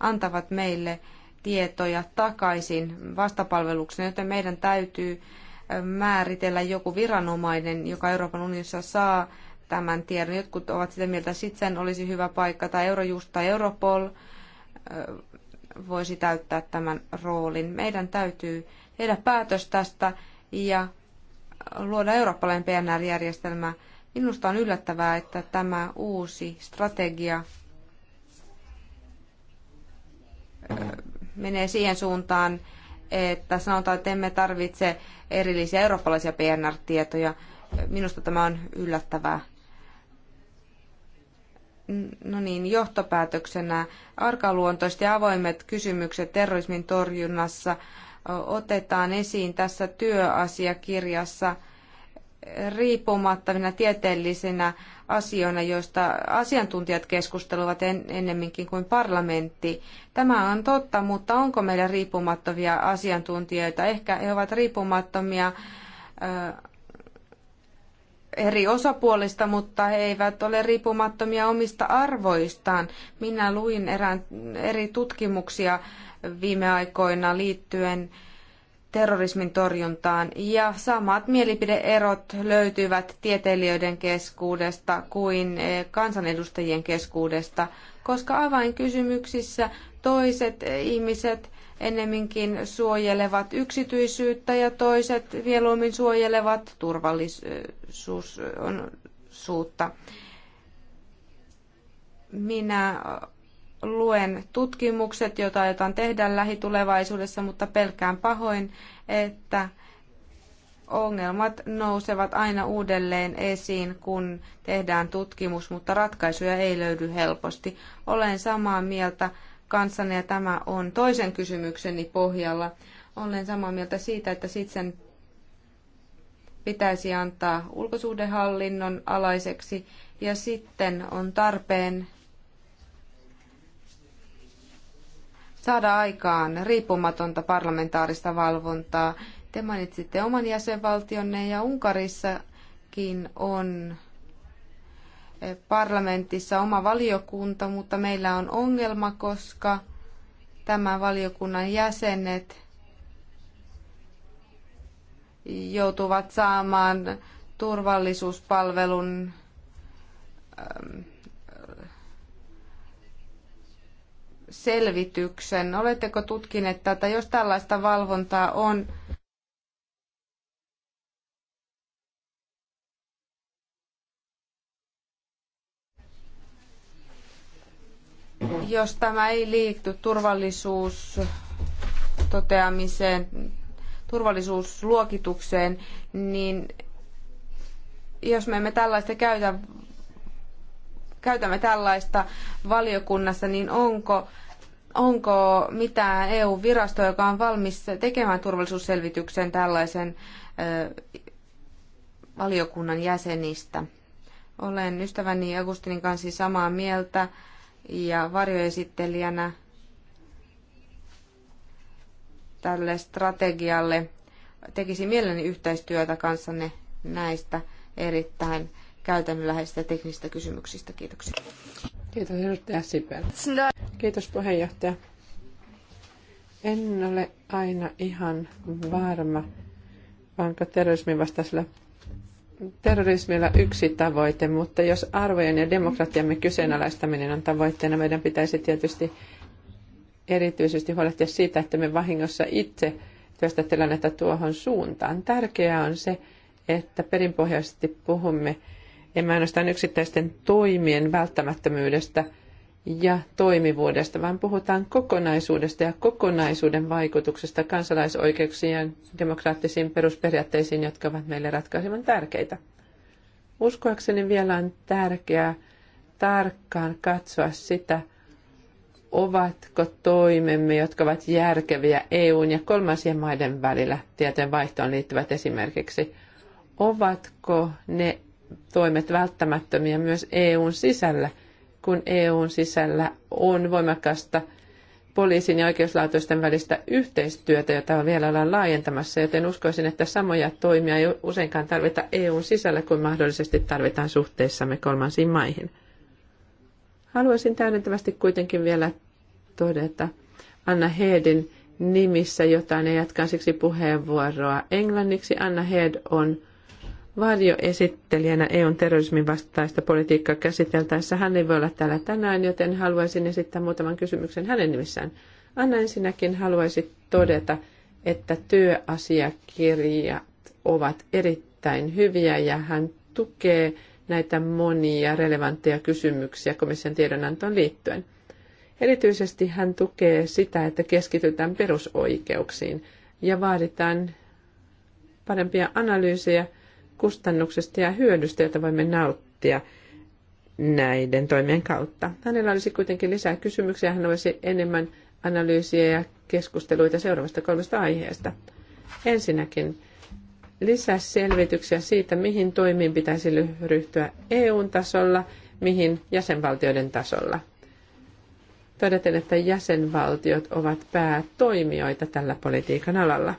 antavat meille tietoja takaisin vastapalveluksena, joten meidän täytyy määritellä joku viranomainen, joka Euroopan unionissa saa tämän tiedon. Jotkut ovat sitä mieltä, että sitten olisi hyvä paikka, tai Eurojust tai Europol voisi täyttää tämän roolin. Meidän täytyy tehdä päätös tästä ja luoda eurooppalainen PNR-järjestelmä. Minusta on yllättävää, että tämä uusi strategia menee siihen suuntaan, että sanotaan, että emme tarvitse erillisiä eurooppalaisia PNR-tietoja. Minusta tämä on yllättävää no niin, johtopäätöksenä arkaluontoiset ja avoimet kysymykset terrorismin torjunnassa otetaan esiin tässä työasiakirjassa riippumattavina tieteellisinä asioina, joista asiantuntijat keskustelevat ennemminkin kuin parlamentti. Tämä on totta, mutta onko meillä riippumattomia asiantuntijoita? Ehkä he ovat riippumattomia eri osapuolista, mutta he eivät ole riippumattomia omista arvoistaan. Minä luin erään, eri tutkimuksia viime aikoina liittyen terrorismin torjuntaan ja samat mielipideerot löytyvät tieteilijöiden keskuudesta kuin eh, kansanedustajien keskuudesta, koska avainkysymyksissä toiset ihmiset ennemminkin suojelevat yksityisyyttä ja toiset mieluummin suojelevat turvallisuutta. Minä luen tutkimukset, joita aiotaan tehdä lähitulevaisuudessa, mutta pelkään pahoin, että ongelmat nousevat aina uudelleen esiin, kun tehdään tutkimus, mutta ratkaisuja ei löydy helposti. Olen samaa mieltä kanssanne ja tämä on toisen kysymykseni pohjalla. Olen samaa mieltä siitä, että sitten pitäisi antaa ulkosuhdehallinnon alaiseksi ja sitten on tarpeen saada aikaan riippumatonta parlamentaarista valvontaa. Te mainitsitte oman jäsenvaltionne ja Unkarissakin on parlamentissa oma valiokunta, mutta meillä on ongelma, koska tämän valiokunnan jäsenet joutuvat saamaan turvallisuuspalvelun ähm, selvityksen. Oletteko tutkineet tätä, jos tällaista valvontaa on? Jos tämä ei liity turvallisuus toteamiseen, turvallisuusluokitukseen, niin jos me emme tällaista käytä, käytämme tällaista valiokunnassa, niin onko, onko mitään eu virastoa joka on valmis tekemään turvallisuusselvityksen tällaisen ö, valiokunnan jäsenistä? Olen ystäväni Agustinin kanssa samaa mieltä ja varjoesittelijänä tälle strategialle. tekisi mielelläni yhteistyötä kanssanne näistä erittäin käytännönläheisistä teknisistä kysymyksistä. Kiitoksia. Kiitos edustaja Sipel. Kiitos puheenjohtaja. En ole aina ihan varma, onko terrorismin vastaisella terrorismilla yksi tavoite, mutta jos arvojen ja demokratiamme kyseenalaistaminen on tavoitteena, meidän pitäisi tietysti erityisesti huolehtia siitä, että me vahingossa itse työstä tilannetta tuohon suuntaan. Tärkeää on se, että perinpohjaisesti puhumme emme ainoastaan yksittäisten toimien välttämättömyydestä – ja toimivuudesta, vaan puhutaan kokonaisuudesta ja kokonaisuuden vaikutuksesta kansalaisoikeuksiin ja demokraattisiin perusperiaatteisiin, jotka ovat meille ratkaisevan tärkeitä. Uskoakseni vielä on tärkeää tarkkaan katsoa sitä, ovatko toimemme, jotka ovat järkeviä EUn ja kolmansien maiden välillä, tieteen vaihtoon liittyvät esimerkiksi, ovatko ne toimet välttämättömiä myös EUn sisällä – kun EUn sisällä on voimakasta poliisin ja oikeuslaitosten välistä yhteistyötä, jota vielä ollaan laajentamassa, joten uskoisin, että samoja toimia ei useinkaan tarvita EUn sisällä kuin mahdollisesti tarvitaan suhteissamme kolmansiin maihin. Haluaisin täydentävästi kuitenkin vielä todeta Anna Heedin nimissä jotain ja jatkan siksi puheenvuoroa englanniksi. Anna Head on varjoesittelijänä EUn terrorismin vastaista politiikkaa käsiteltäessä. Hän ei voi olla täällä tänään, joten haluaisin esittää muutaman kysymyksen hänen nimissään. Anna ensinnäkin haluaisi todeta, että työasiakirjat ovat erittäin hyviä ja hän tukee näitä monia relevantteja kysymyksiä komission tiedonantoon liittyen. Erityisesti hän tukee sitä, että keskitytään perusoikeuksiin ja vaaditaan parempia analyysejä kustannuksesta ja hyödystä, jota voimme nauttia näiden toimien kautta. Hänellä olisi kuitenkin lisää kysymyksiä, hän olisi enemmän analyysiä ja keskusteluita seuraavasta kolmesta aiheesta. Ensinnäkin lisää selvityksiä siitä, mihin toimiin pitäisi ryhtyä EU-tasolla, mihin jäsenvaltioiden tasolla. Todeten, että jäsenvaltiot ovat päätoimijoita tällä politiikan alalla.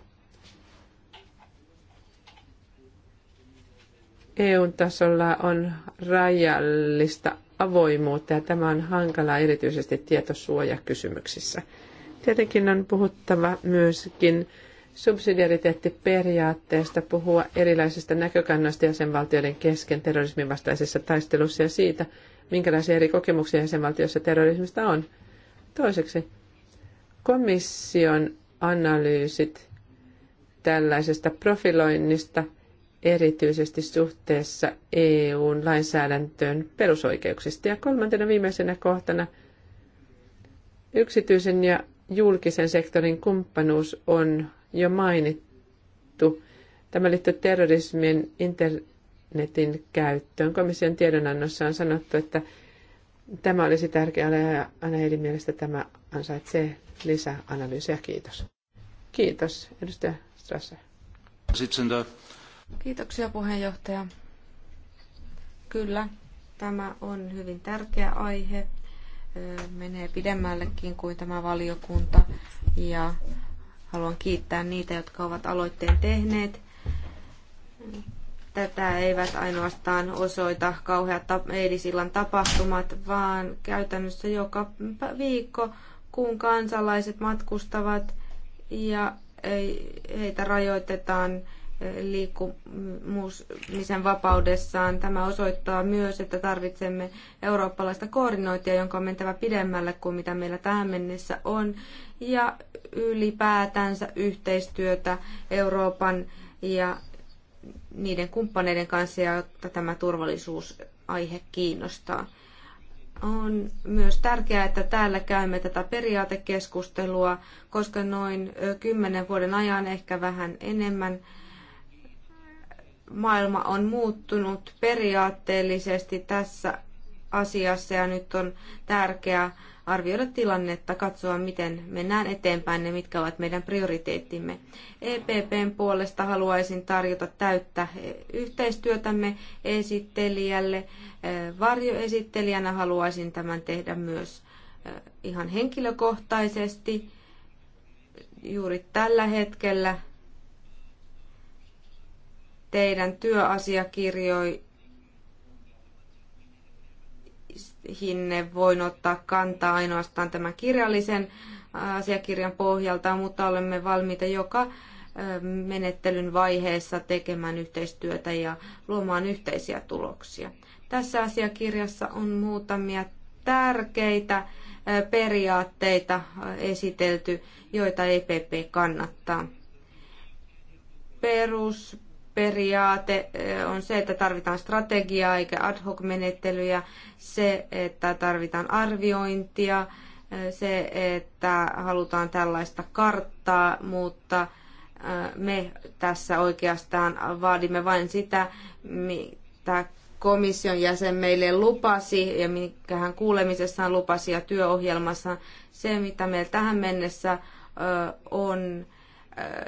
EUn tasolla on rajallista avoimuutta ja tämä on hankalaa erityisesti tietosuojakysymyksissä. Tietenkin on puhuttava myöskin subsidiariteettiperiaatteesta puhua erilaisista näkökannoista jäsenvaltioiden kesken terrorismin vastaisessa taistelussa ja siitä, minkälaisia eri kokemuksia jäsenvaltioissa terrorismista on. Toiseksi, komission analyysit tällaisesta profiloinnista – erityisesti suhteessa EUn lainsäädäntöön perusoikeuksista. Ja kolmantena viimeisenä kohtana yksityisen ja julkisen sektorin kumppanuus on jo mainittu. Tämä liittyy terrorismin internetin käyttöön. Komission tiedonannossa on sanottu, että tämä olisi tärkeä ja aina eri mielestä tämä ansaitsee lisäanalyysiä. Kiitos. Kiitos, edustaja Strasser. Äh, Kiitoksia puheenjohtaja. Kyllä, tämä on hyvin tärkeä aihe. Menee pidemmällekin kuin tämä valiokunta ja haluan kiittää niitä, jotka ovat aloitteen tehneet. Tätä eivät ainoastaan osoita kauheat eilisillan tapahtumat, vaan käytännössä joka viikko, kun kansalaiset matkustavat ja heitä rajoitetaan liikkumisen vapaudessaan. Tämä osoittaa myös, että tarvitsemme eurooppalaista koordinointia, jonka on mentävä pidemmälle kuin mitä meillä tähän mennessä on, ja ylipäätänsä yhteistyötä Euroopan ja niiden kumppaneiden kanssa, jotta tämä turvallisuusaihe kiinnostaa. On myös tärkeää, että täällä käymme tätä periaatekeskustelua, koska noin kymmenen vuoden ajan, ehkä vähän enemmän, maailma on muuttunut periaatteellisesti tässä asiassa ja nyt on tärkeää arvioida tilannetta, katsoa miten mennään eteenpäin ja mitkä ovat meidän prioriteettimme. EPPn puolesta haluaisin tarjota täyttä yhteistyötämme esittelijälle. Varjoesittelijänä haluaisin tämän tehdä myös ihan henkilökohtaisesti. Juuri tällä hetkellä teidän työasiakirjoihinne voin ottaa kantaa ainoastaan tämän kirjallisen äh, asiakirjan pohjalta, mutta olemme valmiita joka äh, menettelyn vaiheessa tekemään yhteistyötä ja luomaan yhteisiä tuloksia. Tässä asiakirjassa on muutamia tärkeitä äh, periaatteita esitelty, joita EPP kannattaa. Perus periaate eh, on se, että tarvitaan strategiaa eikä ad hoc menettelyjä, se, että tarvitaan arviointia, eh, se, että halutaan tällaista karttaa, mutta eh, me tässä oikeastaan vaadimme vain sitä, mitä komission jäsen meille lupasi ja minkä hän kuulemisessaan lupasi ja työohjelmassa. Se, mitä meillä tähän mennessä on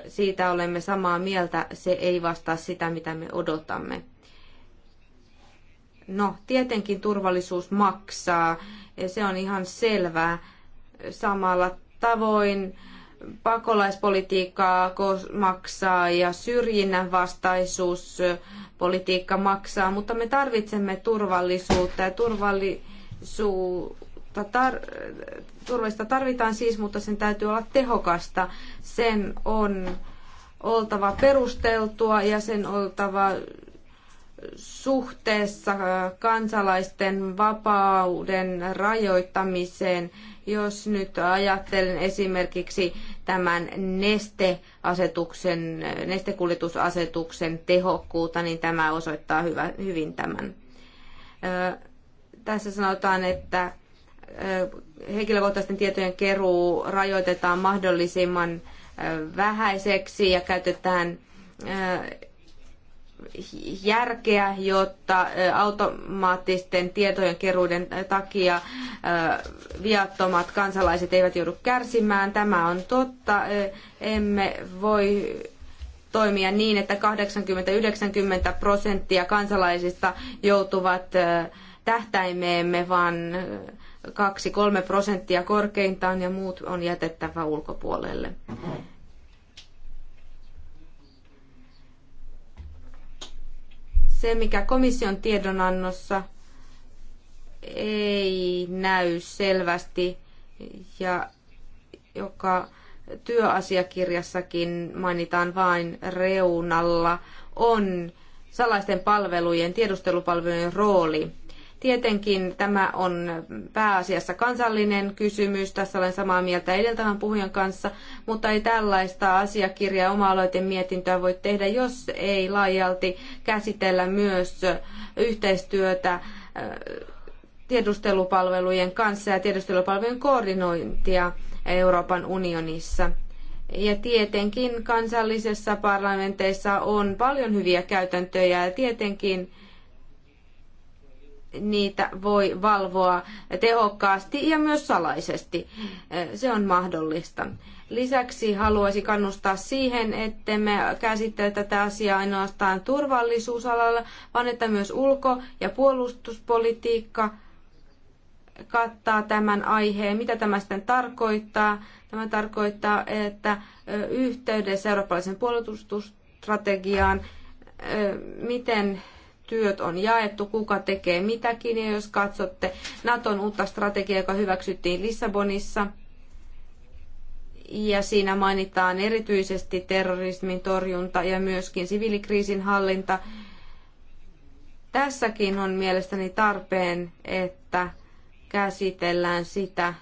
siitä olemme samaa mieltä, se ei vastaa sitä, mitä me odotamme. No, tietenkin turvallisuus maksaa, ja se on ihan selvää. Samalla tavoin pakolaispolitiikkaa maksaa ja syrjinnän vastaisuuspolitiikka maksaa, mutta me tarvitsemme turvallisuutta ja turvallisuus tar- turvallista tarvitaan siis, mutta sen täytyy olla tehokasta. Sen on oltava perusteltua ja sen oltava suhteessa kansalaisten vapauden rajoittamiseen. Jos nyt ajattelen esimerkiksi tämän nesteasetuksen, nestekuljetusasetuksen tehokkuutta, niin tämä osoittaa hyvä, hyvin tämän. Tässä sanotaan, että henkilökohtaisten tietojen keruu rajoitetaan mahdollisimman vähäiseksi ja käytetään järkeä, jotta automaattisten tietojen keruuden takia viattomat kansalaiset eivät joudu kärsimään. Tämä on totta. Emme voi toimia niin, että 80-90 prosenttia kansalaisista joutuvat tähtäimeemme, vaan 2-3 prosenttia korkeintaan ja muut on jätettävä ulkopuolelle. Se, mikä komission tiedonannossa ei näy selvästi ja joka työasiakirjassakin mainitaan vain reunalla, on salaisten palvelujen, tiedustelupalvelujen rooli. Tietenkin tämä on pääasiassa kansallinen kysymys, tässä olen samaa mieltä edeltävän puhujan kanssa, mutta ei tällaista asiakirjaa oma-aloiten mietintöä voi tehdä, jos ei laajalti käsitellä myös yhteistyötä äh, tiedustelupalvelujen kanssa ja tiedustelupalvelujen koordinointia Euroopan unionissa. Ja tietenkin kansallisessa parlamenteissa on paljon hyviä käytäntöjä ja tietenkin niitä voi valvoa tehokkaasti ja myös salaisesti. Se on mahdollista. Lisäksi haluaisin kannustaa siihen, että me käsittele tätä asiaa ainoastaan turvallisuusalalla, vaan että myös ulko- ja puolustuspolitiikka kattaa tämän aiheen. Mitä tämä sitten tarkoittaa? Tämä tarkoittaa, että yhteydessä eurooppalaisen puolustusstrategiaan, miten työt on jaettu, kuka tekee mitäkin. Ja jos katsotte Naton uutta strategiaa, joka hyväksyttiin Lissabonissa, ja siinä mainitaan erityisesti terrorismin torjunta ja myöskin siviilikriisin hallinta. Tässäkin on mielestäni tarpeen, että käsitellään sitä,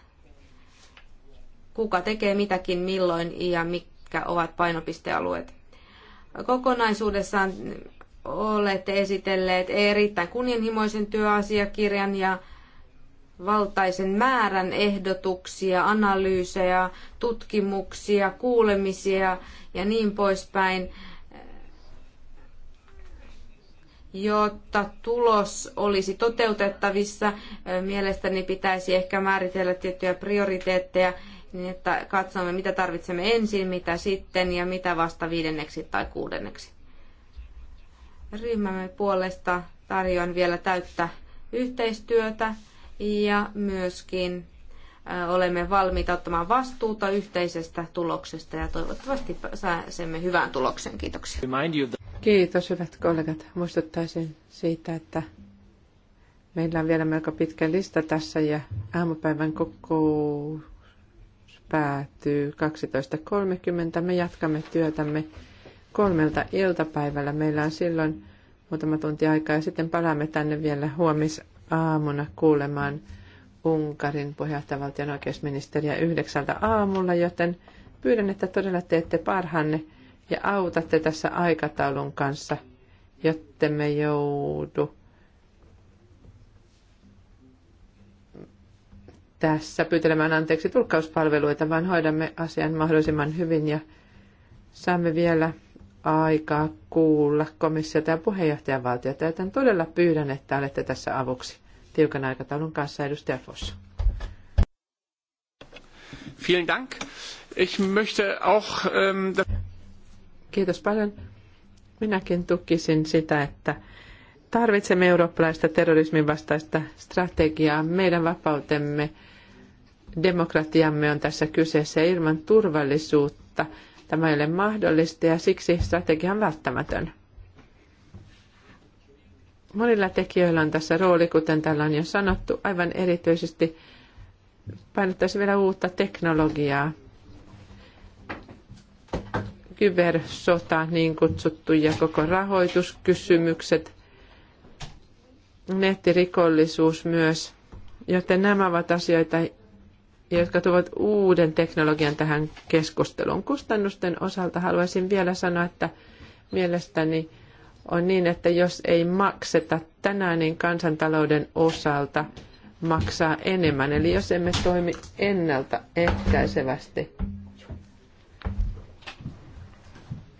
kuka tekee mitäkin milloin ja mitkä ovat painopistealueet. Kokonaisuudessaan olette esitelleet erittäin kunnianhimoisen työasiakirjan ja valtaisen määrän ehdotuksia, analyysejä, tutkimuksia, kuulemisia ja niin poispäin, jotta tulos olisi toteutettavissa. Mielestäni pitäisi ehkä määritellä tiettyjä prioriteetteja, niin että katsomme, mitä tarvitsemme ensin, mitä sitten ja mitä vasta viidenneksi tai kuudenneksi ryhmämme puolesta tarjoan vielä täyttä yhteistyötä ja myöskin äh, olemme valmiita ottamaan vastuuta yhteisestä tuloksesta ja toivottavasti pääsemme hyvään tulokseen. Kiitoksia. Kiitos hyvät kollegat. Muistuttaisin siitä, että meillä on vielä melko pitkä lista tässä ja aamupäivän kokous päättyy 12.30. Me jatkamme työtämme kolmelta iltapäivällä. Meillä on silloin muutama tunti aikaa ja sitten palaamme tänne vielä huomisaamuna kuulemaan Unkarin puheenjohtajavaltion oikeusministeriä yhdeksältä aamulla, joten pyydän, että todella teette parhanne ja autatte tässä aikataulun kanssa, jotta me joudu tässä pyytelemään anteeksi tulkkauspalveluita, vaan hoidamme asian mahdollisimman hyvin ja saamme vielä aikaa kuulla komissiota ja puheenjohtajavaltiota, joten todella pyydän, että olette tässä avuksi tiukan aikataulun kanssa, edustaja Foss. Vielen Dank. Ich möchte auch, ähm, Kiitos paljon. Minäkin tukisin sitä, että tarvitsemme eurooppalaista terrorismin vastaista strategiaa. Meidän vapautemme, demokratiamme on tässä kyseessä ilman turvallisuutta Tämä ei ole mahdollista ja siksi strategia on välttämätön. Monilla tekijöillä on tässä rooli, kuten täällä on jo sanottu, aivan erityisesti painottaisi vielä uutta teknologiaa. Kybersota, niin kutsuttu, ja koko rahoituskysymykset, nettirikollisuus myös. Joten nämä ovat asioita, jotka tuovat uuden teknologian tähän keskusteluun. Kustannusten osalta haluaisin vielä sanoa, että mielestäni on niin, että jos ei makseta tänään, niin kansantalouden osalta maksaa enemmän. Eli jos emme toimi ennaltaehkäisevästi,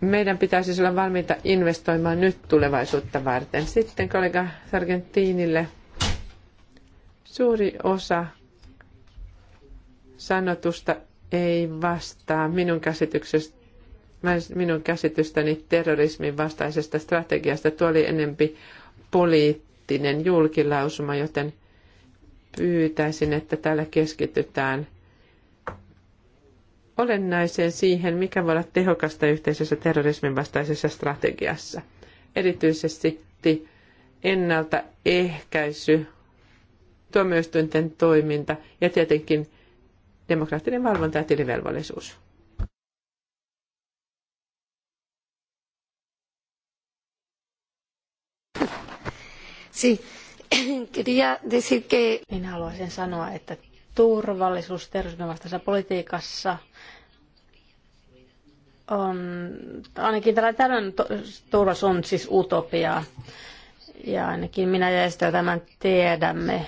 meidän pitäisi olla valmiita investoimaan nyt tulevaisuutta varten. Sitten kollega Sargentinille suuri osa sanotusta ei vastaa minun, minun käsitystäni terrorismin vastaisesta strategiasta. Tuo oli enempi poliittinen julkilausuma, joten pyytäisin, että täällä keskitytään olennaiseen siihen, mikä voi olla tehokasta yhteisessä terrorismin vastaisessa strategiassa. Erityisesti ennaltaehkäisy, tuomioistuinten toiminta ja tietenkin demokraattinen valvonta ja tilivelvollisuus. Sí. Quería decir que... Minä niin haluaisin sanoa, että turvallisuus terrorismin vastaisessa politiikassa on, ainakin tällainen turvallisuus on siis utopiaa. Ja ainakin minä ja Estö tämän tiedämme.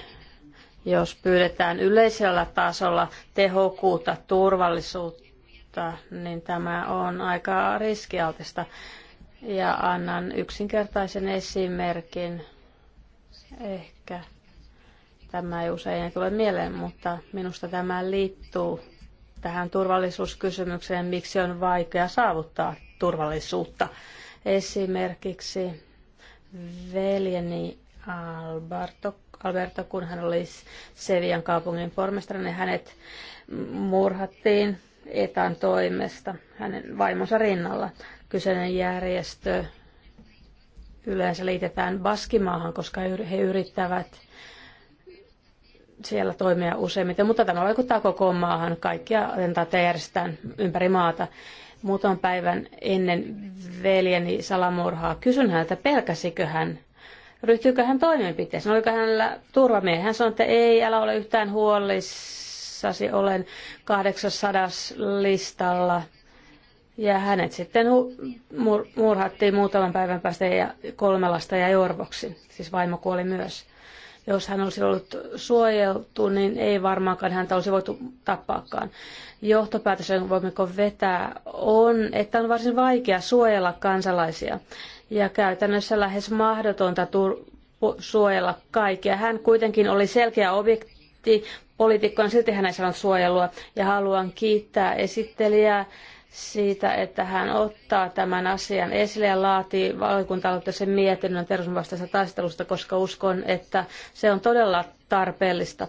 Jos pyydetään yleisellä tasolla tehokkuutta, turvallisuutta, niin tämä on aika riskialtista. Ja annan yksinkertaisen esimerkin. Ehkä tämä ei usein tule mieleen, mutta minusta tämä liittyy tähän turvallisuuskysymykseen, miksi on vaikea saavuttaa turvallisuutta. Esimerkiksi veljeni Alberto Alberto, kun hän oli Sevian kaupungin pormestari, niin hänet murhattiin etan toimesta hänen vaimonsa rinnalla. Kyseinen järjestö yleensä liitetään Baskimaahan, koska he yrittävät siellä toimia useimmiten, mutta tämä vaikuttaa koko maahan. Kaikkia attentaateja järjestetään ympäri maata. Muutaman päivän ennen veljeni salamurhaa kysyn häneltä, pelkäsikö hän ryhtyykö hän toimenpiteeseen, oliko hänellä turvamiehen. Hän sanoi, että ei, älä ole yhtään huolissasi, olen 800 listalla. Ja hänet sitten murhattiin muutaman päivän päästä ja kolme lasta ja jorvoksi. Siis vaimo kuoli myös. Jos hän olisi ollut suojeltu, niin ei varmaankaan häntä olisi voitu tappaakaan. Johtopäätös, jonka voimmeko vetää, on, että on varsin vaikea suojella kansalaisia ja käytännössä lähes mahdotonta suojella kaikkia. Hän kuitenkin oli selkeä objekti poliitikkona, silti hän ei saanut suojelua. Ja haluan kiittää esittelijää siitä, että hän ottaa tämän asian esille ja laatii valiokunta sen mietinnön terveysvastaisesta taistelusta, koska uskon, että se on todella tarpeellista.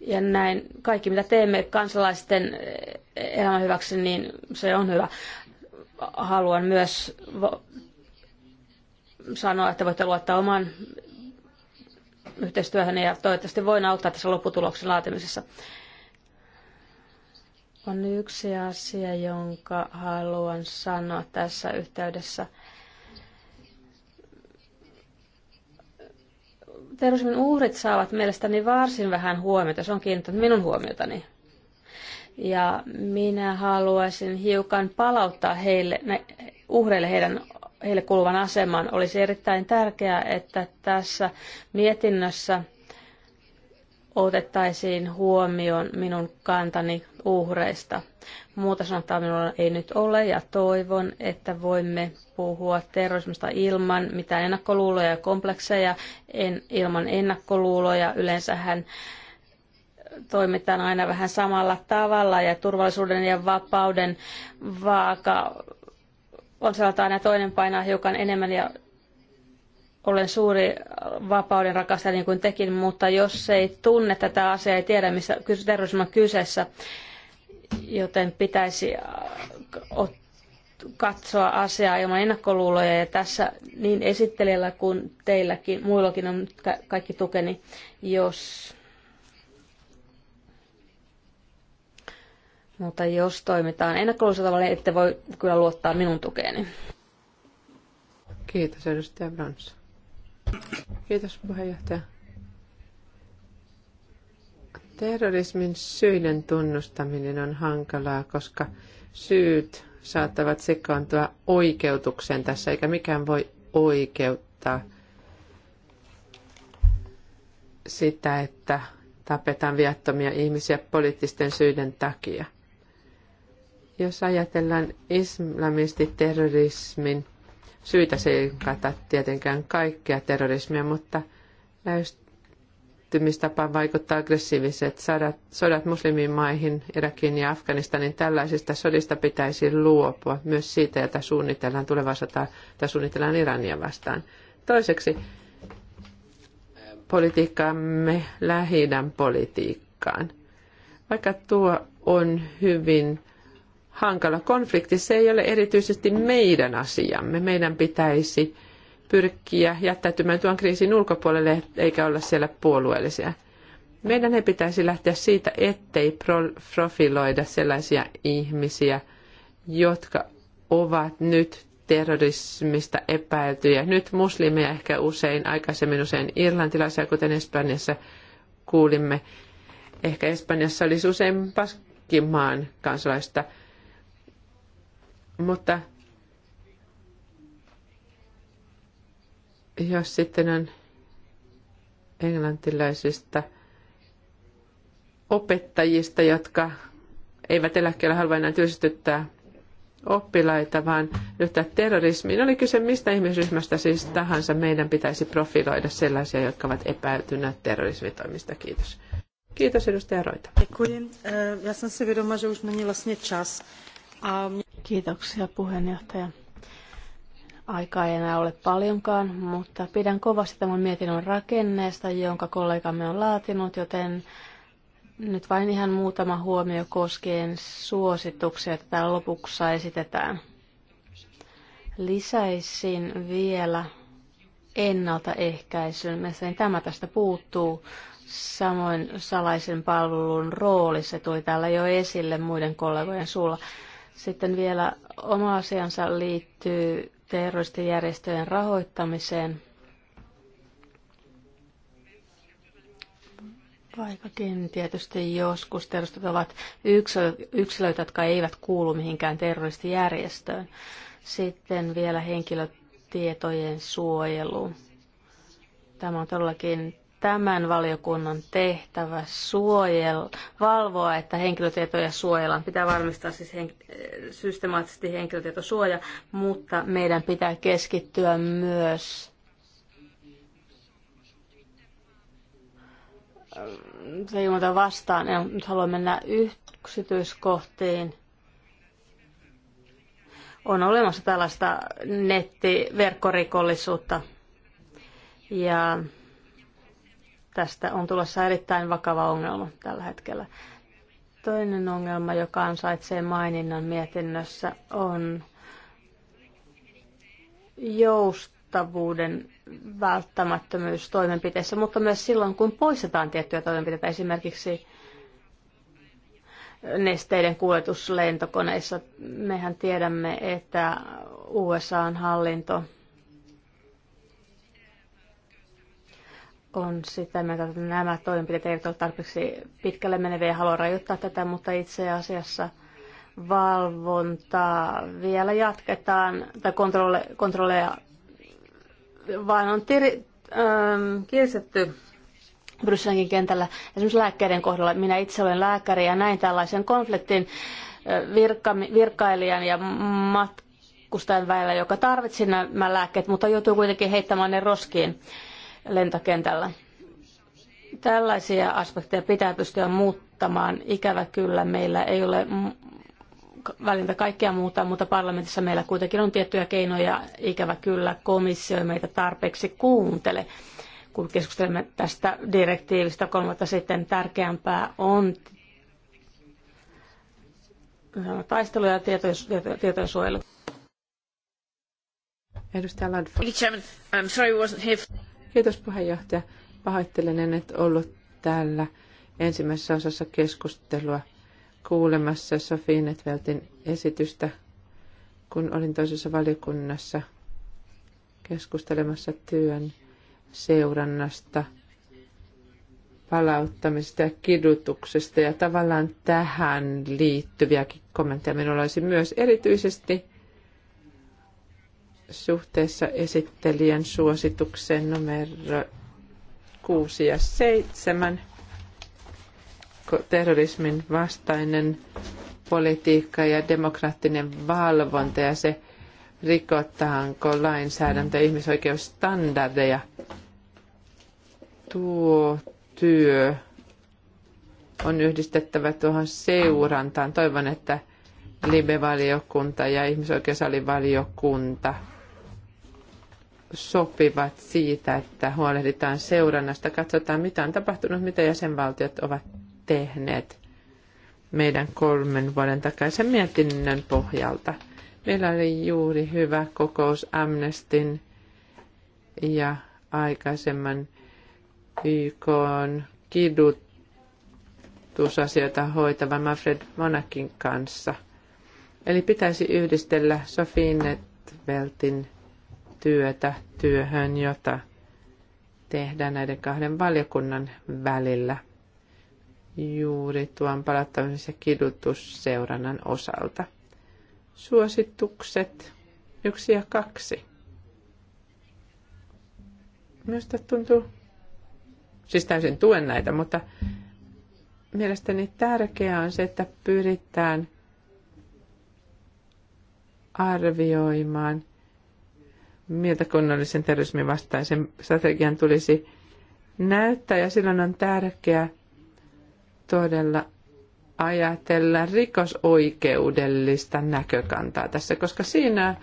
Ja näin kaikki, mitä teemme kansalaisten elämän hyväksi, niin se on hyvä. Haluan myös sanoa, että voitte luottaa oman yhteistyöhön ja toivottavasti voin auttaa tässä lopputuloksen laatimisessa. On yksi asia, jonka haluan sanoa tässä yhteydessä. Terrorismin uhrit saavat mielestäni varsin vähän huomiota. Se on kiinnittänyt minun huomiotani. Ja minä haluaisin hiukan palauttaa heille, uhreille heidän heille kuuluvan aseman. Olisi erittäin tärkeää, että tässä mietinnössä otettaisiin huomioon minun kantani uhreista. Muuta sanottavaa minulla ei nyt ole ja toivon, että voimme puhua terrorismista ilman mitään ennakkoluuloja ja komplekseja, en, ilman ennakkoluuloja. Yleensähän toimitaan aina vähän samalla tavalla ja turvallisuuden ja vapauden vaaka on sanotaan aina toinen painaa hiukan enemmän ja olen suuri vapauden rakastaja niin kuin tekin, mutta jos ei tunne tätä asiaa, ei tiedä missä terrorismi on kyseessä, joten pitäisi äh, katsoa asiaa ilman ennakkoluuloja ja tässä niin esittelijällä kuin teilläkin, muillakin on kaikki tukeni, jos Mutta jos toimitaan ennakkoluisella tavalla, niin ette voi kyllä luottaa minun tukeeni. Kiitos edustaja Brans. Kiitos puheenjohtaja. Terrorismin syiden tunnustaminen on hankalaa, koska syyt saattavat sekaantua oikeutukseen tässä, eikä mikään voi oikeuttaa sitä, että tapetaan viattomia ihmisiä poliittisten syiden takia – jos ajatellaan islamistiterrorismin syitä, se ei kata tietenkään kaikkea terrorismia, mutta lähestymistapaan vaikuttaa aggressiiviset sodat, sodat muslimimaihin, Irakiin ja Afganistanin. Tällaisista sodista pitäisi luopua myös siitä, jota suunnitellaan tulevaa sotaa, jota suunnitellaan Irania vastaan. Toiseksi politiikkaamme lähidän politiikkaan. Vaikka tuo on hyvin hankala konflikti. Se ei ole erityisesti meidän asiamme. Meidän pitäisi pyrkiä jättäytymään tuon kriisin ulkopuolelle eikä olla siellä puolueellisia. Meidän ei pitäisi lähteä siitä, ettei profiloida sellaisia ihmisiä, jotka ovat nyt terrorismista epäiltyjä. Nyt muslimeja ehkä usein, aikaisemmin usein irlantilaisia, kuten Espanjassa kuulimme. Ehkä Espanjassa olisi usein paskimaan kansalaista mutta jos sitten on englantilaisista opettajista, jotka eivät eläkkeellä halua enää työstyttää oppilaita, vaan yhtä terrorismiin. Oli kyse mistä ihmisryhmästä siis tahansa, meidän pitäisi profiloida sellaisia, jotka ovat epäiltyneet terrorismitoimista. Kiitos. Kiitos edustaja Roita. Děkuji. Eh, já jsem si vědoma, že už není vlastně čas. Kiitoksia puheenjohtaja. Aikaa ei enää ole paljonkaan, mutta pidän kovasti tämän mietinnön rakenneesta, jonka kollegamme on laatinut, joten nyt vain ihan muutama huomio koskien suosituksia, että täällä lopuksi esitetään. Lisäisin vielä ennaltaehkäisyn. Mielestäni tämä tästä puuttuu. Samoin salaisen palvelun rooli, se tuli täällä jo esille muiden kollegojen suulla. Sitten vielä oma asiansa liittyy terroristijärjestöjen rahoittamiseen. Vaikkakin tietysti joskus terroristit ovat yksilöitä, jotka eivät kuulu mihinkään terroristijärjestöön. Sitten vielä henkilötietojen suojelu. Tämä on todellakin tämän valiokunnan tehtävä suojella, valvoa, että henkilötietoja suojellaan. Pitää varmistaa siis henk- systemaattisesti henkilötietosuoja, mutta meidän pitää keskittyä myös äh, se ilmoita vastaan. En nyt halua mennä yksityiskohtiin. On olemassa tällaista nettiverkkorikollisuutta. Ja Tästä on tulossa erittäin vakava ongelma tällä hetkellä. Toinen ongelma, joka ansaitsee maininnan mietinnössä, on joustavuuden välttämättömyys toimenpiteissä, mutta myös silloin, kun poistetaan tiettyjä toimenpiteitä, esimerkiksi nesteiden kuljetus lentokoneissa. Mehän tiedämme, että USAn hallinto on sitä mieltä, että nämä toimenpiteet eivät ole tarpeeksi pitkälle meneviä ja haluaa rajoittaa tätä, mutta itse asiassa valvontaa vielä jatketaan, tai kontrolle, kontrolleja vaan on tiri, ähm, kiristetty Brysselinkin kentällä. Esimerkiksi lääkkeiden kohdalla minä itse olen lääkäri ja näin tällaisen konfliktin äh, virka, virkailijan ja matkustajan väillä, joka tarvitsi nämä lääkkeet, mutta joutuu kuitenkin heittämään ne roskiin. Äh, lentokentällä. Tällaisia aspekteja pitää pystyä muuttamaan. Ikävä kyllä meillä ei ole välintä kaikkea muuta, mutta parlamentissa meillä kuitenkin on tiettyjä keinoja. Ikävä kyllä komissio ei meitä tarpeeksi kuuntele kun keskustelemme tästä direktiivistä kolmatta sitten tärkeämpää on taistelu ja tietojen, suojelu. Edustaja Ladford. Kiitos puheenjohtaja. Pahoittelen, en et ollut täällä ensimmäisessä osassa keskustelua kuulemassa Sofi Netveltin esitystä, kun olin toisessa valiokunnassa keskustelemassa työn seurannasta, palauttamisesta ja kidutuksesta. Ja tavallaan tähän liittyviäkin kommentteja minulla olisi myös erityisesti – suhteessa esittelijän suositukseen numero 6 ja 7, terrorismin vastainen politiikka ja demokraattinen valvonta ja se, rikotaanko lainsäädäntö ihmisoikeusstandardeja. Tuo työ on yhdistettävä tuohon seurantaan. Toivon, että Libe-valiokunta ja ihmisoikeusalivaliokunta – sopivat siitä, että huolehditaan seurannasta, katsotaan mitä on tapahtunut, mitä jäsenvaltiot ovat tehneet meidän kolmen vuoden takaisen mietinnön pohjalta. Meillä oli juuri hyvä kokous Amnestin ja aikaisemman YK kidutusasioita hoitavan Manfred Monakin kanssa. Eli pitäisi yhdistellä Sofiinet Veltin työtä työhön, jota tehdään näiden kahden valiokunnan välillä juuri tuon palattamisen ja kidutusseurannan osalta. Suositukset yksi ja kaksi. Minusta tuntuu, siis täysin tuen näitä, mutta mielestäni tärkeää on se, että pyritään arvioimaan miltä kunnollisen terrorismin vastaisen strategian tulisi näyttää. Ja silloin on tärkeää todella ajatella rikosoikeudellista näkökantaa tässä, koska siinä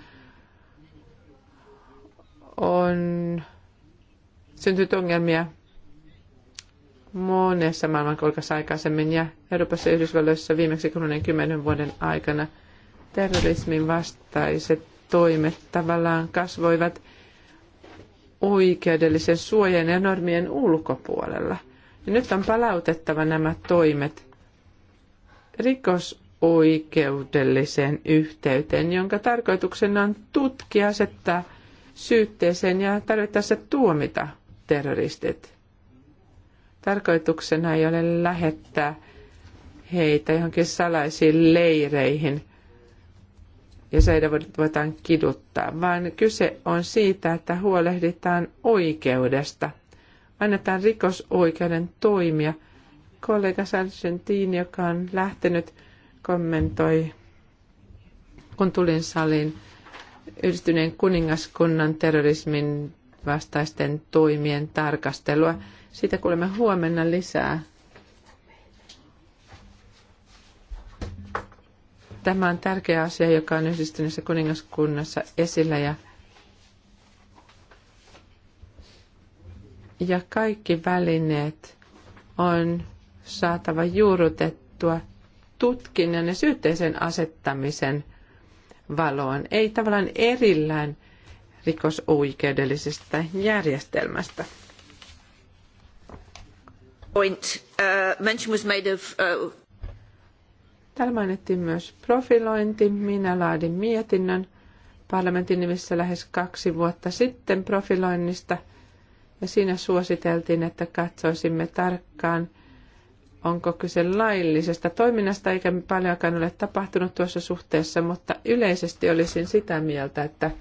on syntynyt ongelmia monessa maailmankolkassa aikaisemmin ja Euroopassa ja Yhdysvalloissa viimeksi 10 kymmenen vuoden aikana terrorismin vastaiset toimet tavallaan kasvoivat oikeudellisen suojan ja normien ulkopuolella. Ja nyt on palautettava nämä toimet rikosoikeudelliseen yhteyteen, jonka tarkoituksena on tutkia, asettaa syytteeseen ja tarvittaessa tuomita terroristit. Tarkoituksena ei ole lähettää heitä johonkin salaisiin leireihin – jos heitä voidaan kiduttaa, vaan kyse on siitä, että huolehditaan oikeudesta. Annetaan rikosoikeuden toimia. Kollega Sargentin, joka on lähtenyt, kommentoi, kun tulin saliin yhdistyneen kuningaskunnan terrorismin vastaisten toimien tarkastelua. Siitä kuulemme huomenna lisää Tämä on tärkeä asia, joka on yhdistyneessä kuningaskunnassa esillä ja, ja kaikki välineet on saatava juurrutettua tutkinnan ja syytteisen asettamisen valoon, ei tavallaan erillään rikosoikeudellisesta järjestelmästä. Point, uh, mention was made of, uh, Täällä mainittiin myös profilointi. Minä laadin mietinnön parlamentin nimissä lähes kaksi vuotta sitten profiloinnista. Ja siinä suositeltiin, että katsoisimme tarkkaan, onko kyse laillisesta toiminnasta, eikä paljonkaan ole tapahtunut tuossa suhteessa, mutta yleisesti olisin sitä mieltä, että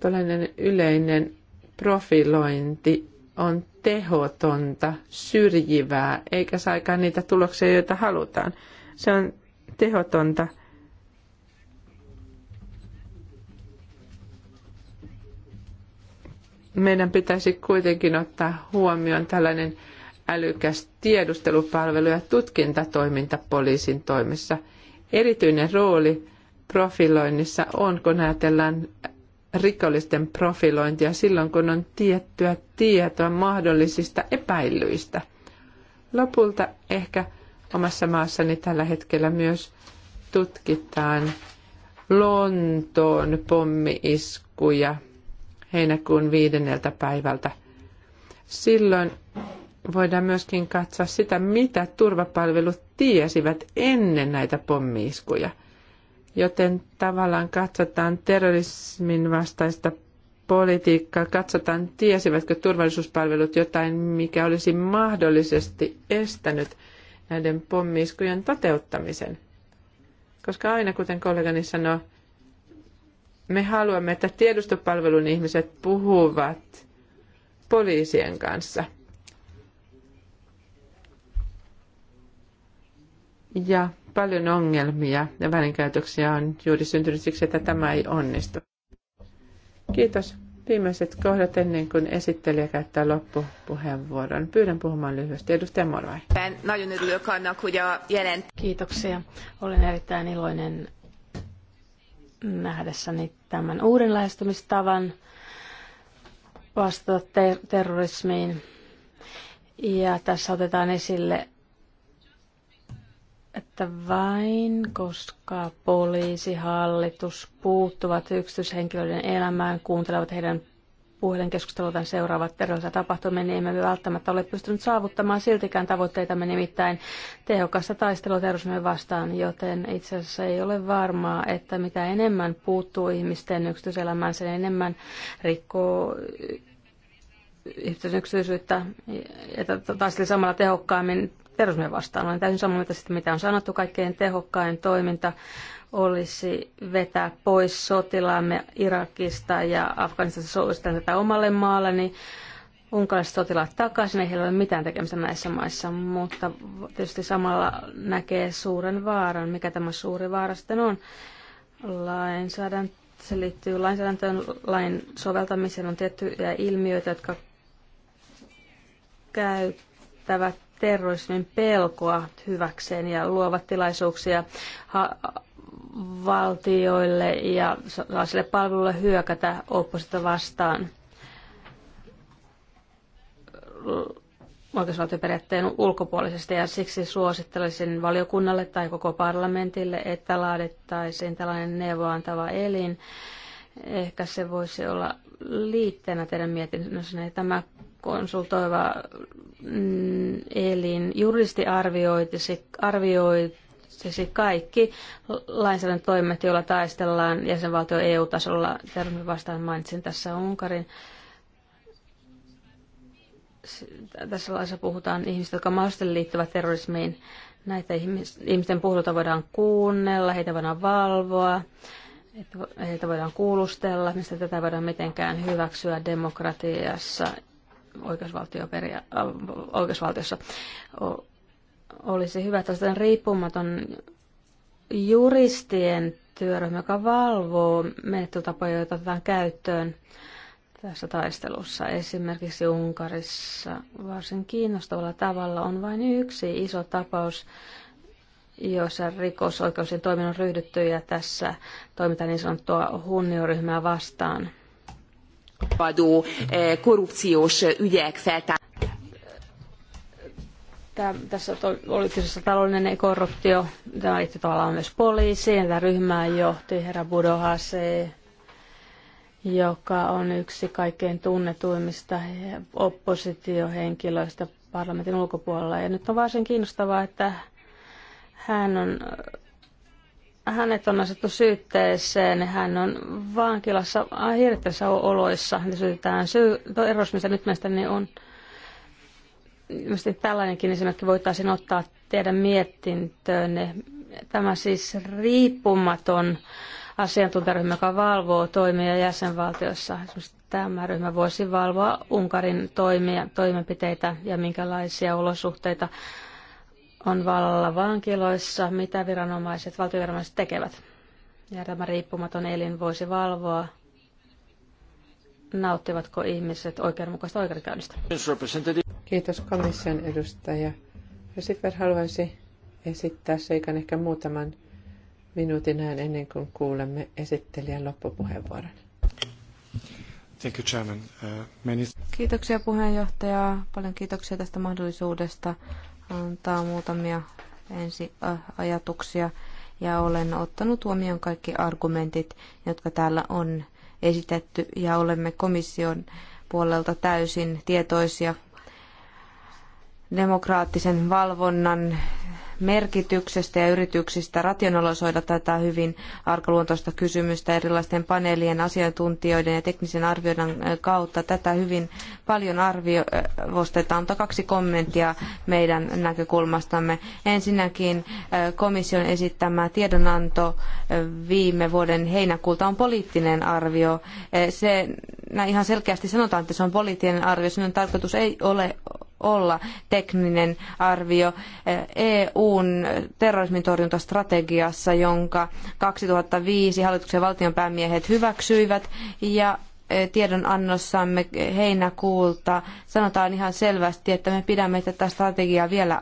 tällainen yleinen profilointi on tehotonta, syrjivää, eikä saikaan niitä tuloksia, joita halutaan. Se on tehotonta. Meidän pitäisi kuitenkin ottaa huomioon tällainen älykäs tiedustelupalvelu ja tutkintatoiminta poliisin toimissa. Erityinen rooli profiloinnissa on, kun ajatellaan rikollisten profilointia silloin, kun on tiettyä tietoa mahdollisista epäilyistä. Lopulta ehkä omassa maassani tällä hetkellä myös tutkitaan Lontoon pommiiskuja heinäkuun viidenneltä päivältä. Silloin voidaan myöskin katsoa sitä, mitä turvapalvelut tiesivät ennen näitä pommiiskuja. Joten tavallaan katsotaan terrorismin vastaista politiikkaa, katsotaan tiesivätkö turvallisuuspalvelut jotain, mikä olisi mahdollisesti estänyt – näiden pommiiskujen toteuttamisen. Koska aina, kuten kollegani sanoi, me haluamme, että tiedustopalvelun ihmiset puhuvat poliisien kanssa. Ja paljon ongelmia ja väärinkäytöksiä on juuri syntynyt siksi, että tämä ei onnistu. Kiitos viimeiset kohdat ennen kuin esittelijä käyttää loppupuheenvuoron. Pyydän puhumaan lyhyesti. Edustaja Morvai. Kiitoksia. Olen erittäin iloinen nähdessäni tämän uuden lähestymistavan vastata terrorismiin. Ja tässä otetaan esille että vain koska poliisi, hallitus puuttuvat yksityishenkilöiden elämään, kuuntelevat heidän puhelinkeskustelutaan seuraavat terveellisiä tapahtumia, niin emme välttämättä ole pystyneet saavuttamaan siltikään tavoitteitamme, nimittäin tehokasta taistelua terrorismia vastaan, joten itse asiassa ei ole varmaa, että mitä enemmän puuttuu ihmisten yksityiselämään, sen enemmän rikkoo yksityisyyttä, että taistelee samalla tehokkaammin terrorismia vastaan. Olen täysin samaa mieltä siitä, mitä on sanottu. Kaikkein tehokkain toiminta olisi vetää pois sotilaamme Irakista ja Afganistasta suosittain tätä omalle maalle, niin unkalaiset sotilaat takaisin, ei heillä ole mitään tekemistä näissä maissa, mutta tietysti samalla näkee suuren vaaran, mikä tämä suuri vaara sitten on. Lainsäädäntö, se liittyy lainsäädäntöön, lain soveltamiseen on tiettyjä ilmiöitä, jotka käyttävät terrorismin pelkoa hyväkseen ja luovat tilaisuuksia valtioille ja sellaisille palveluille hyökätä opposita vastaan oikeusvaltioperiaatteen ulkopuolisesti ja siksi suosittelisin valiokunnalle tai koko parlamentille, että laadittaisiin tällainen neuvoantava elin. Ehkä se voisi olla liitteenä teidän mietinnössä, Tämä konsultoiva mm, elin juristi arvioitisi, arvioitisi kaikki lainsäädäntötoimet, joilla taistellaan jäsenvaltio EU-tasolla. Termin vastaan mainitsin tässä Unkarin. Tässä laissa puhutaan ihmistä, jotka mahdollisesti liittyvät terrorismiin. Näitä ihmisten puhuta voidaan kuunnella, heitä voidaan valvoa heitä voidaan kuulustella, mistä tätä voidaan mitenkään hyväksyä demokratiassa oikeusvaltioperia- äh, oikeusvaltiossa. Olisi hyvä, että olisi riippumaton juristien työryhmä, joka valvoo menettelytapoja, joita otetaan käyttöön tässä taistelussa. Esimerkiksi Unkarissa varsin kiinnostavalla tavalla on vain yksi iso tapaus, joissa rikosoikeuksien toiminnon ryhdytty ja tässä toimitaan niin sanottua hunnioryhmää vastaan – adó eh, korrupciós eh, ügyek feltárását. Tässä oli kyseessä taloudellinen korruptio. Tämä liittyy tavallaan myös poliisiin. tämä ryhmää johti herra Budohase, joka on yksi kaikkein tunnetuimmista oppositiohenkilöistä parlamentin ulkopuolella. Ja nyt on varsin kiinnostavaa, että hän on hänet on asettu syytteeseen. Hän on vankilassa ah, hirveissä oloissa. Hän syytetään syy, terrorismista no, nyt niin on. Mielestäni tällainenkin esimerkki voitaisiin ottaa teidän mietintöönne. Tämä siis riippumaton asiantuntijaryhmä, joka valvoo toimia jäsenvaltiossa. tämä ryhmä voisi valvoa Unkarin toimia, toimenpiteitä ja minkälaisia olosuhteita on vallalla vankiloissa, mitä viranomaiset, valtioviranomaiset tekevät. Ja tämä riippumaton elin voisi valvoa, nauttivatko ihmiset oikeudenmukaista oikeudenkäynnistä. Kiitos komission edustaja. sitten haluaisi esittää seikan ehkä muutaman minuutin ajan ennen kuin kuulemme esittelijän loppupuheenvuoron. Thank you, Chairman. Uh, many... Kiitoksia puheenjohtaja. Paljon kiitoksia tästä mahdollisuudesta antaa muutamia ensi ajatuksia ja olen ottanut huomioon kaikki argumentit, jotka täällä on esitetty ja olemme komission puolelta täysin tietoisia demokraattisen valvonnan merkityksestä ja yrityksistä rationalisoida tätä hyvin arkaluontoista kysymystä erilaisten paneelien, asiantuntijoiden ja teknisen arvioiden kautta. Tätä hyvin paljon arvostetaan, mutta kaksi kommenttia meidän näkökulmastamme. Ensinnäkin komission esittämä tiedonanto viime vuoden heinäkuulta on poliittinen arvio. Se ihan selkeästi sanotaan, että se on poliittinen arvio. Sen tarkoitus ei ole olla tekninen arvio EUn terrorismin torjuntastrategiassa, jonka 2005 hallituksen valtionpäämiehet hyväksyivät ja e, tiedonannossamme heinäkuulta sanotaan ihan selvästi, että me pidämme tätä strategiaa vielä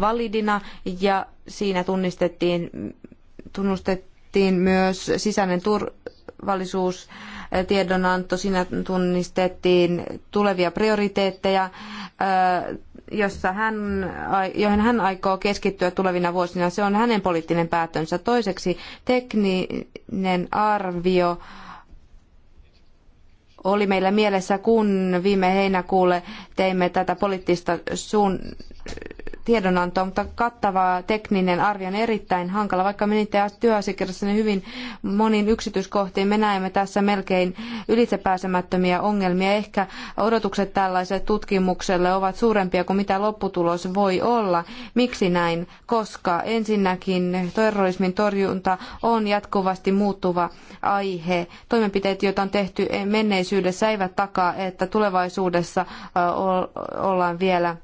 validina ja siinä tunnistettiin, tunnustettiin myös sisäinen turvallisuus tiedonanto. Siinä tunnistettiin tulevia prioriteetteja, jossa hän, joihin hän aikoo keskittyä tulevina vuosina. Se on hänen poliittinen päätönsä. Toiseksi tekninen arvio oli meillä mielessä, kun viime heinäkuulle teimme tätä poliittista suun tiedonantoa, mutta kattava tekninen arvio on erittäin hankala. Vaikka menitte työasiakirjassanne niin hyvin moniin yksityiskohtiin, me näemme tässä melkein ylitsepääsemättömiä ongelmia. Ehkä odotukset tällaiselle tutkimukselle ovat suurempia kuin mitä lopputulos voi olla. Miksi näin? Koska ensinnäkin terrorismin torjunta on jatkuvasti muuttuva aihe. Toimenpiteet, joita on tehty menneisyydessä, eivät takaa, että tulevaisuudessa ollaan vielä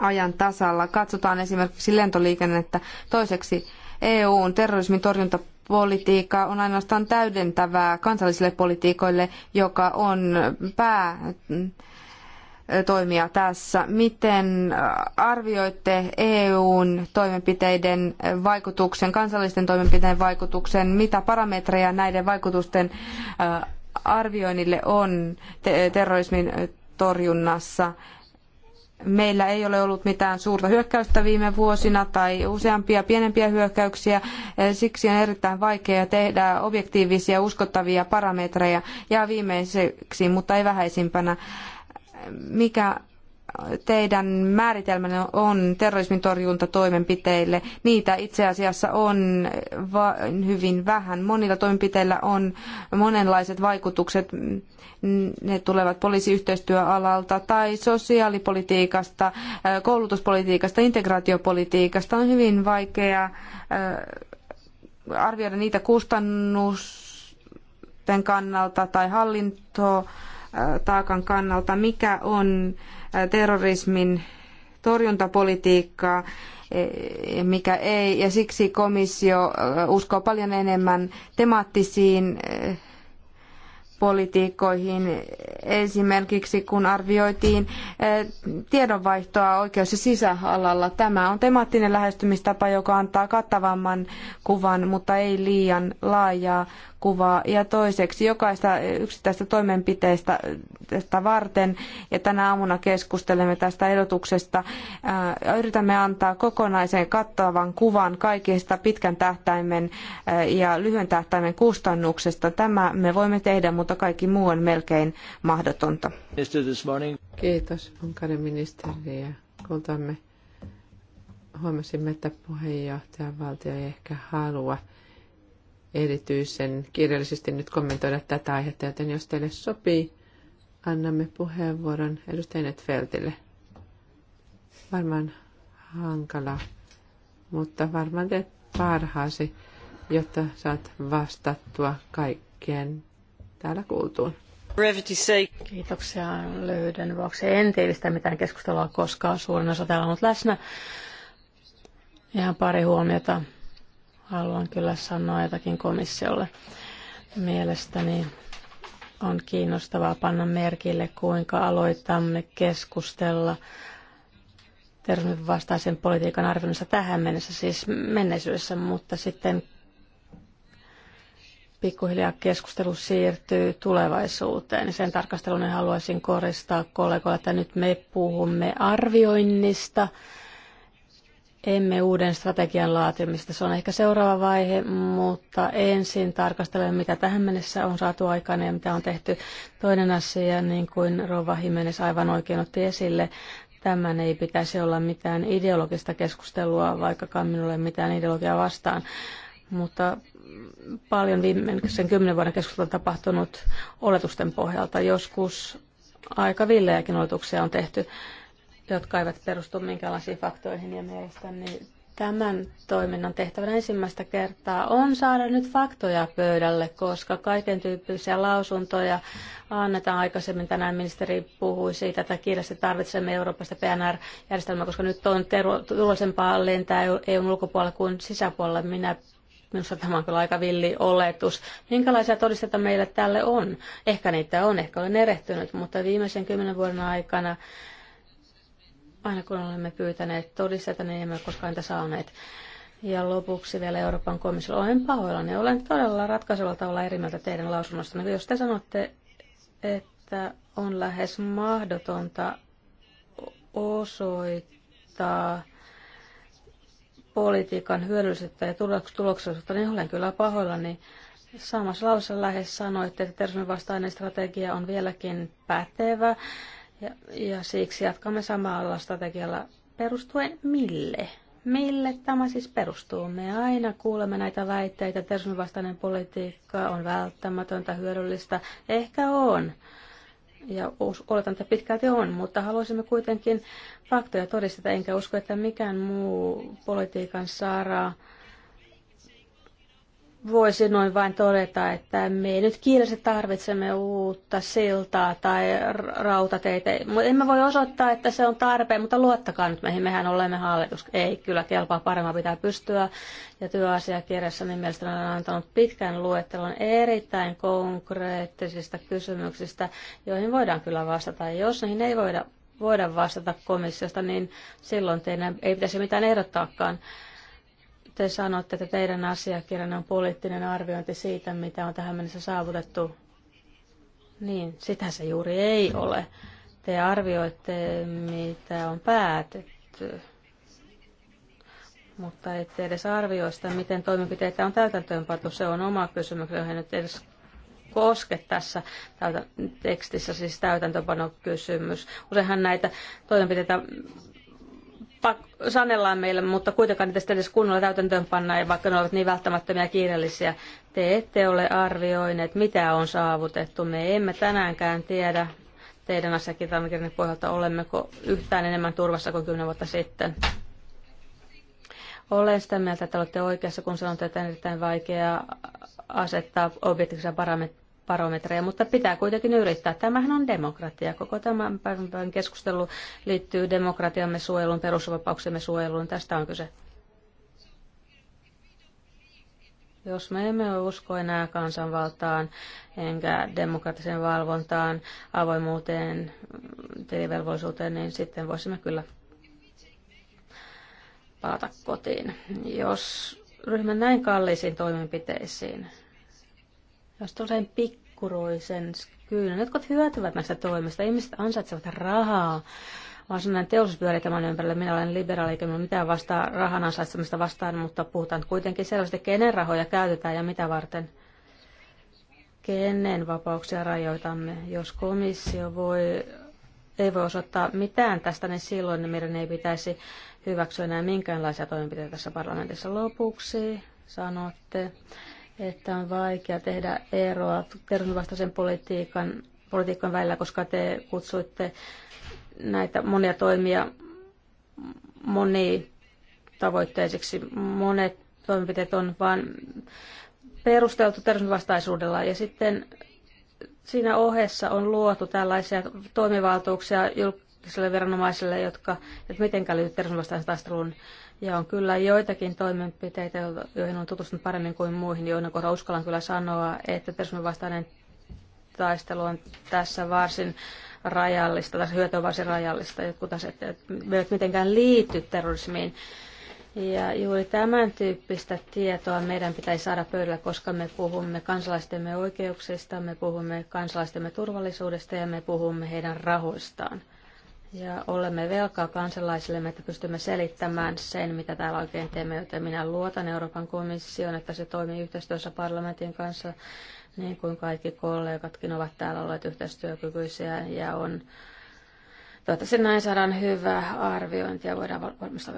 ajan tasalla. Katsotaan esimerkiksi lentoliikennettä. Toiseksi EUn terrorismin torjuntapolitiikka on ainoastaan täydentävää kansallisille politiikoille, joka on pää toimia tässä. Miten arvioitte EUn toimenpiteiden vaikutuksen, kansallisten toimenpiteiden vaikutuksen? Mitä parametreja näiden vaikutusten arvioinnille on terrorismin torjunnassa? Meillä ei ole ollut mitään suurta hyökkäystä viime vuosina tai useampia pienempiä hyökkäyksiä. Siksi on erittäin vaikea tehdä objektiivisia, uskottavia parametreja. Ja viimeiseksi, mutta ei vähäisimpänä, mikä teidän määritelmänne on terrorismin torjuntatoimenpiteille. Niitä itse asiassa on hyvin vähän. Monilla toimenpiteillä on monenlaiset vaikutukset. Ne tulevat poliisiyhteistyöalalta tai sosiaalipolitiikasta, äh, koulutuspolitiikasta, integraatiopolitiikasta. On hyvin vaikea äh, arvioida niitä kustannusten kannalta tai hallintotaakan äh, kannalta, mikä on terrorismin torjuntapolitiikkaa, eh, mikä ei, ja siksi komissio eh, uskoo paljon enemmän temaattisiin eh, politiikoihin, esimerkiksi kun arvioitiin eh, tiedonvaihtoa oikeus- ja sisäalalla. Tämä on temaattinen lähestymistapa, joka antaa kattavamman kuvan, mutta ei liian laajaa kuvaa. Ja toiseksi jokaista yksittäistä toimenpiteistä tästä varten, ja tänä aamuna keskustelemme tästä ehdotuksesta, eh, yritämme antaa kokonaisen kattavan kuvan kaikista pitkän tähtäimen eh, ja lyhyen tähtäimen kustannuksesta. Tämä me voimme tehdä, mutta mutta kaikki muu on melkein mahdotonta. Kiitos, Unkarin ministeri. Ja kultamme huomasimme, että puheenjohtajan valtio ei ehkä halua erityisen kiireellisesti nyt kommentoida tätä aihetta, joten jos teille sopii, annamme puheenvuoron edustajan Feltille. Varmaan hankala, mutta varmaan teet parhaasi, jotta saat vastattua kaikkien täällä kuultuun. Kiitoksia lyhyden vuoksi. En tiivistä mitään keskustelua, koska suurin osa täällä on ollut läsnä. Ihan pari huomiota haluan kyllä sanoa jotakin komissiolle. Mielestäni on kiinnostavaa panna merkille, kuinka aloitamme keskustella terrorismin vastaisen politiikan arvioinnissa tähän mennessä, siis menneisyydessä, mutta sitten pikkuhiljaa keskustelu siirtyy tulevaisuuteen. Sen tarkastelun haluaisin koristaa kollegoille, että nyt me puhumme arvioinnista, emme uuden strategian laatimista. Se on ehkä seuraava vaihe, mutta ensin tarkastelemme, mitä tähän mennessä on saatu aikaan ja mitä on tehty. Toinen asia, niin kuin Rova Himenes aivan oikein otti esille, tämän ei pitäisi olla mitään ideologista keskustelua, vaikkakaan minulle mitään ideologiaa vastaan. Mutta paljon viimeisen kymmenen vuoden keskustelua tapahtunut oletusten pohjalta. Joskus aika villejäkin oletuksia on tehty, jotka eivät perustu minkäänlaisiin faktoihin ja mielestäni tämän toiminnan tehtävänä ensimmäistä kertaa on saada nyt faktoja pöydälle, koska kaiken tyyppisiä lausuntoja annetaan aikaisemmin. Tänään ministeri puhui siitä, että kiireesti tarvitsemme Euroopasta PNR-järjestelmää, koska nyt on turvallisempaa lentää EUn e ulkopuolella kuin sisäpuolella. Minä Minusta tämä on kyllä aika villi oletus. Minkälaisia todisteita meillä tälle on? Ehkä niitä on, ehkä olen erehtynyt, mutta viimeisen kymmenen vuoden aikana aina kun olemme pyytäneet todisteita, niin emme ole koskaan niitä saaneet. Ja lopuksi vielä Euroopan komissiolla. Olen pahoillani. Olen todella ratkaisevalla tavalla eri mieltä teidän lausunnostanne. Niin jos te sanotte, että on lähes mahdotonta osoittaa politiikan hyödyllisyyttä ja tuloksellisuutta, niin olen kyllä pahoillani. Samassa lause lähes sanoitte, että terrorismin vastainen strategia on vieläkin pätevä ja, ja siksi jatkamme samalla strategialla perustuen mille? Mille tämä siis perustuu? Me aina kuulemme näitä väitteitä, terrorismin vastainen politiikka on välttämätöntä, hyödyllistä. Ehkä on ja oletan, että pitkälti on, mutta haluaisimme kuitenkin faktoja todistaa enkä usko, että mikään muu politiikan saara voisi noin vain todeta, että me ei nyt kiireesti tarvitsemme uutta siltaa tai rautateitä. Emme voi osoittaa, että se on tarpeen, mutta luottakaa nyt meihin, mehän olemme hallitus. Ei, kyllä kelpaa paremmin, pitää pystyä. Ja työasiakirjassa niin mielestäni olen antanut pitkän luettelon erittäin konkreettisista kysymyksistä, joihin voidaan kyllä vastata. Jos niihin ei voida, voida vastata komissiosta, niin silloin teidän ei pitäisi mitään ehdottaakaan. Te sanotte, että teidän asiakirjanne on poliittinen arviointi siitä, mitä on tähän mennessä saavutettu. Niin, sitä se juuri ei ole. Te arvioitte, mitä on päätetty mutta ette edes arvioi sitä, miten toimenpiteitä on täytäntöönpantu. Se on oma kysymys, johon nyt edes koske tässä tekstissä, siis täytäntöpanokysymys. Useinhan näitä toimenpiteitä sanellaan meille, mutta kuitenkaan niitä sitten edes kunnolla täytäntöön pannaan, ja vaikka ne ovat niin välttämättömiä ja kiireellisiä, te ette ole arvioineet, mitä on saavutettu. Me emme tänäänkään tiedä teidän asiakirjan pohjalta, olemmeko yhtään enemmän turvassa kuin kymmenen vuotta sitten. Olen sitä mieltä, että olette oikeassa, kun sanotte, että on erittäin vaikeaa asettaa objektiivisia barometreja, mutta pitää kuitenkin yrittää. Tämähän on demokratia. Koko tämän päivän keskustelu liittyy demokratiamme suojeluun, perusvapauksemme suojeluun. Tästä on kyse. Jos me emme usko enää kansanvaltaan, enkä demokratiseen valvontaan, avoimuuteen, tilivelvollisuuteen, niin sitten voisimme kyllä palata kotiin. Jos ryhmän näin kalliisiin toimenpiteisiin, jos usein pikkuruisen kyynän, jotka hyötyvät näistä toimista. Ihmiset ansaitsevat rahaa varsinainen teollisuuspyöritämän ympärillä. Minä olen liberaali, eikä minulla mitään vastaa rahan ansaitsemista vastaan, mutta puhutaan kuitenkin selvästi, kenen rahoja käytetään ja mitä varten. Kenen vapauksia rajoitamme? Jos komissio voi, ei voi osoittaa mitään tästä, niin silloin meidän ei pitäisi hyväksyä enää minkäänlaisia toimenpiteitä tässä parlamentissa. Lopuksi sanotte, että on vaikea tehdä eroa terrorismivastaisen politiikan, politiikan välillä, koska te kutsuitte näitä monia toimia monitavoitteisiksi. Monet toimenpiteet on vain perusteltu terrorismivastaisuudella ja sitten siinä ohessa on luotu tällaisia toimivaltuuksia julkiselle viranomaisille, jotka, että miten liittyy terrorismivastaisen taisteluun ja on kyllä joitakin toimenpiteitä, joihin on tutustunut paremmin kuin muihin, joiden kohdalla uskallan kyllä sanoa, että terrorismin vastainen taistelu on tässä varsin rajallista, tässä hyöty on varsin rajallista, jotkut taas eivät mitenkään liity terrorismiin. Ja juuri tämän tyyppistä tietoa meidän pitäisi saada pöydällä, koska me puhumme kansalaistemme oikeuksista, me puhumme kansalaistemme turvallisuudesta ja me puhumme heidän rahoistaan. Ja olemme velkaa kansalaisille, että pystymme selittämään sen, mitä täällä oikein teemme, joten minä luotan Euroopan komission, että se toimii yhteistyössä parlamentin kanssa, niin kuin kaikki kollegatkin ovat täällä olleet yhteistyökykyisiä ja on Toivottavasti näin saadaan hyvää arviointia ja voidaan varmistaa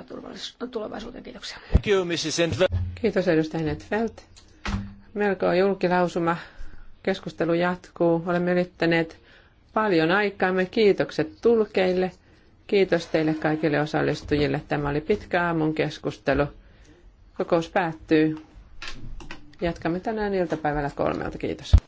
tulevaisuuteen. Kiitoksia. Kiitos edustaja Netfeld. Melko julkilausuma. Keskustelu jatkuu. Olemme yrittäneet paljon aikaamme. Kiitokset tulkeille. Kiitos teille kaikille osallistujille. Tämä oli pitkä aamun keskustelu. Kokous päättyy. Jatkamme tänään iltapäivällä kolmelta. Kiitos.